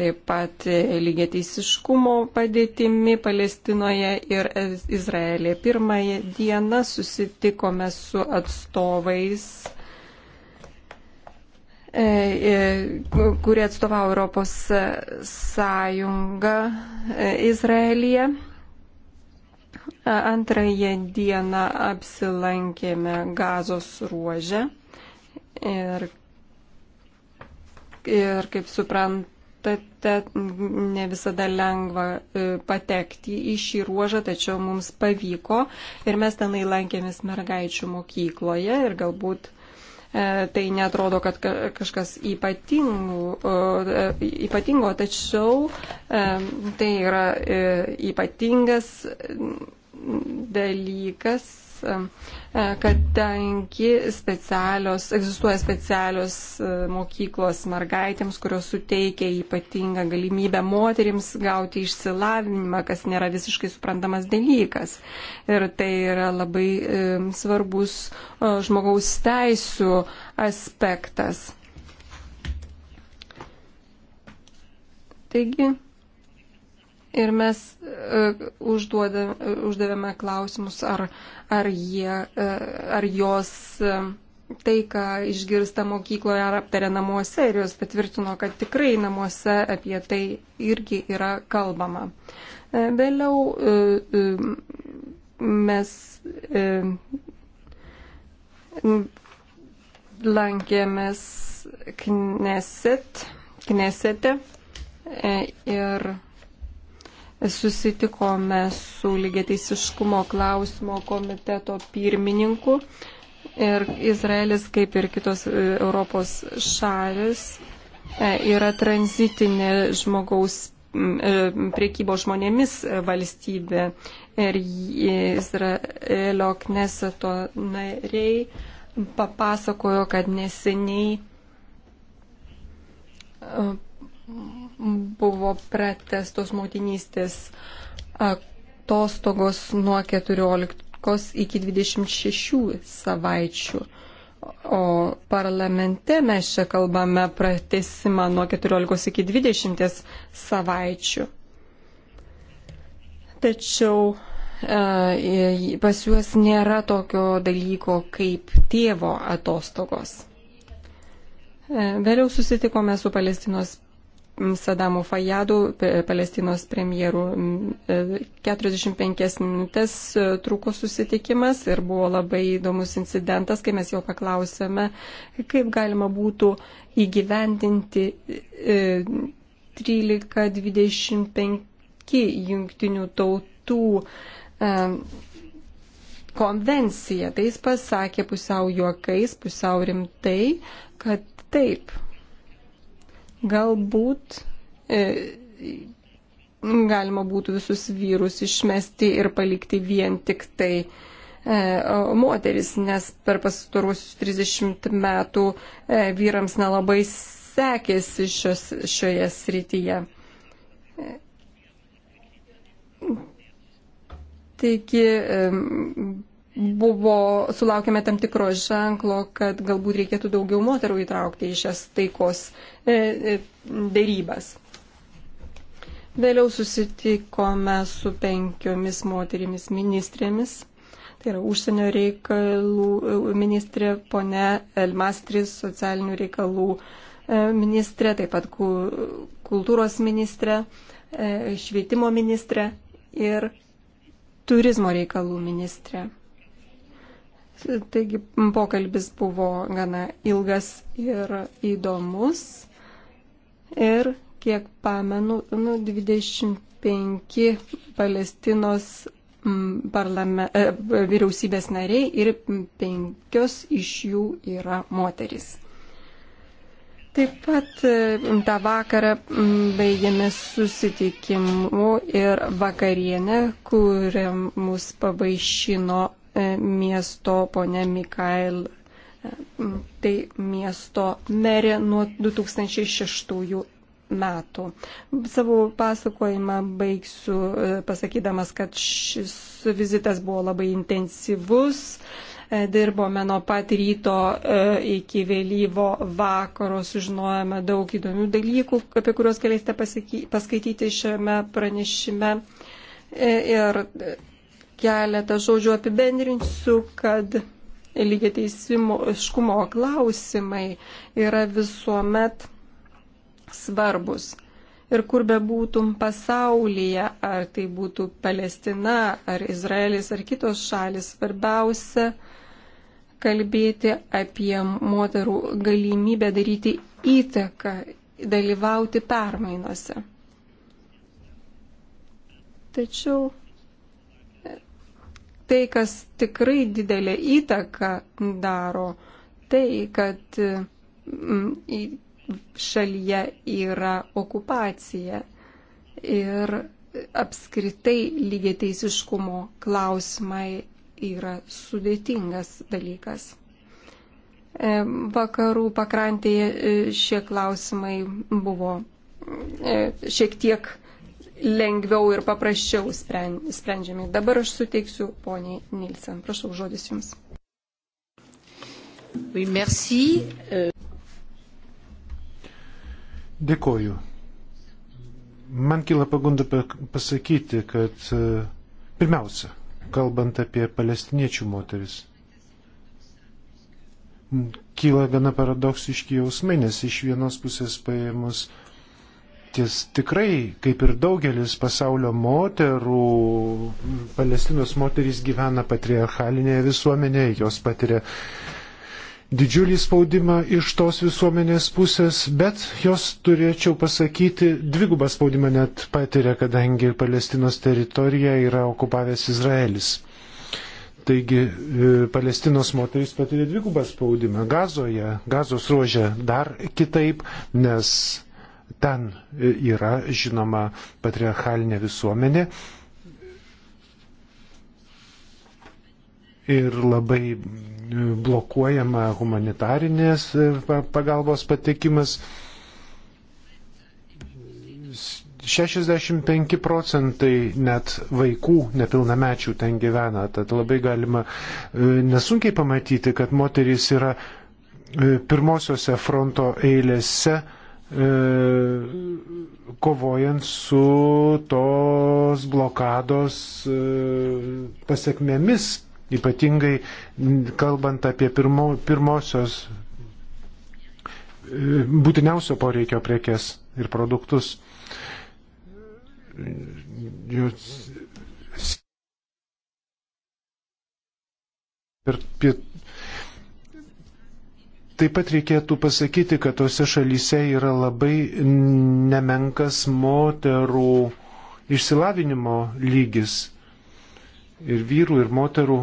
taip pat lygiateisiškumo padėtimi Palestinoje ir Izraelė. Pirmąją dieną susitikome su atstovais e, e, kurie atstovauja Europos Sąjungą e, Izraelyje. Antrąją dieną apsilankėme gazos ruožę ir, ir kaip suprantate, ne visada lengva e, patekti į šį ruožą, tačiau mums pavyko ir mes tenai lankėmės mergaičių mokykloje ir galbūt E, tai netrodo, kad kažkas ypatingų, e, ypatingo, tačiau e, tai yra ypatingas dalykas kadangi specialios, egzistuoja specialios e, mokyklos mergaitėms, kurios suteikia ypatingą galimybę moterims gauti išsilavinimą, kas nėra visiškai suprantamas dalykas. Ir tai yra labai e, svarbus e, žmogaus teisų aspektas. Taigi, Ir mes e, uždavėme klausimus, ar, ar, jie, e, ar jos e, tai, ką išgirsta mokykloje ar aptarė namuose ir jos patvirtino, kad tikrai namuose apie tai irgi yra kalbama. Vėliau mes lankėmės Kneset, Knesete ir susitikome su lygiateisiškumo klausimo komiteto pirmininku ir Izraelis, kaip ir kitos e, Europos šalis, e, yra tranzitinė žmogaus e, priekybo žmonėmis valstybė ir Izraelio kneseto nariai papasakojo, kad neseniai buvo pratestos motinystės atostogos nuo 14 iki 26 savaičių. O parlamente mes čia kalbame pratesimą nuo 14 iki 20 savaičių. Tačiau e, pas juos nėra tokio dalyko kaip tėvo atostogos. E, vėliau susitikome su Palestinos Sadamu Fajadu, Palestinos premjerų. 45 mm, e, minutės e, truko susitikimas ir buvo labai įdomus incidentas, kai mes jau paklausėme, kaip galima būtų įgyvendinti 1325 e, jungtinių tautų konvenciją. Tai jis pasakė pusiau juokais, pusiau rimtai, kad taip, Galbūt e, galima būtų visus vyrus išmesti ir palikti vien tik tai e, moteris, nes per pastaruosius 30 metų e, vyrams nelabai sekėsi šios, šioje srityje. Taigi, buvo, sulaukėme tam tikro ženklo, kad galbūt reikėtų daugiau moterų įtraukti į šias taikos e, e, dėrybas. Vėliau susitikome su penkiomis moterimis ministrėmis. Tai yra užsienio reikalų e, ministrė, ponė Elmastris, socialinių reikalų ministrė, taip pat kultūros ministrė, švietimo ministrė ir turizmo reikalų ministrė. Taigi pokalbis buvo gana ilgas ir įdomus. Ir kiek pamenu, nu, 25 Palestinos parlame, e, vyriausybės nariai ir penkios iš jų yra moteris. Taip pat e, tą vakarą baigėme susitikimu ir vakarienę, kurią mus pavaišino miesto, ponė Mikael, tai miesto merė nuo 2006 metų. Savo pasakojimą baigsiu e, pasakydamas, kad šis vizitas buvo labai intensyvus. E, dirbome nuo pat ryto e, iki vėlyvo vakaro, sužinojame daug įdomių dalykų, apie kuriuos galėsite paskaityti šiame pranešime. Ir keletą žodžių apibendrinsiu, kad lygiai teisimo klausimai yra visuomet svarbus. Ir kur be būtum pasaulyje, ar tai būtų Palestina, ar Izraelis, ar kitos šalis, svarbiausia kalbėti apie moterų galimybę daryti įtaką, dalyvauti permainose. Tačiau tai, kas tikrai didelę įtaką daro, tai, kad mm, šalyje yra okupacija ir apskritai lygiai teisiškumo klausimai yra sudėtingas dalykas. E, vakarų pakrantėje e, šie klausimai buvo e, šiek tiek lengviau ir paprasčiau sprendžiami. Dabar aš suteiksiu poniai Nilsen. Prašau, žodis jums. Oui, merci. Euh. Dėkoju. Man kyla pagunda pasakyti, kad e, pirmiausia, kalbant apie palestiniečių moteris, kyla gana paradoksiški jausmai, nes iš vienos pusės paėmus uh, moteris tikrai, kaip ir daugelis pasaulio moterų, Palestinos moterys gyvena patriarchalinėje visuomenėje, jos patiria didžiulį spaudimą iš tos visuomenės pusės, bet jos, turėčiau pasakyti, dvigubą spaudimą net patiria, kadangi Palestinos teritoriją yra okupavęs Izraelis. Taigi e, Palestinos moterys patiria dvigubą spaudimą Gazoje, Gazos ruožė dar kitaip, nes ten yra žinoma patriarchalinė visuomenė. Ir labai blokuojama humanitarinės pagalbos patekimas. 65 procentai net vaikų nepilnamečių ten gyvena, tad labai galima e, nesunkiai pamatyti, kad moterys yra e, pirmosiose fronto eilėse E, kovojant su tos blokados e, pasiekmėmis, ypatingai kalbant apie pirmo, pirmosios e, būtiniausio poreikio prekes ir produktus. Jūs per pietų Taip pat reikėtų pasakyti, kad tose šalyse yra labai nemenkas moterų išsilavinimo lygis. Ir vyrų, ir moterų,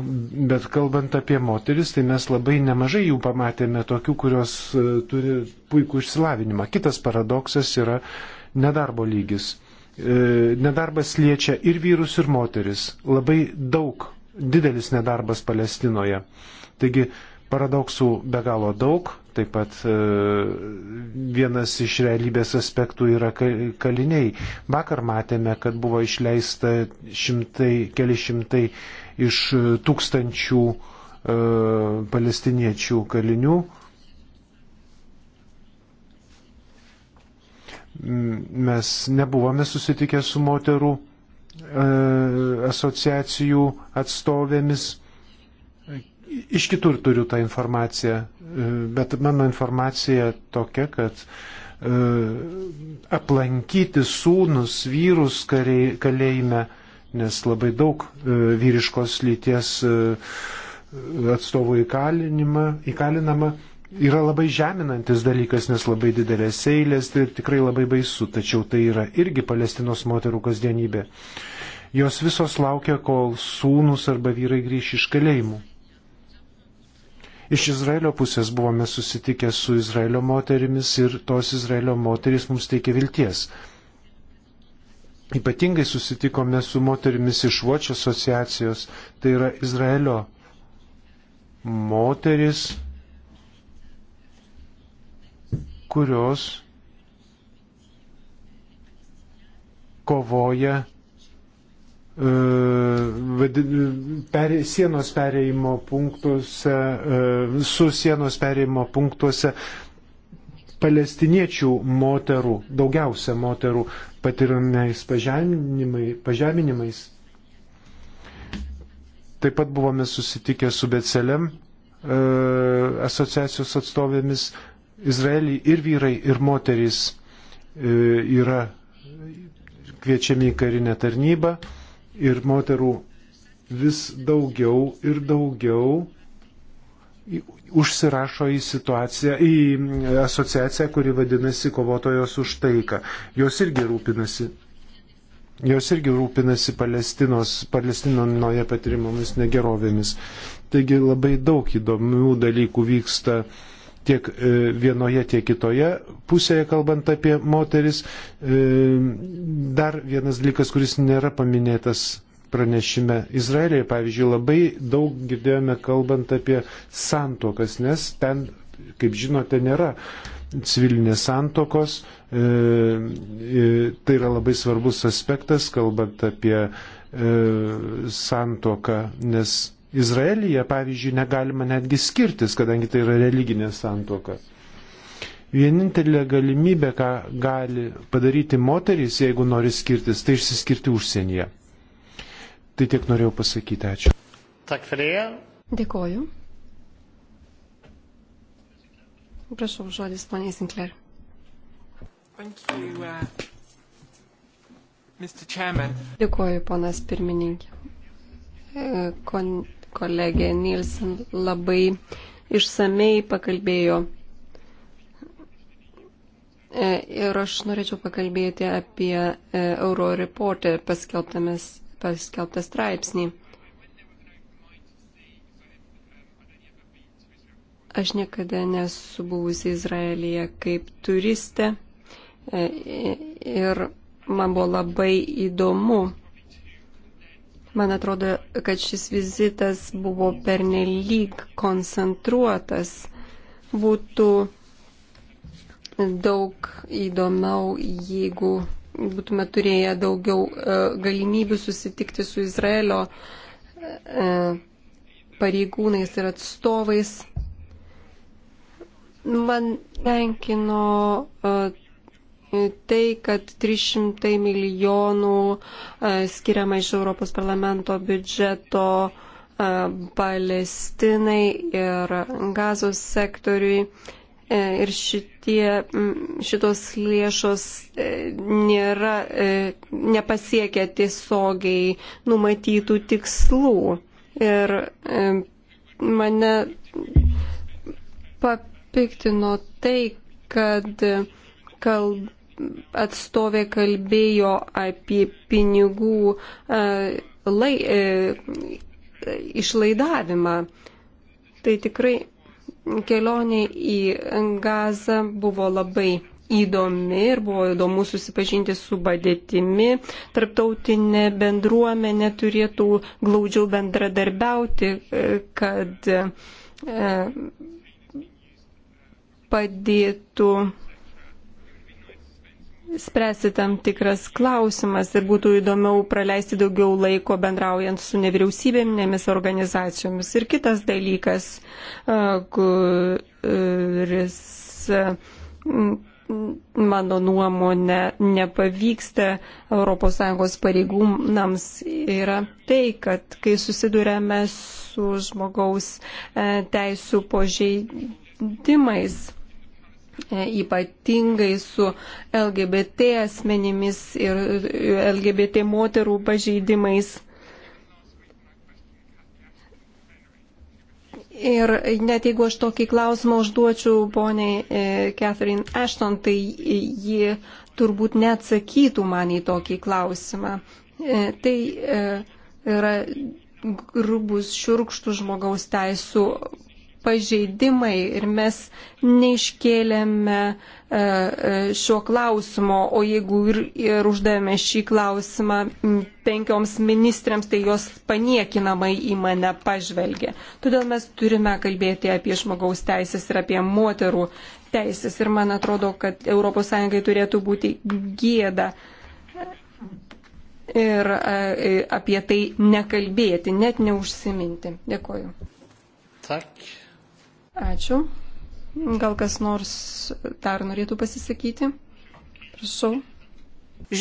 bet kalbant apie moteris, tai mes labai nemažai jų pamatėme tokių, kurios e, turi puikų išsilavinimą. Kitas paradoksas yra nedarbo lygis. E, nedarbas liečia ir vyrus, ir moteris. Labai daug, didelis nedarbas Palestinoje. Taigi Paradoksų be galo daug, taip pat e, vienas iš realybės aspektų yra kaliniai. Vakar matėme, kad buvo išleista šimtai, keli šimtai iš tūkstančių e, palestiniečių kalinių. Mes nebuvome susitikę su moterų e, asociacijų atstovėmis Iš kitur turiu tą informaciją, e, bet mano informacija tokia, kad e, aplankyti sūnus, vyrus kalėjime, nes labai daug e, vyriškos lyties atstovų įkalinama, yra labai žeminantis dalykas, nes labai didelės eilės, tai tikrai labai baisu, tačiau tai yra irgi Palestinos moterų kasdienybė. Jos visos laukia, kol sūnus arba vyrai grįš iš kalėjimų. Iš Izraelio pusės buvome susitikę su Izraelio moterimis ir tos Izraelio moteris mums teikia vilties. Ypatingai susitikome su moterimis iš Vočio asociacijos, tai yra Izraelio moteris, kurios kovoja per, sienos pereimo punktuose, e, su sienos pereimo punktuose palestiniečių moterų, daugiausia moterų patirimais pažeminimai, pažeminimais. Taip pat buvome susitikę su Becelem e, asociacijos atstovėmis. Izraelį ir vyrai, ir moterys e, yra kviečiami į karinę tarnybą ir moterų vis daugiau ir daugiau užsirašo į situaciją, į asociaciją, kuri vadinasi kovotojos už taiką. Jos irgi rūpinasi. Jos irgi rūpinasi Palestinos, Palestinoje patirimomis negerovėmis. Taigi labai daug įdomių dalykų vyksta uh, tiek e, vienoje, tiek kitoje pusėje, kalbant apie moteris. E, dar vienas dalykas, kuris nėra paminėtas pranešime. Izraelėje, pavyzdžiui, labai daug girdėjome kalbant apie santokas, nes ten, kaip žinote, nėra civilinės santokos. E, e, tai yra labai svarbus aspektas, kalbant apie e, santoką, nes Izraelyje, pavyzdžiui, negalima netgi skirtis, kadangi tai yra religinė santuoka. Vienintelė galimybė, ką gali padaryti moterys, jeigu nori skirtis, tai išsiskirti užsienyje. Tai tiek norėjau pasakyti. Ačiū. Dėkoju. Prašau, žodis poniai Sinclair. You, uh, Dėkoju, ponas pirmininkė. Kon kolegė Nilsen labai išsamei pakalbėjo. E, ir aš norėčiau pakalbėti apie e, Euro reportę paskelbtą straipsnį. Aš niekada nesu buvusi Izraelyje kaip turistė e, ir man buvo labai įdomu Man atrodo, kad šis vizitas buvo pernelyg koncentruotas. Būtų daug įdomiau, jeigu būtume turėję daugiau e, galimybių susitikti su Izraelio e, pareigūnais ir atstovais. Man tenkino e, tai, kad 300 milijonų e, skiriama iš Europos parlamento biudžeto e, Palestinai ir gazos sektoriui. E, ir šitie, šitos lėšos nėra, nepasiekia tiesiogiai numatytų tikslų. Ir mane papiktino tai, kad kalb atstovė kalbėjo apie pinigų e, lai, e, išlaidavimą. Tai tikrai kelionė į Gazą buvo labai įdomi ir buvo įdomu susipažinti su padėtimi. Tarptautinė bendruomenė turėtų glaudžiau bendradarbiauti, e, kad padėtų spręsti tam tikras klausimas ir būtų įdomiau praleisti daugiau laiko bendraujant su nevyriausybėminėmis organizacijomis. Ir kitas dalykas, kuris mano nuomonė nepavyksta ES pareigūnams yra tai, kad kai susidurėme su žmogaus e, teisų požeidimais, E, ypatingai su LGBT asmenimis ir e, LGBT moterų pažeidimais. Ir net jeigu aš tokį klausimą užduočiau poniai e, Catherine Ashton, tai ji turbūt neatsakytų man į tokį klausimą. Tai yra grubus šiurkštų žmogaus teisų pažeidimai ir mes neiškėlėme e, e, šio klausimo, o jeigu ir, ir uždavėme šį klausimą penkioms ministrėms, tai jos paniekinamai į mane pažvelgia. Todėl mes turime kalbėti apie žmogaus teisės ir apie moterų teisės ir man atrodo, kad ES turėtų būti gėda ir e, apie tai nekalbėti, net neužsiminti. Dėkoju. Tak. Ačiū. Gal kas nors dar norėtų pasisakyti? Prašau.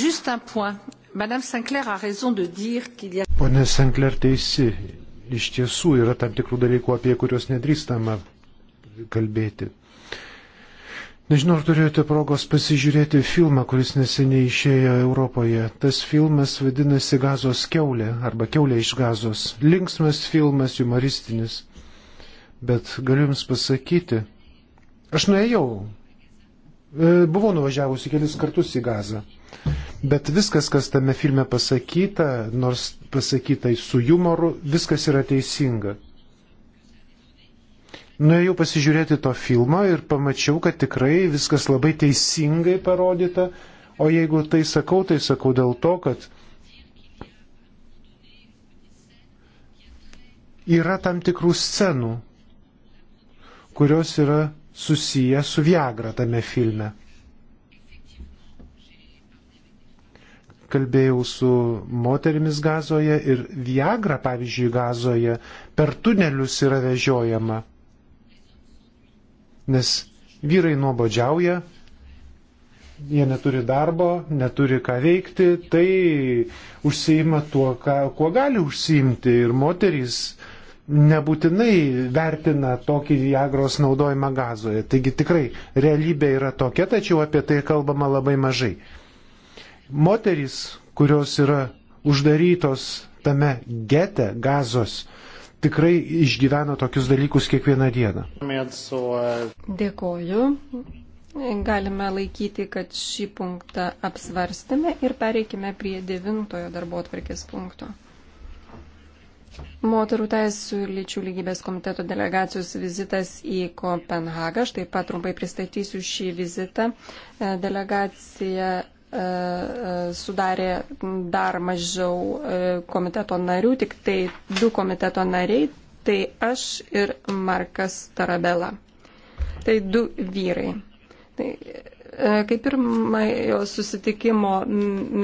Juste un point. Madame Sinclair a raison de dire qu'il y a. Pone Sinclair teisi. Iš tiesų yra tam tikrų dalykų, apie kuriuos nedrįstama kalbėti. Nežinau, ar turėjote progos pasižiūrėti filmą, kuris neseniai išėjo Europoje. Tas filmas vadinasi Gazos keulė arba keulė iš gazos. Linksmas filmas, humoristinis bet galiu Jums pasakyti, aš nuėjau, e, buvau nuvažiavusi kelis kartus į gazą, bet viskas, kas tame filme pasakyta, nors pasakyta su humoru, viskas yra teisinga. Nuėjau pasižiūrėti to filmo ir pamačiau, kad tikrai viskas labai teisingai parodyta, o jeigu tai sakau, tai sakau dėl to, kad yra tam tikrų scenų, kurios yra susiję su Viagra tame filme. Kalbėjau su moterimis gazoje ir Viagra, pavyzdžiui, gazoje per tunelius yra vežiojama. Nes vyrai nuobodžiauja, jie neturi darbo, neturi ką veikti, tai užsiima tuo, ką, kuo gali užsiimti ir moterys nebūtinai vertina tokį Viagros naudojimą gazoje. Taigi tikrai realybė yra tokia, tačiau apie tai kalbama labai mažai. Moterys, kurios yra uždarytos tame gete gazos, tikrai išgyvena tokius dalykus kiekvieną dieną. Dėkoju. Galime laikyti, kad šį punktą apsvarstėme ir pereikime prie devintojo darbo atvarkės punkto. Moterų teisų lyčių lygybės komiteto delegacijos vizitas į Kopenhagą. Aš taip pat trumpai pristatysiu šį vizitą. E, delegacija e, e, sudarė dar mažiau komiteto narių, tik tai du komiteto nariai, tai aš ir Markas Tarabela. Tai du vyrai. Tai, kaip pirmojo susitikimo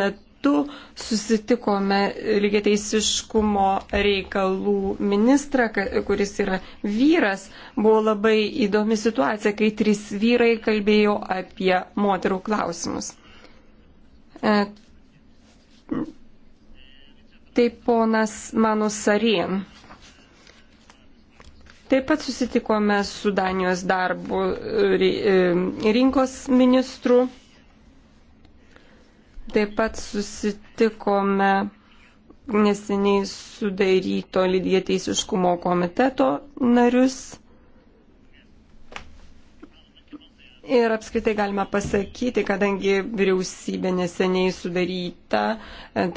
metu metu susitikome lygiateisiškumo reikalų ministrą, kuris yra vyras. Buvo labai įdomi situacija, kai trys vyrai kalbėjo apie moterų klausimus. E, tai ponas Manu Sarien. Taip pat susitikome su Danijos darbo e, rinkos ministru Taip pat susitikome neseniai sudaryto lygiai teisiškumo komiteto narius. Ir apskritai galime pasakyti, kadangi vyriausybė neseniai sudaryta,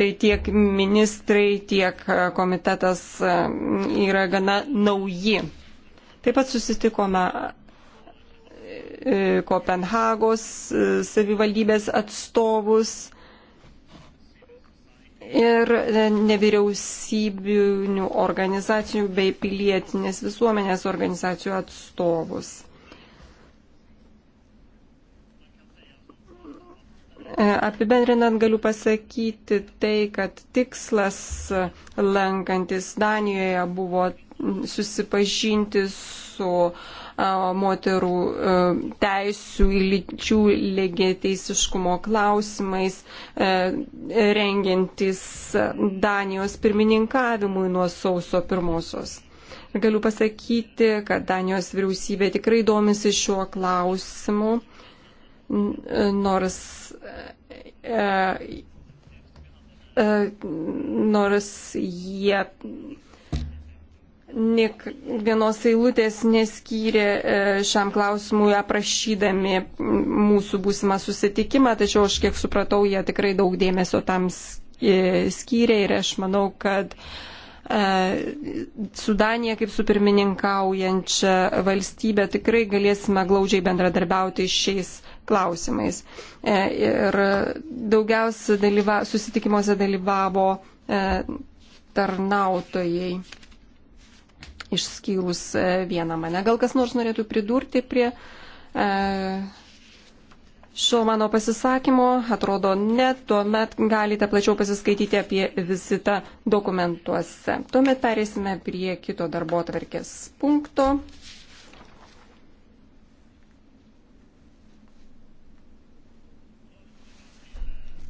tai tiek ministrai, tiek komitetas e, yra gana nauji. Taip pat susitikome e, Kopenhagos e, savivaldybės atstovus ir e, nevyriausybinių organizacijų bei pilietinės visuomenės organizacijų atstovus. E, apibendrinant galiu pasakyti tai, kad tikslas lankantis Danijoje buvo susipažinti su uh, moterų teisų į lyčių lygiateisiškumo klausimais, rengiantis Danijos pirmininkavimui nuo sauso pirmosios. Ir galiu pasakyti, kad Danijos vyriausybė tikrai domisi šiuo klausimu, nors nors jie nik vienos eilutės neskyrė e, šiam klausimui aprašydami mūsų būsimą susitikimą, tačiau aš kiek supratau, jie tikrai daug dėmesio tam e, skyrė ir aš manau, kad e, su Danija kaip su pirmininkaujančia valstybė tikrai galėsime glaudžiai bendradarbiauti šiais klausimais. Ir daugiausia dalyva, susitikimuose dalyvavo tarnautojai išskyrus e, vieną mane. Gal kas nors norėtų pridurti prie e, šio mano pasisakymo? Atrodo, net tuomet galite plačiau pasiskaityti apie vizitą dokumentuose. Tuomet perėsime prie kito darbo atvarkės punkto.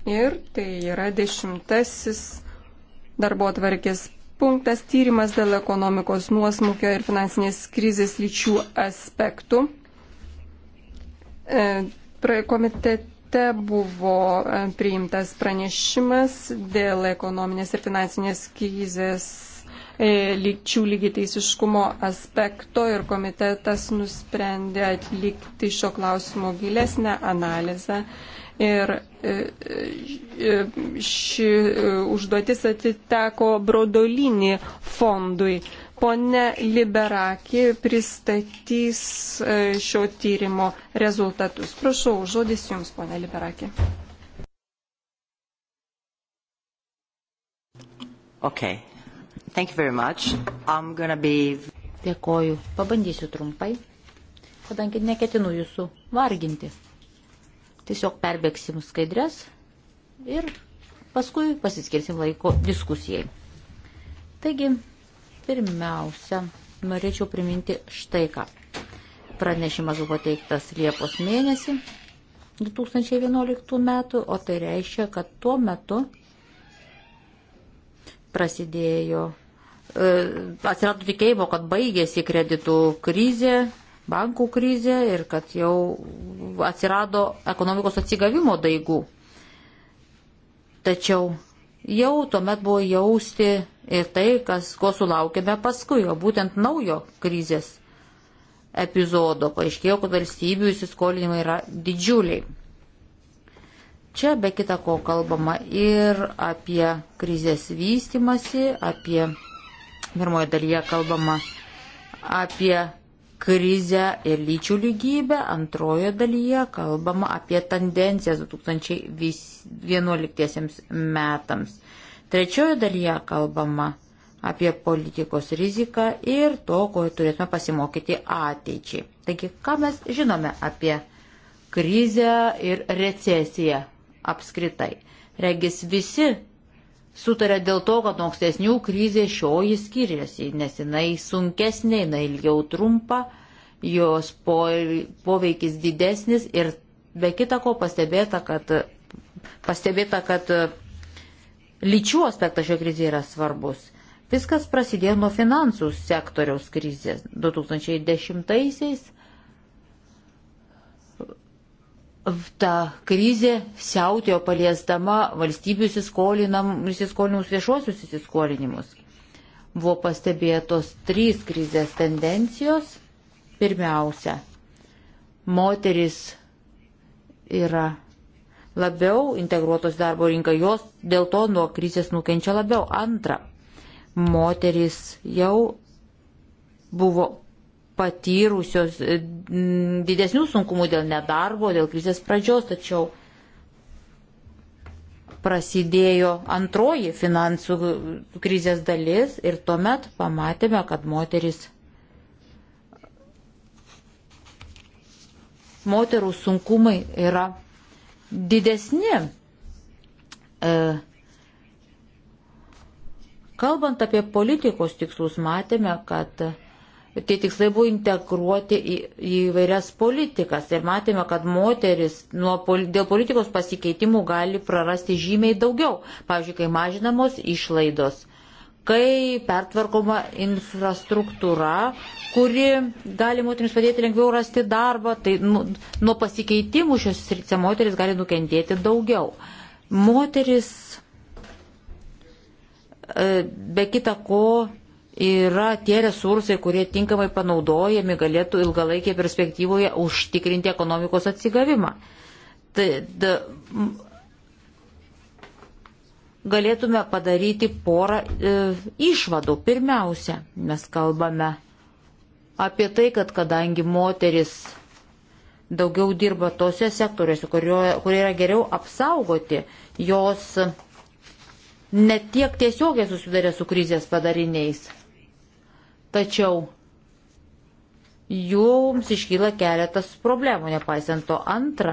Ir tai yra dešimtasis darbo atvarkės punktas tyrimas dėl ekonomikos nuosmukio ir finansinės krizės lyčių aspektų. E, komitete buvo e, priimtas pranešimas dėl ekonominės ir finansinės krizės e, lyčių lygiteisiškumo aspekto ir komitetas nusprendė atlikti šio klausimo gilesnę analizę Ir e, e, ši e, užduotis atiteko Brodolinį fondui. Pone Liberaki pristatys šio tyrimo rezultatus. Prašau, žodis Jums, pone Liberaki. Okay. Thank you very much. I'm gonna be... Dėkoju. Pabandysiu trumpai, kadangi neketinu Jūsų varginti. Tiesiog perbėgsim skaidrės ir paskui pasiskirsim laiko diskusijai. Taigi, pirmiausia, norėčiau priminti štai ką. Pranešimas buvo teiktas Liepos mėnesį 2011 metų, o tai reiškia, kad tuo metu prasidėjo, e, atsirado tikėjimo, kad baigėsi kreditų krizė, bankų krizė ir kad jau atsirado ekonomikos atsigavimo daigų. Tačiau jau tuomet buvo jausti ir tai, kas, ko sulaukėme paskui, o būtent naujo krizės epizodo. Paaiškėjo, kad valstybių įsiskolinimai yra didžiuliai. Čia be kita ko kalbama ir apie krizės vystimasi, apie pirmoje dalyje kalbama apie krizę ir lyčių lygybę. Antrojo dalyje kalbama apie tendencijas 2011 metams. Trečiojo dalyje kalbama apie politikos riziką ir to, ko turėtume pasimokyti ateičiai. Taigi, ką mes žinome apie krizę ir recesiją apskritai. Regis visi sutarė dėl to, kad nuo ankstesnių krizė šioji skiriasi, nes jinai sunkesnė, jinai ilgiau trumpa, jos poveikis didesnis ir be kita ko pastebėta, kad, pastebėta, kad lyčių aspektas šio krizė yra svarbus. Viskas prasidėjo nuo finansų sektoriaus krizės 2010-aisiais ta krizė siautėjo paliesdama valstybių įsiskolinimus viešuosius įsiskolinimus. Buvo pastebėtos trys krizės tendencijos. Pirmiausia, moteris yra labiau integruotos darbo rinką, jos dėl to nuo krizės nukenčia labiau. Antra, moteris jau buvo patyrusios e, didesnių sunkumų dėl nedarbo, dėl krizės pradžios, tačiau prasidėjo antroji finansų krizės dalis ir tuomet pamatėme, kad moteris, moterų sunkumai yra didesni. E, kalbant apie politikos tikslus, matėme, kad tie tikslai buvo integruoti į, į vairias politikas ir matėme, kad moteris nuo, dėl politikos pasikeitimų gali prarasti žymiai daugiau. Pavyzdžiui, kai mažinamos išlaidos, kai pertvarkoma infrastruktūra, kuri gali moteriams padėti lengviau rasti darbą, tai nu, nuo pasikeitimų šios srityse moteris gali nukentėti daugiau. Moteris e, be kita ko yra tie resursai, kurie tinkamai panaudojami, galėtų ilgalaikėje perspektyvoje užtikrinti ekonomikos atsigavimą. Tai, da, galėtume padaryti porą e, išvadų. Pirmiausia, mes kalbame apie tai, kad kadangi moteris daugiau dirba tose sektoriuose, kurie yra geriau apsaugoti, jos netiek tiesiogiai susidarė su krizės padariniais. Tačiau jums iškyla keletas problemų, nepaisant to antrą.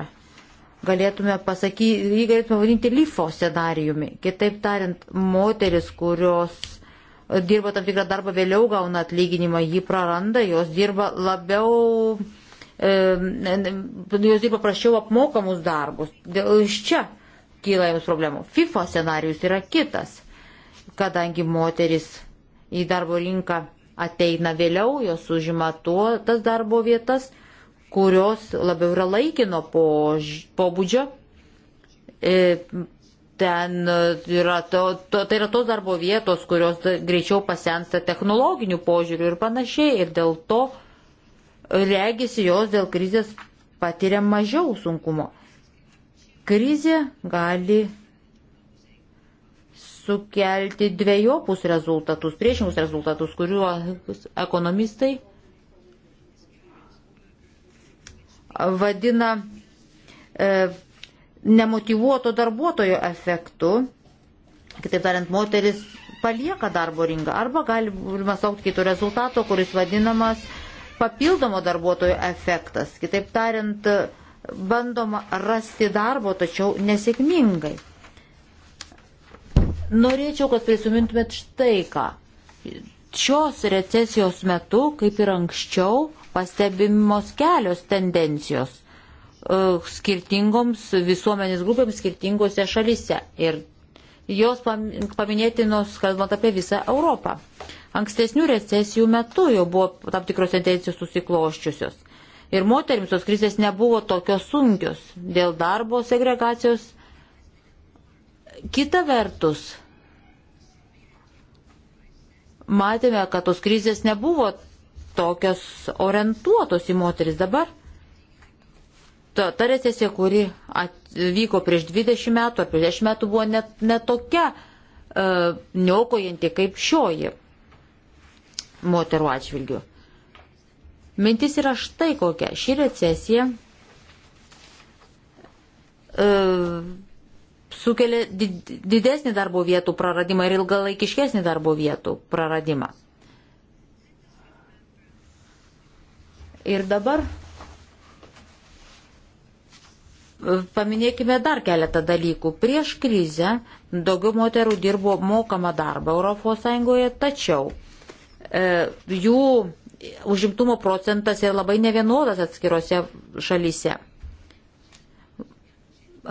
Galėtume pasakyti, jį galėtume vadinti lyfo scenarijumi. Kitaip tariant, moteris, kurios dirba tam tikrą darbą, vėliau gauna atlyginimą, jį praranda, jos dirba labiau, e, jos dirba prašiau apmokamus darbus. Iš čia kyla jums problemų. FIFA scenarijus yra kitas, kadangi moteris į darbo rinką ateina vėliau, jos užima tuo, tas darbo vietas, kurios labiau yra laikino pobūdžio. E, ten yra, to, to, tai yra tos darbo vietos, kurios greičiau pasensta technologinių požiūrių ir panašiai, ir dėl to e, regisi jos dėl krizės patiria mažiau sunkumo. Krizė gali sukelti dviejopus rezultatus, priešingus rezultatus, kuriuos ekonomistai vadina e, nemotivuoto darbuotojo efektu. Kitaip tariant, moteris palieka darbo rinką arba galima saukti kito rezultato, kuris vadinamas papildomo darbuotojo efektas. Kitaip tariant, bandoma rasti darbo, tačiau nesėkmingai. Norėčiau, kad prisimintumėt štai ką. Šios recesijos metu, kaip ir anksčiau, pastebimos kelios tendencijos uh, skirtingoms visuomenės grupėms skirtingose šalise. Ir jos paminėtinos, kalbant apie visą Europą. Ankstesnių recesijų metu jau buvo tam tikros tendencijos susikloščiusios. Ir moterims tos krizės nebuvo tokios sunkios dėl darbo segregacijos. Kita vertus, matėme, kad tos krizės nebuvo tokios orientuotos į moteris dabar. Ta, ta recesija, kuri vyko prieš 20 metų ar prieš 10 metų, buvo net, net tokia uh, niokojanti kaip šioji moterų atžvilgių. Mintis yra štai kokia. Ši recesija uh, sukelia didesnį darbo vietų praradimą ir ilgalaikiškesnį darbo vietų praradimą. Ir dabar e, paminėkime dar keletą dalykų. Prieš krizę daugiau moterų dirbo mokamą darbą ES, tačiau e, jų užimtumo procentas yra labai nevienodas atskirose šalyse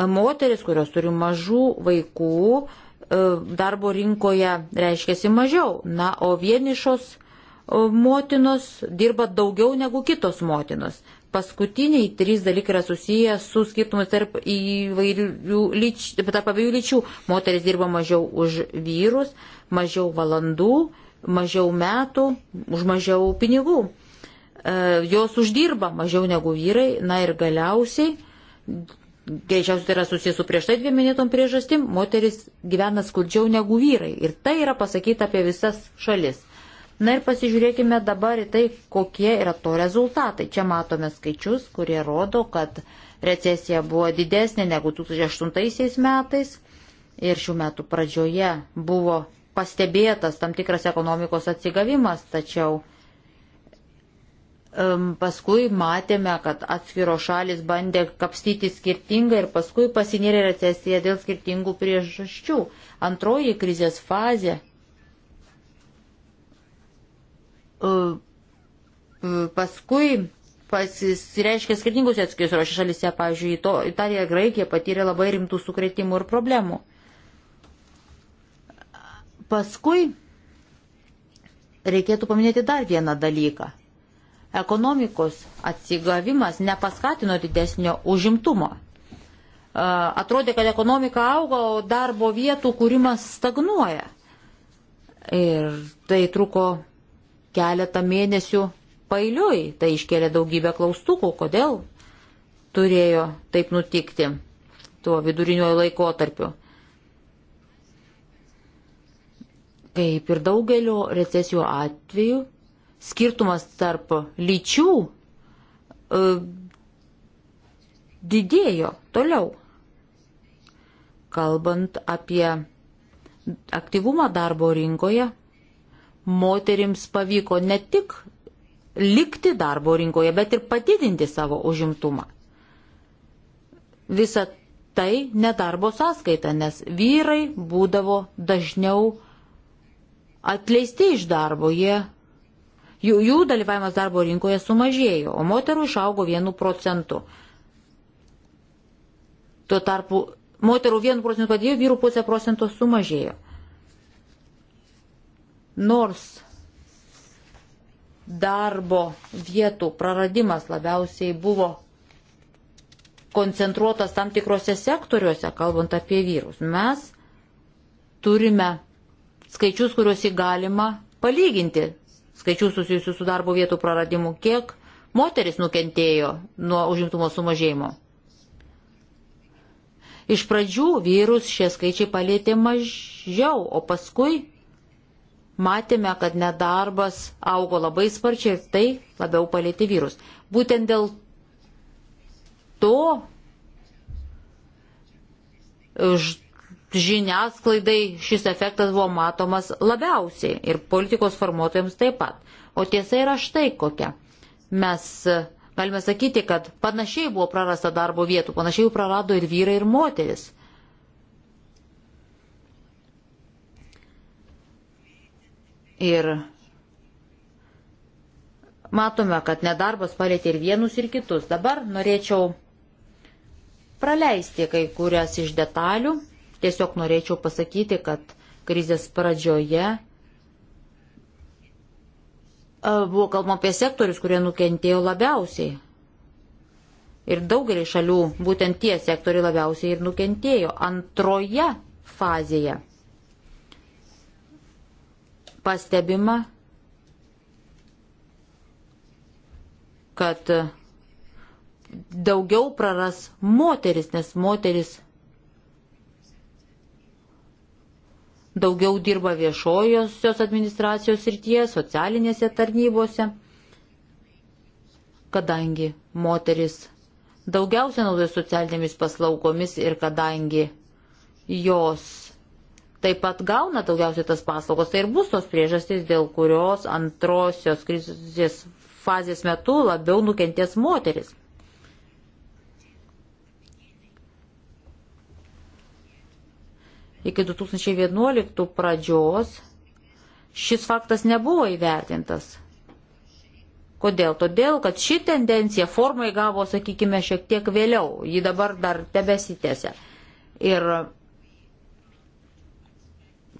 moteris, kurios turi mažų vaikų, e, darbo rinkoje reiškiasi mažiau. Na, o vienišos e, motinos dirba daugiau negu kitos motinos. Paskutiniai trys dalykai yra susiję su skirtumus tarp įvairių lyč, tarp abiejų lyčių. Moteris dirba mažiau už vyrus, mažiau valandų, mažiau metų, už mažiau pinigų. E, jos uždirba mažiau negu vyrai. Na ir galiausiai greičiausiai tai yra susijęs su prieš tai dviem minėtom priežastim, moteris gyvena skurdžiau negu vyrai. Ir tai yra pasakyta apie visas šalis. Na ir pasižiūrėkime dabar į tai, kokie yra to rezultatai. Čia matome skaičius, kurie rodo, kad recesija buvo didesnė negu 2008 metais ir šių metų pradžioje buvo pastebėtas tam tikras ekonomikos atsigavimas, tačiau Paskui matėme, kad atskiro šalis bandė kapstyti skirtingai ir paskui pasinėrė recesiją dėl skirtingų priežasčių. Antroji krizės fazė e, e, paskui pasireiškia skirtingus atskiriuose šalise, pavyzdžiui, to, Italija ir Graikija patyrė labai rimtų sukretimų ir problemų. Paskui reikėtų paminėti dar vieną dalyką – Ekonomikos atsigavimas nepaskatino didesnio užimtumo. Atrodė, kad ekonomika auga, o darbo vietų kūrimas stagnuoja. Ir tai truko keletą mėnesių pailiui. Tai iškėlė daugybę klaustukų, kodėl turėjo taip nutikti tuo viduriniuoju laikotarpiu. Kaip ir daugelio recesijų atveju, skirtumas tarp lyčių e, didėjo toliau. Kalbant apie aktyvumą darbo rinkoje, moterims pavyko ne tik likti darbo rinkoje, bet ir padidinti savo užimtumą. Visa tai nedarbo sąskaita, nes vyrai būdavo dažniau atleisti iš darbo, jie jų, jų dalyvavimas darbo rinkoje sumažėjo, o moterų išaugo vienu procentu. Tuo tarpu moterų vienu procentu padėjo, vyrų pusę procento sumažėjo. Nors darbo vietų praradimas labiausiai buvo koncentruotas tam tikrose sektoriuose, kalbant apie vyrus. Mes turime skaičius, kuriuos įgalima palyginti skaičių susijusių su darbo vietų praradimu, kiek moteris nukentėjo nuo užimtumo sumažėjimo. Iš pradžių vyrus šie skaičiai palėtė mažiau, o paskui matėme, kad nedarbas augo labai sparčiai ir tai labiau palėtė vyrus. Būtent dėl to žiniasklaidai šis efektas buvo matomas labiausiai ir politikos formuotojams taip pat. O tiesa yra štai kokia. Mes e, galime sakyti, kad panašiai buvo prarasta darbo vietų, panašiai jų prarado ir vyrai, ir moteris. Ir matome, kad nedarbas palėtė ir vienus, ir kitus. Dabar norėčiau praleisti kai kurias iš detalių Tiesiog norėčiau pasakyti, kad krizės pradžioje e, buvo kalbama apie sektorius, kurie nukentėjo labiausiai. Ir daugelį šalių būtent tie sektoriai labiausiai ir nukentėjo. Antroje fazėje pastebima, kad daugiau praras moteris, nes moteris daugiau dirba viešojosios administracijos srityje, socialinėse tarnybose, kadangi moteris daugiausia naudoja socialinėmis paslaugomis ir kadangi jos taip pat gauna daugiausiai tas paslaugos, tai ir bus tos priežastys, dėl kurios antrosios krizės fazės metu labiau nukentės moteris. Iki 2011 pradžios šis faktas nebuvo įvertintas. Kodėl? Todėl, kad ši tendencija formai gavo, sakykime, šiek tiek vėliau. Ji dabar dar tebesitėse. Ir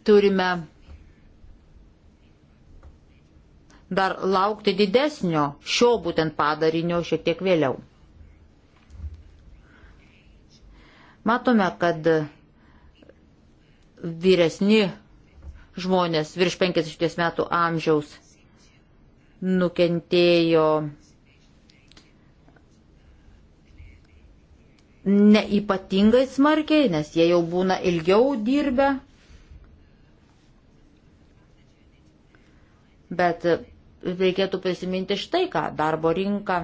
turime dar laukti didesnio šio būtent padarinio šiek tiek vėliau. Matome, kad vyresni žmonės virš 50 metų amžiaus nukentėjo neipatingai smarkiai, nes jie jau būna ilgiau dirbę. Bet reikėtų prisiminti štai ką, darbo rinka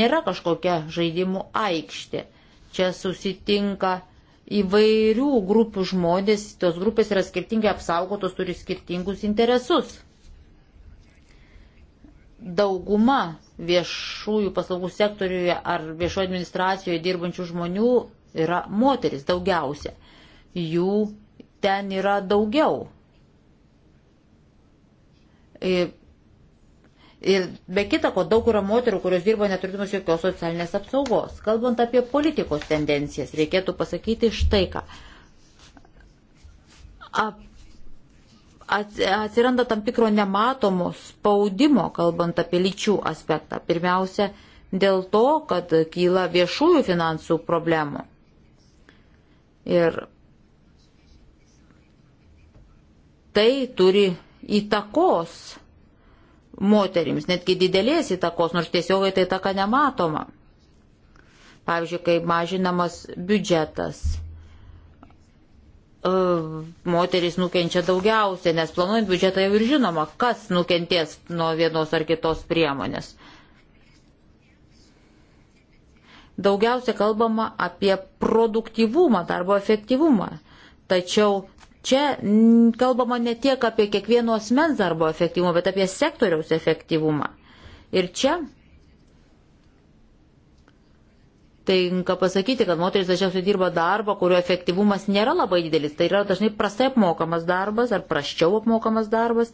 nėra kažkokia žaidimų aikštė. Čia susitinka įvairių grupių žmonės, tos grupės yra skirtingai apsaugotos, turi skirtingus interesus. Dauguma viešųjų paslaugų sektoriuje ar viešoje administracijoje dirbančių žmonių yra moteris daugiausia. Jų ten yra daugiau. E, Ir be kita, ko daug yra moterų, kurios dirba neturėdamas jokios socialinės apsaugos. Kalbant apie politikos tendencijas, reikėtų pasakyti štai ką. Atsiranda tam tikro nematomo spaudimo, kalbant apie lyčių aspektą. Pirmiausia, dėl to, kad kyla viešųjų finansų problemų. Ir tai turi įtakos moterims, netgi didelės įtakos, nors tiesiogai tai taka nematoma. Pavyzdžiui, kai mažinamas biudžetas, e, moteris nukenčia daugiausia, nes planuojant biudžetą jau ir žinoma, kas nukenties nuo vienos ar kitos priemonės. Daugiausia kalbama apie produktyvumą, darbo efektyvumą. Tačiau Čia kalbama ne tiek apie kiekvieno asmens darbo efektyvumą, bet apie sektoriaus efektyvumą. Ir čia tinka pasakyti, kad moteris dažniausiai dirba darbą, kurio efektyvumas nėra labai didelis. Tai yra dažnai prastai apmokamas darbas ar praščiau apmokamas darbas.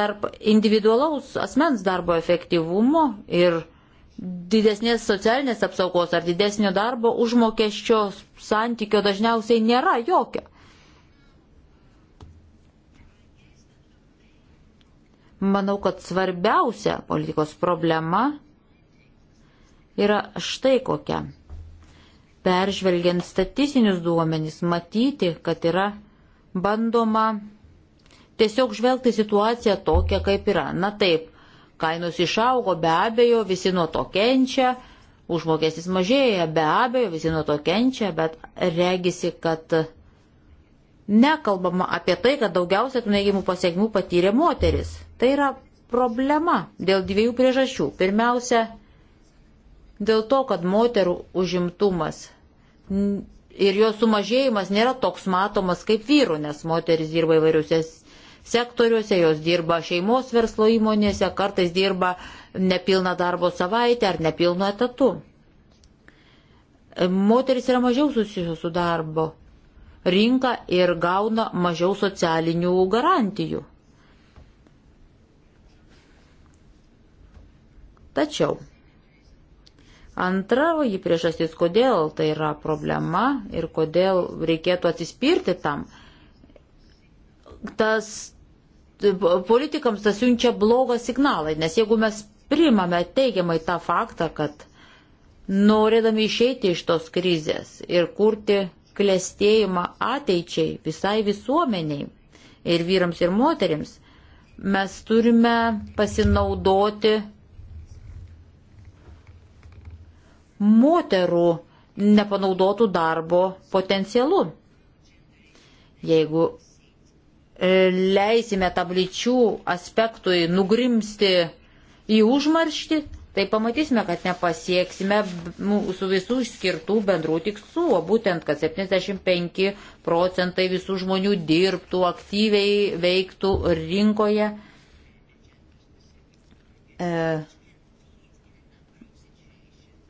Tarp individualaus asmens darbo efektyvumo ir didesnės socialinės apsaugos ar didesnio darbo užmokesčio santykio dažniausiai nėra jokio. Manau, kad svarbiausia politikos problema yra štai kokia. Peržvelgiant statistinius duomenys, matyti, kad yra bandoma tiesiog žvelgti situaciją tokią, kaip yra. Na taip, kainos išaugo, be abejo, visi nuo to kenčia, užmokestis mažėja, be abejo, visi nuo to kenčia, bet regisi, kad nekalbama apie tai, kad daugiausia tų neigiamų pasiekmių patyrė moteris. Tai yra problema dėl dviejų priežasčių. Pirmiausia, dėl to, kad moterų užimtumas ir jo sumažėjimas nėra toks matomas kaip vyrų, nes moteris dirba įvairiuose sektoriuose, jos dirba šeimos verslo įmonėse, kartais dirba nepilną darbo savaitę ar nepilnu etatu. Moteris yra mažiau susijusios su darbo rinka ir gauna mažiau socialinių garantijų. Tačiau antroji priežastis, kodėl tai yra problema ir kodėl reikėtų atsispirti tam, tas politikams tas siunčia blogą signalą, nes jeigu mes primame teigiamai tą faktą, kad norėdami išeiti iš tos krizės ir kurti klėstėjimą ateičiai visai visuomeniai ir vyrams ir moteriams, mes turime pasinaudoti moterų nepanaudotų darbo potencialu. Jeigu e, leisime tablyčių aspektui nugrimsti į užmarštį, tai pamatysime, kad nepasieksime mūsų visų išskirtų bendrų tikslų, o būtent, kad 75 procentai visų žmonių dirbtų, aktyviai veiktų rinkoje. E,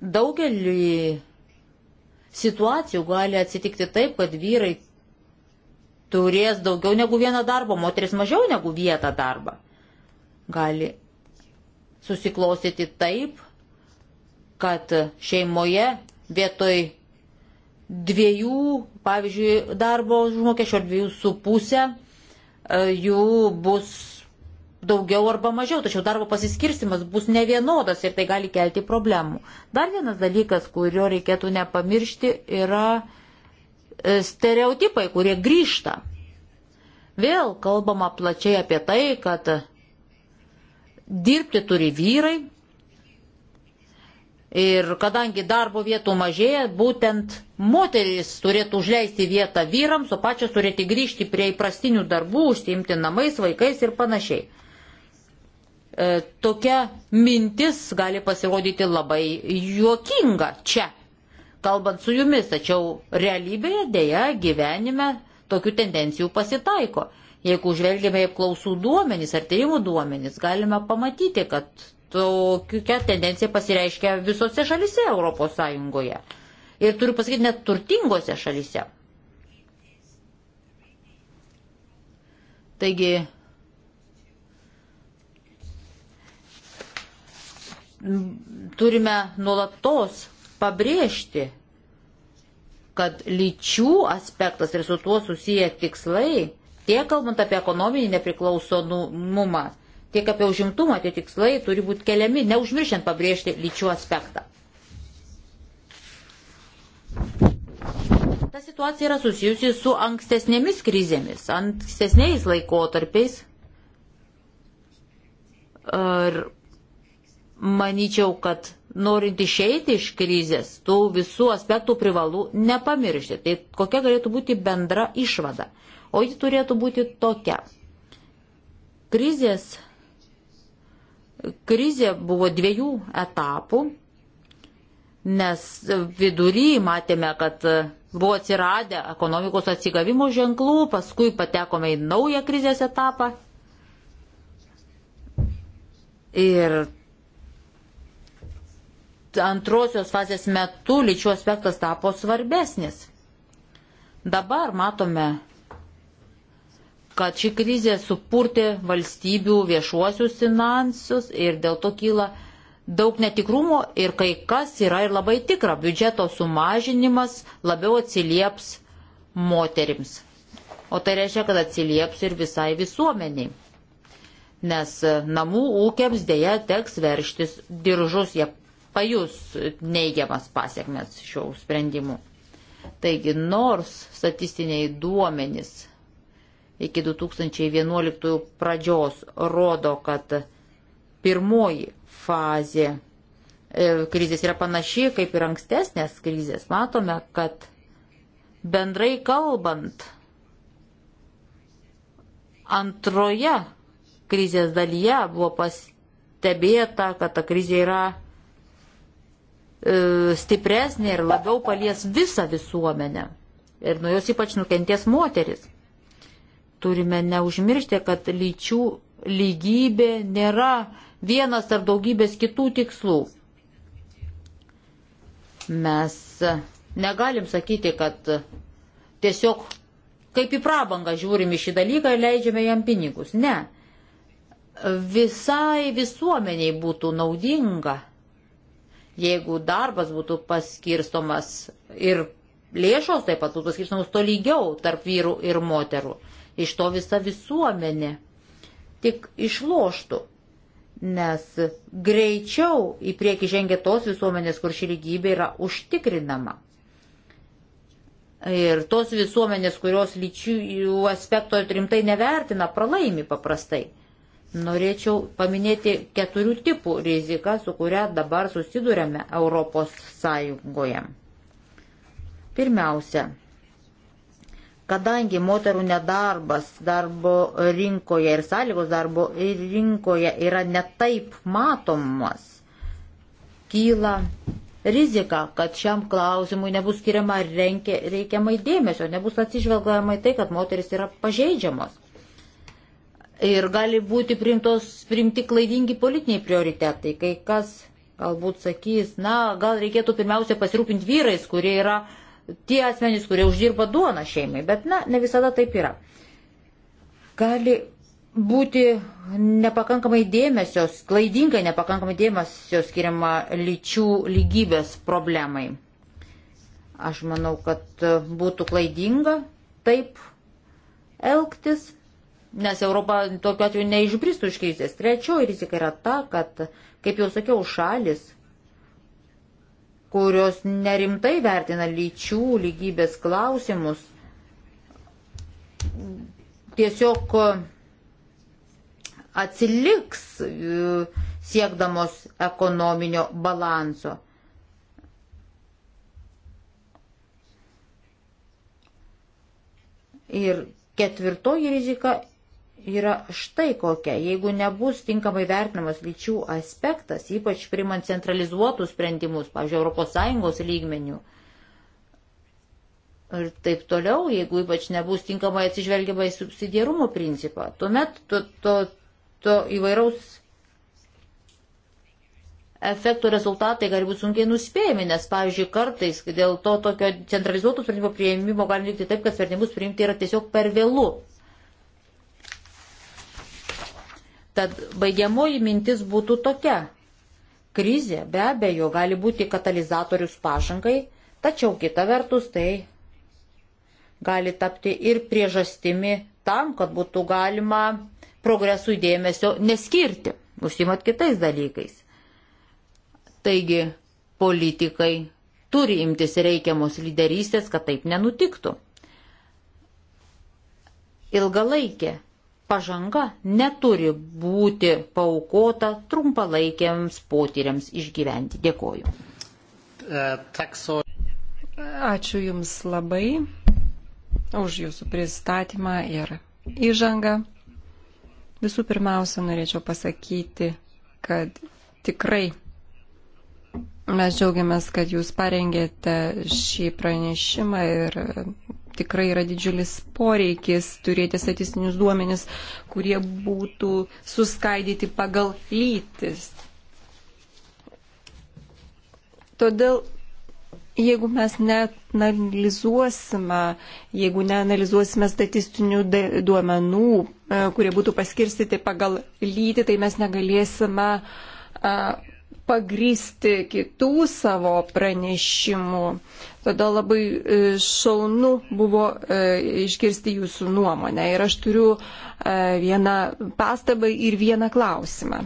Daugelį situacijų gali atsitikti taip, kad vyrai turės daugiau negu vieną darbą, moteris mažiau negu vietą darbą. Gali susiklostyti taip, kad šeimoje vietoj dviejų, pavyzdžiui, darbo užmokesčio ar dviejų su pusę, e, jų bus daugiau arba mažiau, tačiau darbo pasiskirstimas bus nevienodas ir tai gali kelti problemų. Dar vienas dalykas, kurio reikėtų nepamiršti, yra e, stereotipai, kurie grįžta. Vėl kalbama plačiai apie tai, kad dirbti turi vyrai ir kadangi darbo vietų mažėja, būtent moteris turėtų užleisti vietą vyrams, o pačios turėti grįžti prie įprastinių darbų, užsiimti namais, vaikais ir panašiai. E, tokia mintis gali pasirodyti labai juokinga čia, kalbant su jumis, tačiau realybėje dėja gyvenime tokių tendencijų pasitaiko. Jeigu žvelgėme į klausų duomenys ar tyrimų duomenys, galime pamatyti, kad tokia tendencija pasireiškia visose šalise Europos Sąjungoje. Ir turiu pasakyti, net turtingose šalise. Taigi, turime nuolatos pabrėžti, kad lyčių aspektas ir su tuo susiję tikslai, tiek kalbant apie ekonominį nepriklausomumą, tiek apie užimtumą, tie tikslai turi būti keliami, neužmiršant pabrėžti lyčių aspektą. Ta situacija yra susijusi su ankstesnėmis krizėmis, ankstesniais laikotarpiais. Ir manyčiau, kad norint išeiti iš krizės, tų visų aspektų privalų nepamiršti. Tai kokia galėtų būti bendra išvada? O ji turėtų būti tokia. Krizės, krizė buvo dviejų etapų, nes vidury matėme, kad buvo atsiradę ekonomikos atsigavimo ženklų, paskui patekome į naują krizės etapą. Ir antrosios fazės metu lyčių aspektas tapo svarbesnis. Dabar matome, kad ši krizė supurtė valstybių viešuosius finansus ir dėl to kyla daug netikrumo ir kai kas yra ir labai tikra. Biudžeto sumažinimas labiau atsilieps moterims. O tai reiškia, kad atsilieps ir visai visuomeniai nes namų ūkiams dėja teks verštis diržus, jie pajus neigiamas pasiekmes šių sprendimų. Taigi, nors statistiniai duomenys iki 2011 pradžios rodo, kad pirmoji fazė e, krizės yra panaši kaip ir ankstesnės krizės, matome, kad bendrai kalbant, antroje krizės dalyje buvo pastebėta, kad ta krizė yra E, stipresnė ir labiau palies visą visuomenę. Ir nuo jos ypač nukenties moteris. Turime neužmiršti, kad lyčių lygybė nėra vienas ar daugybės kitų tikslų. Mes negalim sakyti, kad tiesiog kaip į prabangą žiūrim į šį dalyką ir leidžiame jam pinigus. Ne. Visai visuomeniai būtų naudinga jeigu darbas būtų paskirstomas ir lėšos taip pat būtų paskirstomos tolygiau tarp vyrų ir moterų. Iš to visa visuomenė tik išloštų, nes greičiau į priekį žengia tos visuomenės, kur ši lygybė yra užtikrinama. Ir tos visuomenės, kurios lyčių aspekto rimtai nevertina, pralaimi paprastai. Norėčiau paminėti keturių tipų riziką, su kuria dabar susidurėme Europos Sąjungoje. Pirmiausia, kadangi moterų nedarbas darbo rinkoje ir sąlygos darbo rinkoje yra netaip matomas, kyla rizika, kad šiam klausimui nebus skiriama reikiamai dėmesio, nebus atsižvelgiama į tai, kad moteris yra pažeidžiamos ir gali būti primtos, primti klaidingi politiniai prioritetai. Kai kas galbūt sakys, na, gal reikėtų pirmiausia pasirūpinti vyrais, kurie yra tie asmenys, kurie uždirba duoną šeimai, bet, na, ne visada taip yra. Gali būti nepakankamai dėmesio, klaidingai nepakankamai dėmesio skiriama lyčių lygybės problemai. Aš manau, kad būtų klaidinga taip elgtis, nes Europa tokiu atveju neišbristų iš krizės. Trečioji rizika yra ta, kad, kaip jau sakiau, šalis, kurios nerimtai vertina lyčių lygybės klausimus, tiesiog atsiliks e, siekdamos ekonominio balanso. Ir ketvirtoji rizika yra štai kokia. Jeigu nebus tinkamai vertinamas lyčių aspektas, ypač primant centralizuotus sprendimus, pavyzdžiui, ES lygmenių ir taip toliau, jeigu ypač nebus tinkamai atsižvelgiama į subsidierumo principą, tuomet to, to, to įvairaus efektų rezultatai gali būti sunkiai nuspėjami, nes, pavyzdžiui, kartais dėl to tokio centralizuoto sprendimo prieimimo gali vykti taip, kad sprendimus priimti yra tiesiog per vėlų. Tad baigiamoji mintis būtų tokia. Krizė be abejo gali būti katalizatorius pažangai, tačiau kita vertus tai gali tapti ir priežastimi tam, kad būtų galima progresų dėmesio neskirti, užsimat kitais dalykais. Taigi, politikai turi imtis reikiamos lyderystės, kad taip nenutiktų. Ilgalaikė pažanga neturi būti paukota trumpalaikiams potyriams išgyventi. Dėkoju. E, Ačiū Jums labai už Jūsų pristatymą ir įžangą. Visų pirmiausia, norėčiau pasakyti, kad tikrai mes džiaugiamės, kad Jūs parengėte šį pranešimą ir tikrai yra didžiulis poreikis turėti statistinius duomenis, kurie būtų suskaidyti pagal lytis. Todėl, jeigu mes neanalizuosime, jeigu neanalizuosime statistinių duomenų, e, kurie būtų paskirstyti pagal lytį, tai mes negalėsime uh, pagrysti kitų savo pranešimų. Todėl labai e, šaunu buvo e, išgirsti jūsų nuomonę. Ir aš turiu e, vieną pastabą ir vieną klausimą.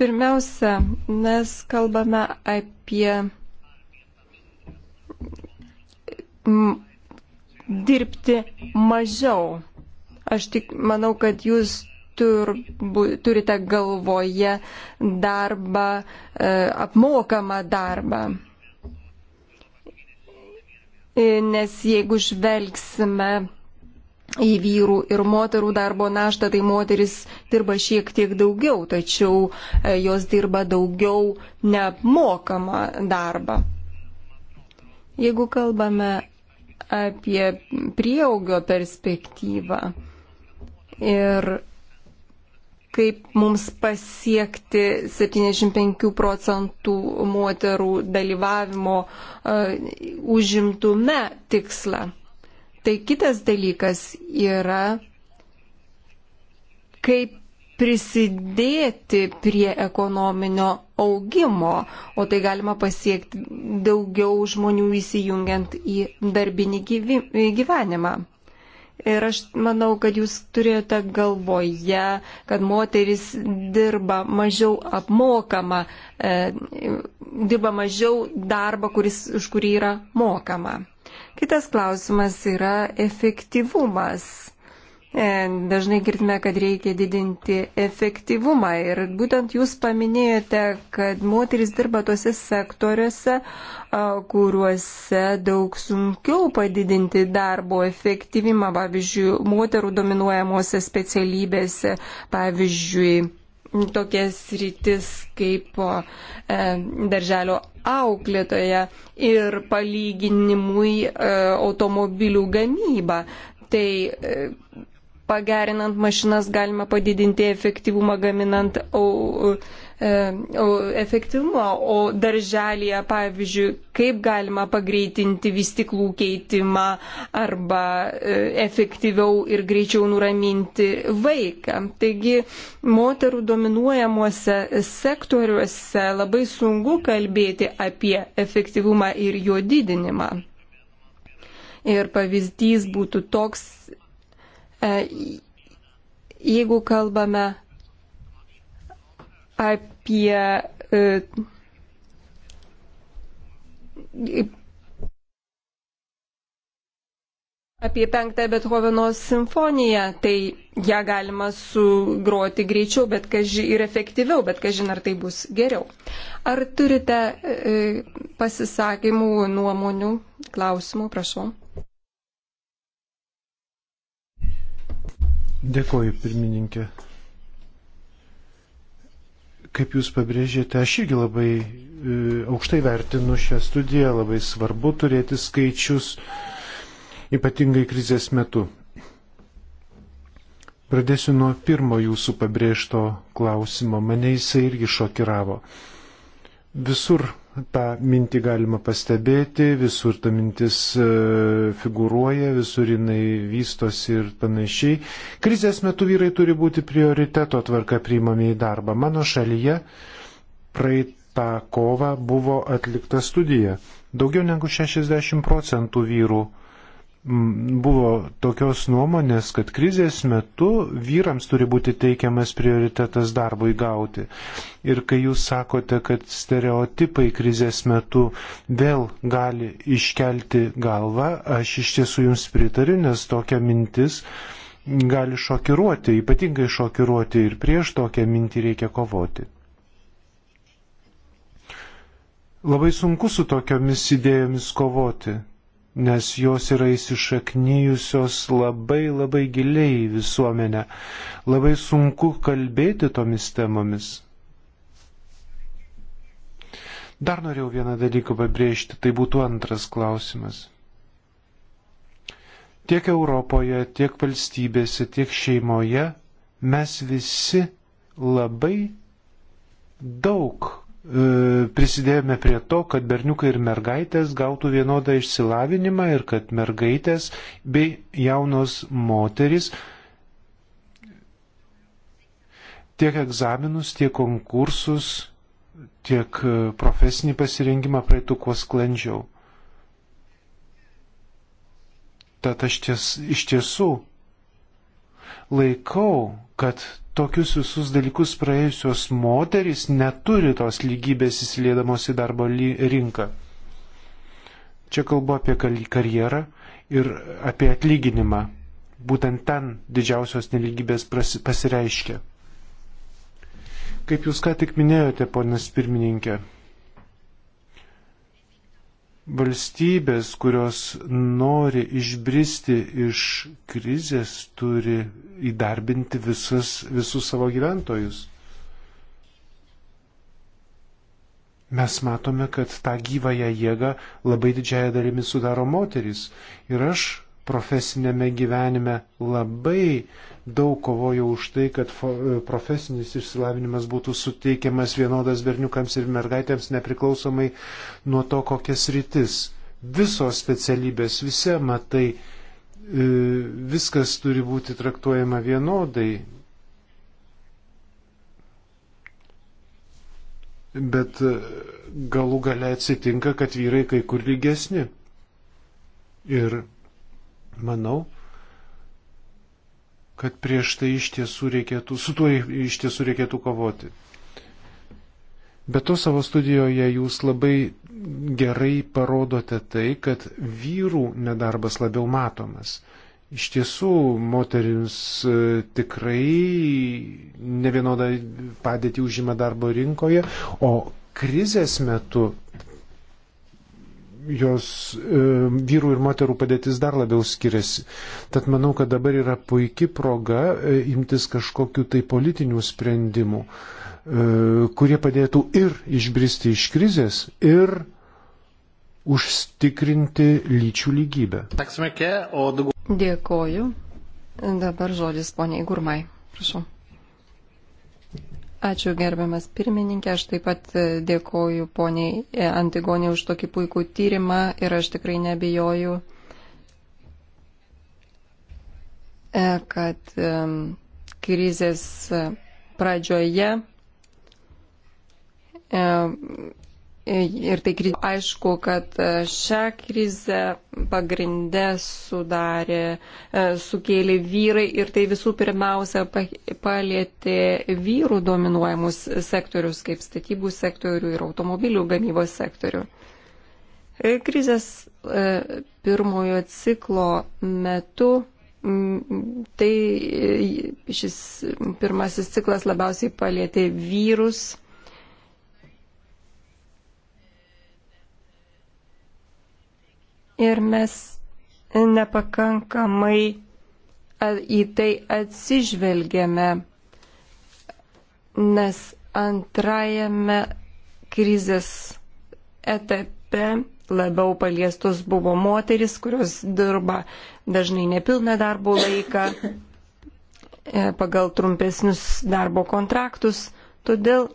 Pirmiausia, mes kalbame apie dirbti mažiau. Aš tik manau, kad jūs turbu, turite galvoje darbą, e, apmokamą darbą. E, nes jeigu žvelgsime į vyrų ir moterų darbo naštą, tai moteris dirba šiek tiek daugiau, tačiau e, jos dirba daugiau neapmokamą darbą. Jeigu kalbame apie prieaugio perspektyvą ir kaip mums pasiekti 75 procentų moterų dalyvavimo e, užimtume tikslą. Tai kitas dalykas yra, kaip prisidėti prie ekonominio augimo, o tai galima pasiekti daugiau žmonių įsijungiant į darbinį gyvenimą. Ir aš manau, kad jūs turėjote galvoje, kad moteris dirba mažiau apmokama, e, dirba mažiau darbą, kuris, už kurį yra mokama. Kitas klausimas yra efektyvumas. E, dažnai girdime, kad reikia didinti efektyvumą ir būtent jūs paminėjote, kad moteris dirba tose sektoriuose, kuriuose daug sunkiau padidinti darbo efektyvimą, pavyzdžiui, moterų dominuojamose specialybėse, pavyzdžiui, tokias rytis kaip e, darželio auklėtoje ir palyginimui e, automobilių gamyba. Tai e, pagerinant mašinas galima padidinti efektyvumą gaminant au, e, au, efektyvumą, o darželėje, pavyzdžiui, kaip galima pagreitinti vystiklų keitimą arba e, efektyviau ir greičiau nuraminti vaiką. Taigi moterų dominuojamuose sektoriuose labai sunku kalbėti apie efektyvumą ir jo didinimą. Ir pavyzdys būtų toks E, jeigu kalbame apie e, apie penktą Bethoveno simfoniją, tai ją galima sugroti greičiau, bet kaži ir efektyviau, bet kažin ar tai bus geriau. Ar turite e, e pasisakymų, nuomonių, klausimų, prašau? Dėkoju, pirmininkė. Kaip Jūs pabrėžėte, aš irgi labai e, aukštai vertinu šią studiją, labai svarbu turėti skaičius, ypatingai krizės metu. Pradėsiu nuo pirmo Jūsų pabrėžto klausimo, mane jisai irgi šokiravo. Visur tą mintį galima pastebėti, visur ta mintis e, figuruoja, visur jinai vystosi ir panašiai. Krizės metu vyrai turi būti prioriteto tvarka priimami į darbą. Mano šalyje praeitą kovą buvo atlikta studija. Daugiau negu 60 procentų vyrų buvo tokios nuomonės, kad krizės metu vyrams turi būti teikiamas prioritetas darbui gauti. Ir kai jūs sakote, kad stereotipai krizės metu vėl gali iškelti galvą, aš iš tiesų jums pritariu, nes tokia mintis gali šokiruoti, ypatingai šokiruoti ir prieš tokią mintį reikia kovoti. Labai sunku su tokiomis idėjomis kovoti nes jos yra įsišaknyjusios labai labai giliai į visuomenę. Labai sunku kalbėti tomis temomis. Dar norėjau vieną dalyką pabrėžti, tai būtų antras klausimas. Tiek Europoje, tiek valstybėse, tiek šeimoje mes visi labai daug E, prisidėjome prie to, kad berniukai ir mergaitės gautų vienodą išsilavinimą ir kad mergaitės bei jaunos moteris tiek egzaminus, tiek konkursus, tiek e, profesinį pasirengimą praeitų kuo sklandžiau. Tad aš ties, iš tiesų laikau, kad tokius visus dalykus praėjusios moteris neturi tos lygybės įsiliedamos į darbo rinką. Čia kalbu apie karjerą ir apie atlyginimą. Būtent ten didžiausios neligybės pasireiškia. Kaip jūs ką tik minėjote, ponas pirmininkė, Valstybės, kurios nori išbristi iš krizės, turi įdarbinti visas, visus savo gyventojus. Mes matome, kad tą gyvąją jėgą labai didžiaja dalimi sudaro moteris. Ir aš profesinėme gyvenime labai daug kovojau už tai, kad e, profesinis išsilavinimas būtų suteikiamas vienodas berniukams ir mergaitėms nepriklausomai nuo to, kokias rytis. Visos specialybės, visi matai, e, viskas turi būti traktuojama vienodai. Bet e, galų gale atsitinka, kad vyrai kai kur lygesni. Ir Manau, kad prieš tai iš tiesų reikėtų, su tuo iš tiesų reikėtų kovoti. Bet to savo studijoje jūs labai gerai parodote tai, kad vyrų nedarbas labiau matomas. Iš tiesų, moterims e, tikrai nevienodą padėtį užima darbo rinkoje, o krizės metu jos e, vyrų ir moterų padėtis dar labiau skiriasi. Tad manau, kad dabar yra puikia proga e, imtis kažkokiu tai politinių sprendimų, e, kurie padėtų ir išbristi iš krizės, ir užtikrinti lyčių lygybę. Dėkoju. Dabar žodis poniai Gurmai. Prašau. Ačiū gerbiamas pirmininkė, aš taip pat e, dėkoju poniai e, Antigonė už tokį puikų tyrimą ir aš tikrai nebijoju, e, kad krizės pradžioje Ir tai aišku, kad e, šią krizę pagrindę sudarė, e, sukėlė vyrai ir tai visų pirmiausia palėtė vyrų dominuojamus sektorius, kaip statybų sektorių ir automobilių gamybos sektorių. E, krizės pirmojo ciklo metu tai šis pirmasis ciklas labiausiai palėtė vyrus ir mes nepakankamai į tai atsižvelgiame, nes antrajame krizės etape labiau paliestos buvo moteris, kurios dirba dažnai nepilną darbo laiką e, pagal trumpesnius darbo kontraktus, todėl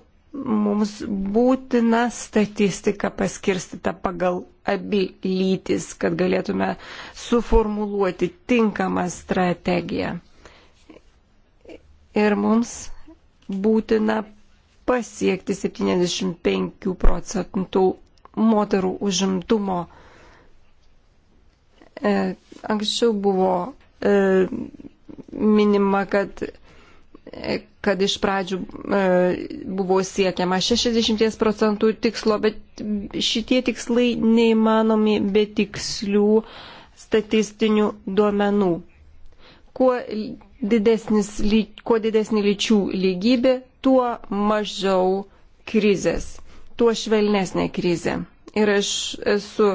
mums būtina statistika paskirstita pagal abi lytis, kad galėtume suformuluoti tinkamą strategiją. Ir mums būtina pasiekti 75 procentų moterų užimtumo. E, anksčiau buvo e, minima, kad kad iš pradžių e, buvo siekiama 60 procentų tikslo, bet šitie tikslai neįmanomi be tikslių statistinių duomenų. Kuo, didesnis, kuo didesnį lyčių lygybė, tuo mažiau krizės, tuo švelnesnė krizė. Ir aš esu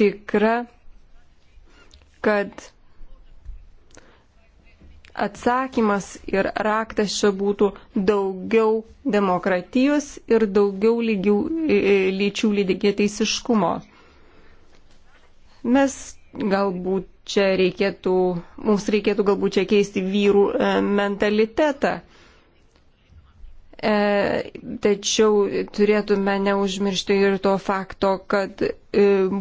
tikra, kad atsakymas ir raktas čia būtų daugiau demokratijos ir daugiau lygių, e, e, lyčių lygiai teisiškumo. Mes galbūt čia reikėtų, mums reikėtų galbūt čia keisti vyrų e, mentalitetą. E, tačiau turėtume neužmiršti ir to fakto, kad e,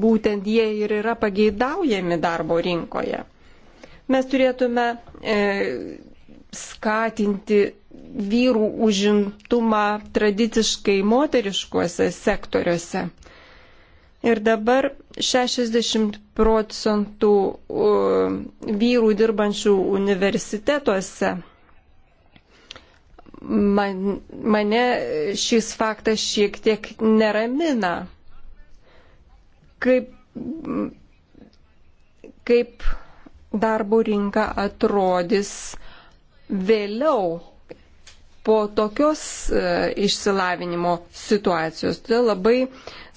būtent jie ir yra pageidaujami darbo rinkoje. Mes turėtume e, skatinti vyrų užimtumą tradiciškai moteriškuose sektoriuose. Ir dabar 60 procentų vyrų dirbančių universitetuose. Man, mane šis faktas šiek tiek neramina. Kaip, kaip darbo rinka atrodys vėliau po tokios e, išsilavinimo situacijos. Todėl labai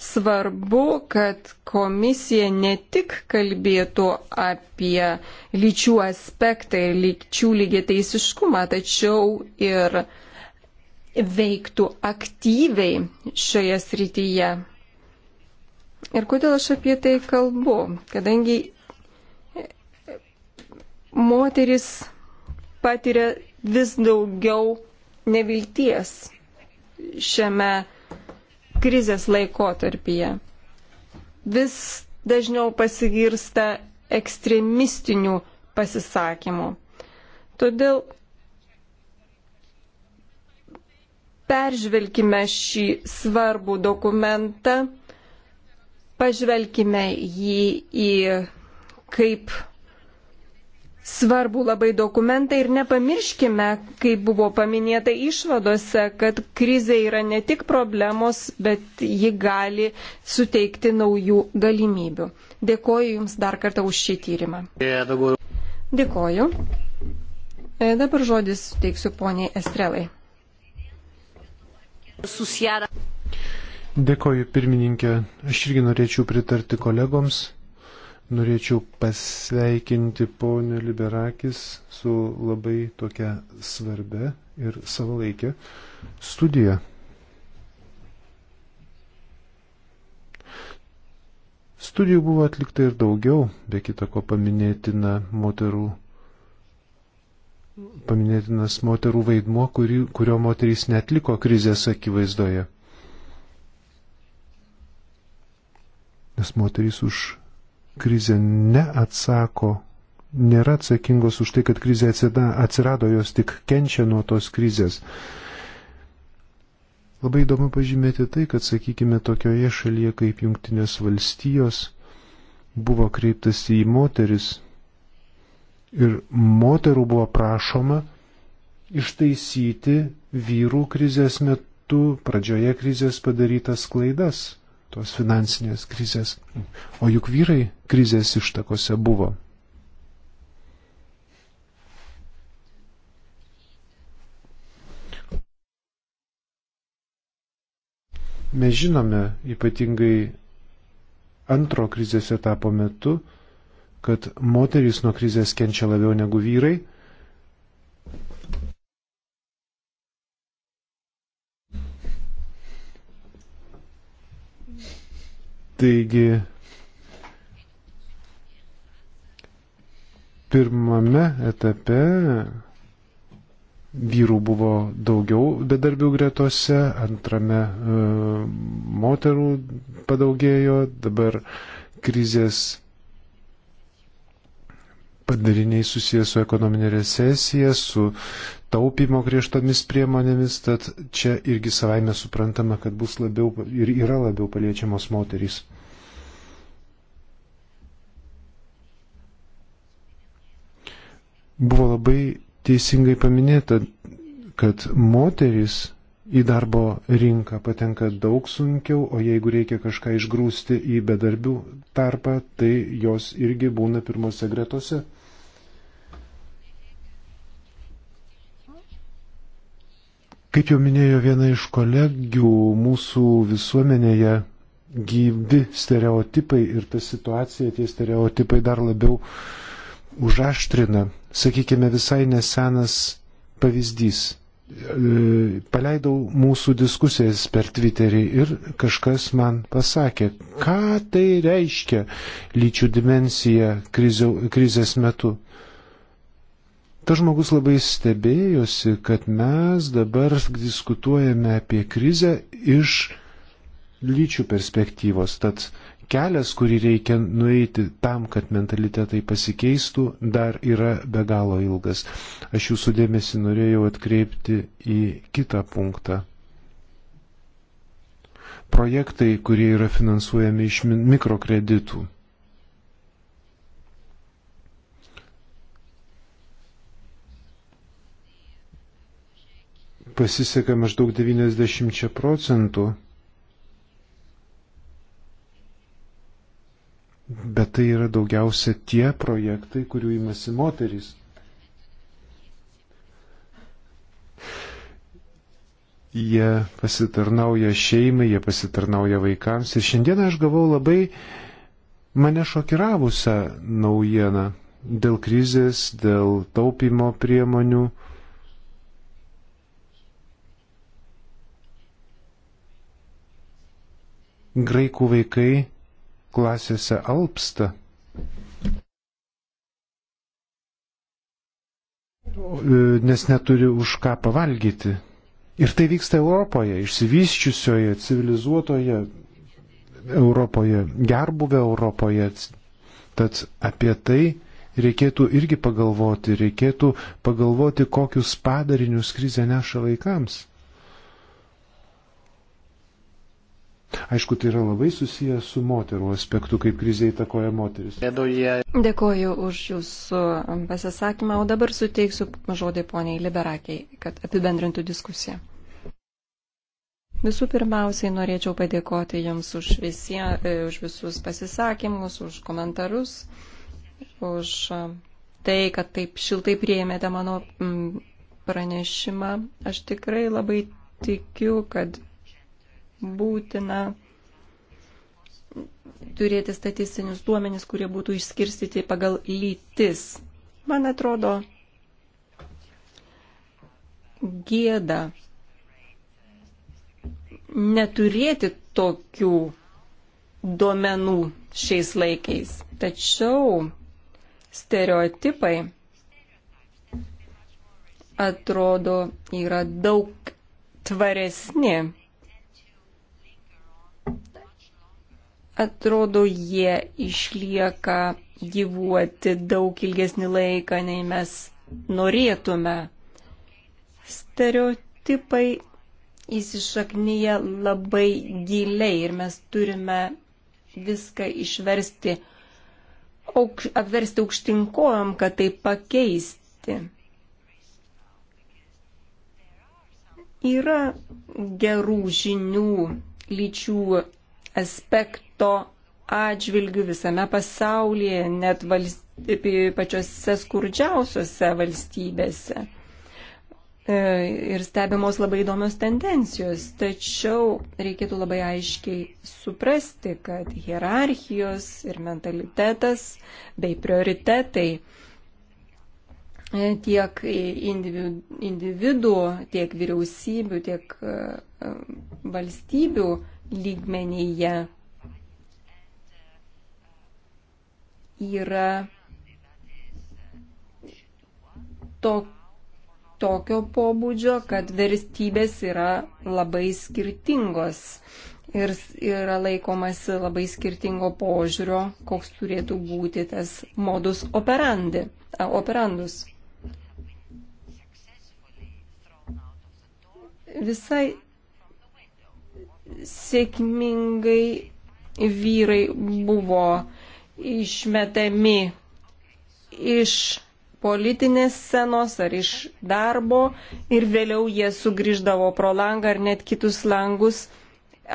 svarbu, kad komisija ne tik kalbėtų apie lyčių aspektą ir lyčių lygiateisiškumą, tačiau ir veiktų aktyviai šioje srityje. Ir kodėl aš apie tai kalbu? Kadangi moteris patiria vis daugiau nevilties šiame krizės laikotarpyje. Vis dažniau pasigirsta ekstremistinių pasisakymų. Todėl peržvelkime šį svarbų dokumentą, pažvelkime jį į kaip svarbu labai dokumentai ir nepamirškime, kaip buvo paminėta išvadose, kad krizė yra ne tik problemos, bet ji gali suteikti naujų galimybių. Dėkoju Jums dar kartą už šį tyrimą. Dėkoju. E, dabar žodis suteiksiu poniai Estrelai. Dėkoju pirmininkė. Aš irgi norėčiau pritarti kolegoms Norėčiau pasveikinti ponę Liberakis su labai tokia svarbia ir savalaikė studija. Studijų buvo atlikta ir daugiau, be kita ko paminėtina moterų, paminėtinas moterų vaidmuo, kuri, kurio moterys netliko krizės akivaizdoje. Nes moterys už krizė neatsako, nėra atsakingos už tai, kad krizė atsirado, jos tik kenčia nuo tos krizės. Labai įdomu pažymėti tai, kad, sakykime, tokioje šalyje kaip Junktinės valstijos buvo kreiptas į moteris ir moterų buvo prašoma ištaisyti vyrų krizės metu pradžioje krizės padarytas klaidas tos finansinės krizės. O juk vyrai krizės ištakose buvo. Mes žinome ypatingai antro krizės etapo metu, kad moterys nuo krizės kenčia labiau negu vyrai Taigi, pirmame etape vyrų buvo daugiau bedarbių gretose, antrame e, moterų padaugėjo, dabar krizės padariniai susijęs su ekonominė recesija, su taupimo griežtomis priemonėmis, tad čia irgi savaime suprantama, kad bus labiau ir yra labiau paliečiamos moterys. Buvo labai teisingai paminėta, kad moteris į darbo rinką patenka daug sunkiau, o jeigu reikia kažką išgrūsti į bedarbių tarpą, tai jos irgi būna pirmose gretose. Kaip jau minėjo viena iš kolegių, mūsų visuomenėje gyvi stereotipai ir ta situacija, tie stereotipai dar labiau užaštrina. Sakykime, visai nesenas pavyzdys. E, paleidau mūsų diskusijas per Twitterį ir kažkas man pasakė, ką tai reiškia lyčių dimensija krizės metu. Ta žmogus labai stebėjosi, kad mes dabar diskutuojame apie krizę iš lyčių perspektyvos. Tad kelias, kurį reikia nueiti tam, kad mentalitetai pasikeistų, dar yra be galo ilgas. Aš jūsų dėmesį norėjau atkreipti į kitą punktą. Projektai, kurie yra finansuojami iš mikrokreditų. pasiseka maždaug 90 procentų. Bet tai yra daugiausia tie projektai, kurių imasi moterys. Jie pasitarnauja šeimai, jie pasitarnauja vaikams. Ir šiandieną aš gavau labai mane šokiravusią naujieną dėl krizės, dėl taupimo priemonių graikų vaikai klasėse alpsta. E, nes neturi už ką pavalgyti. Ir tai vyksta Europoje, išsivyščiusioje, civilizuotoje Europoje, gerbuvę Europoje. Tad apie tai reikėtų irgi pagalvoti, reikėtų pagalvoti, kokius padarinius krizė neša vaikams. Aišku, tai yra labai susijęs su moterų aspektu, kaip krizė įtakoja moteris. Dėkoju už jūsų um, pasisakymą, o dabar suteiksiu žodį poniai Liberakiai, kad apibendrintų diskusiją. Visų pirmiausiai norėčiau padėkoti Jums už, visie, e, už visus pasisakymus, už komentarus, už um, tai, kad taip šiltai prieimėte mano pranešimą. Aš tikrai labai tikiu, kad būtina turėti statistinius duomenis, kurie būtų išskirstyti pagal lytis. Man atrodo, gėda neturėti tokių duomenų šiais laikais. Tačiau stereotipai atrodo yra daug tvaresni atrodo, jie išlieka gyvuoti daug ilgesnį laiką, nei mes norėtume. Stereotipai įsišaknyja labai giliai ir mes turime viską išversti, aukš, apversti aukštinkojom, kad tai pakeisti. Yra gerų žinių lyčių aspekto atžvilgių visame pasaulyje, net valst... pačiose skurdžiausiose valstybėse. E, ir stebimos labai įdomios tendencijos, tačiau reikėtų labai aiškiai suprasti, kad hierarchijos ir mentalitetas bei prioritetai e, tiek individų, tiek vyriausybių, tiek e, valstybių lygmenyje yra to, tokio pobūdžio, kad vertybės yra labai skirtingos ir yra laikomasi labai skirtingo požiūrio, koks turėtų būti tas modus operandi, a, operandus. Visai sėkmingai vyrai buvo išmetami iš politinės scenos ar iš darbo ir vėliau jie sugrįždavo pro langą ar net kitus langus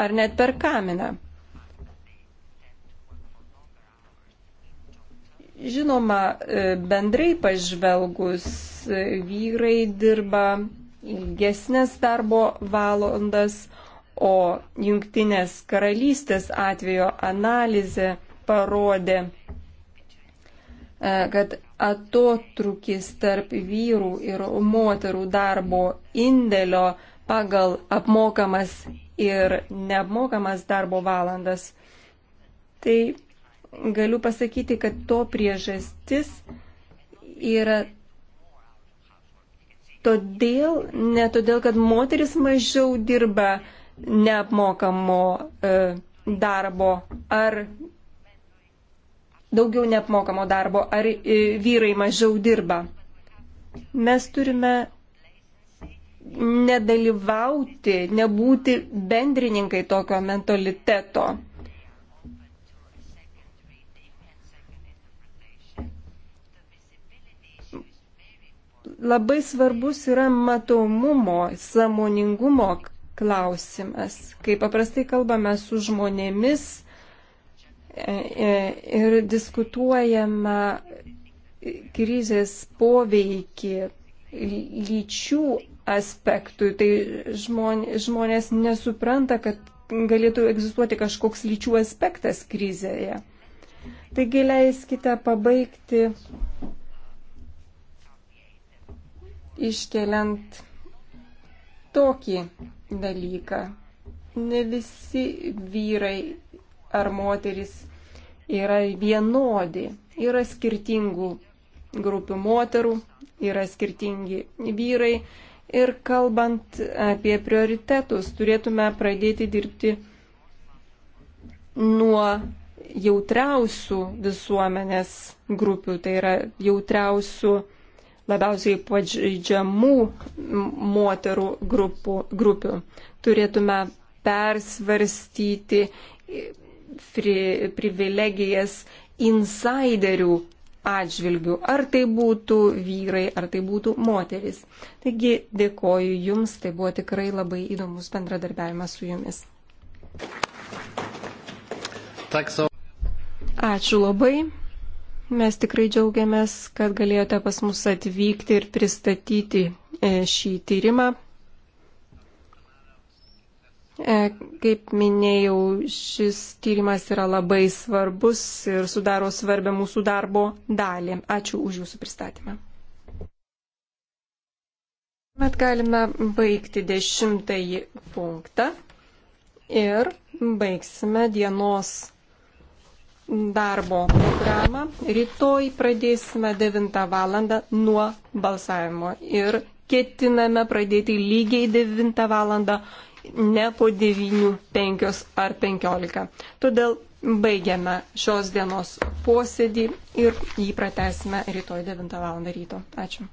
ar net per kaminą. Žinoma, bendrai pažvelgus vyrai dirba ilgesnės darbo valandas, O jungtinės karalystės atvejo analizė parodė, e, kad atotrukis tarp vyrų ir moterų darbo indėlio pagal apmokamas ir neapmokamas darbo valandas. Tai galiu pasakyti, kad to priežastis yra todėl, ne todėl, kad moteris mažiau dirba, neapmokamo e, darbo ar daugiau neapmokamo darbo, ar e, vyrai mažiau dirba. Mes turime nedalyvauti, nebūti bendrininkai tokio mentaliteto. Labai svarbus yra matomumo, samoningumo klausimas. Kaip paprastai kalbame su žmonėmis e, e, ir diskutuojama krizės poveikį lyčių aspektui, tai žmonės nesupranta, kad galėtų egzistuoti kažkoks lyčių aspektas krizėje. Taigi leiskite pabaigti iškeliant tokį dalyką. Ne visi vyrai ar moteris yra vienodi, yra skirtingų grupių moterų, yra skirtingi vyrai. Ir kalbant apie prioritetus, turėtume pradėti dirbti nuo jautriausių visuomenės grupių, tai yra jautriausių labiausiai pažeidžiamų moterų grupų, grupių. Turėtume persvarstyti privilegijas insiderių atžvilgių, ar tai būtų vyrai, ar tai būtų moteris. Taigi dėkoju Jums, tai buvo tikrai labai įdomus bendradarbiavimas su Jumis. Ačiū labai. Mes tikrai džiaugiamės, kad galėjote pas mus atvykti ir pristatyti e, šį tyrimą. E, kaip minėjau, šis tyrimas yra labai svarbus ir sudaro svarbę mūsų darbo dalį. Ačiū už Jūsų pristatymą. Bet galime baigti dešimtąjį punktą ir baigsime dienos darbo programą. Rytoj pradėsime 9 val. nuo balsavimo ir ketiname pradėti lygiai 9 val. ne po 9, 5 ar 15. Todėl baigiame šios dienos posėdį ir jį pratesime rytoj 9 val. ryto. Ačiū.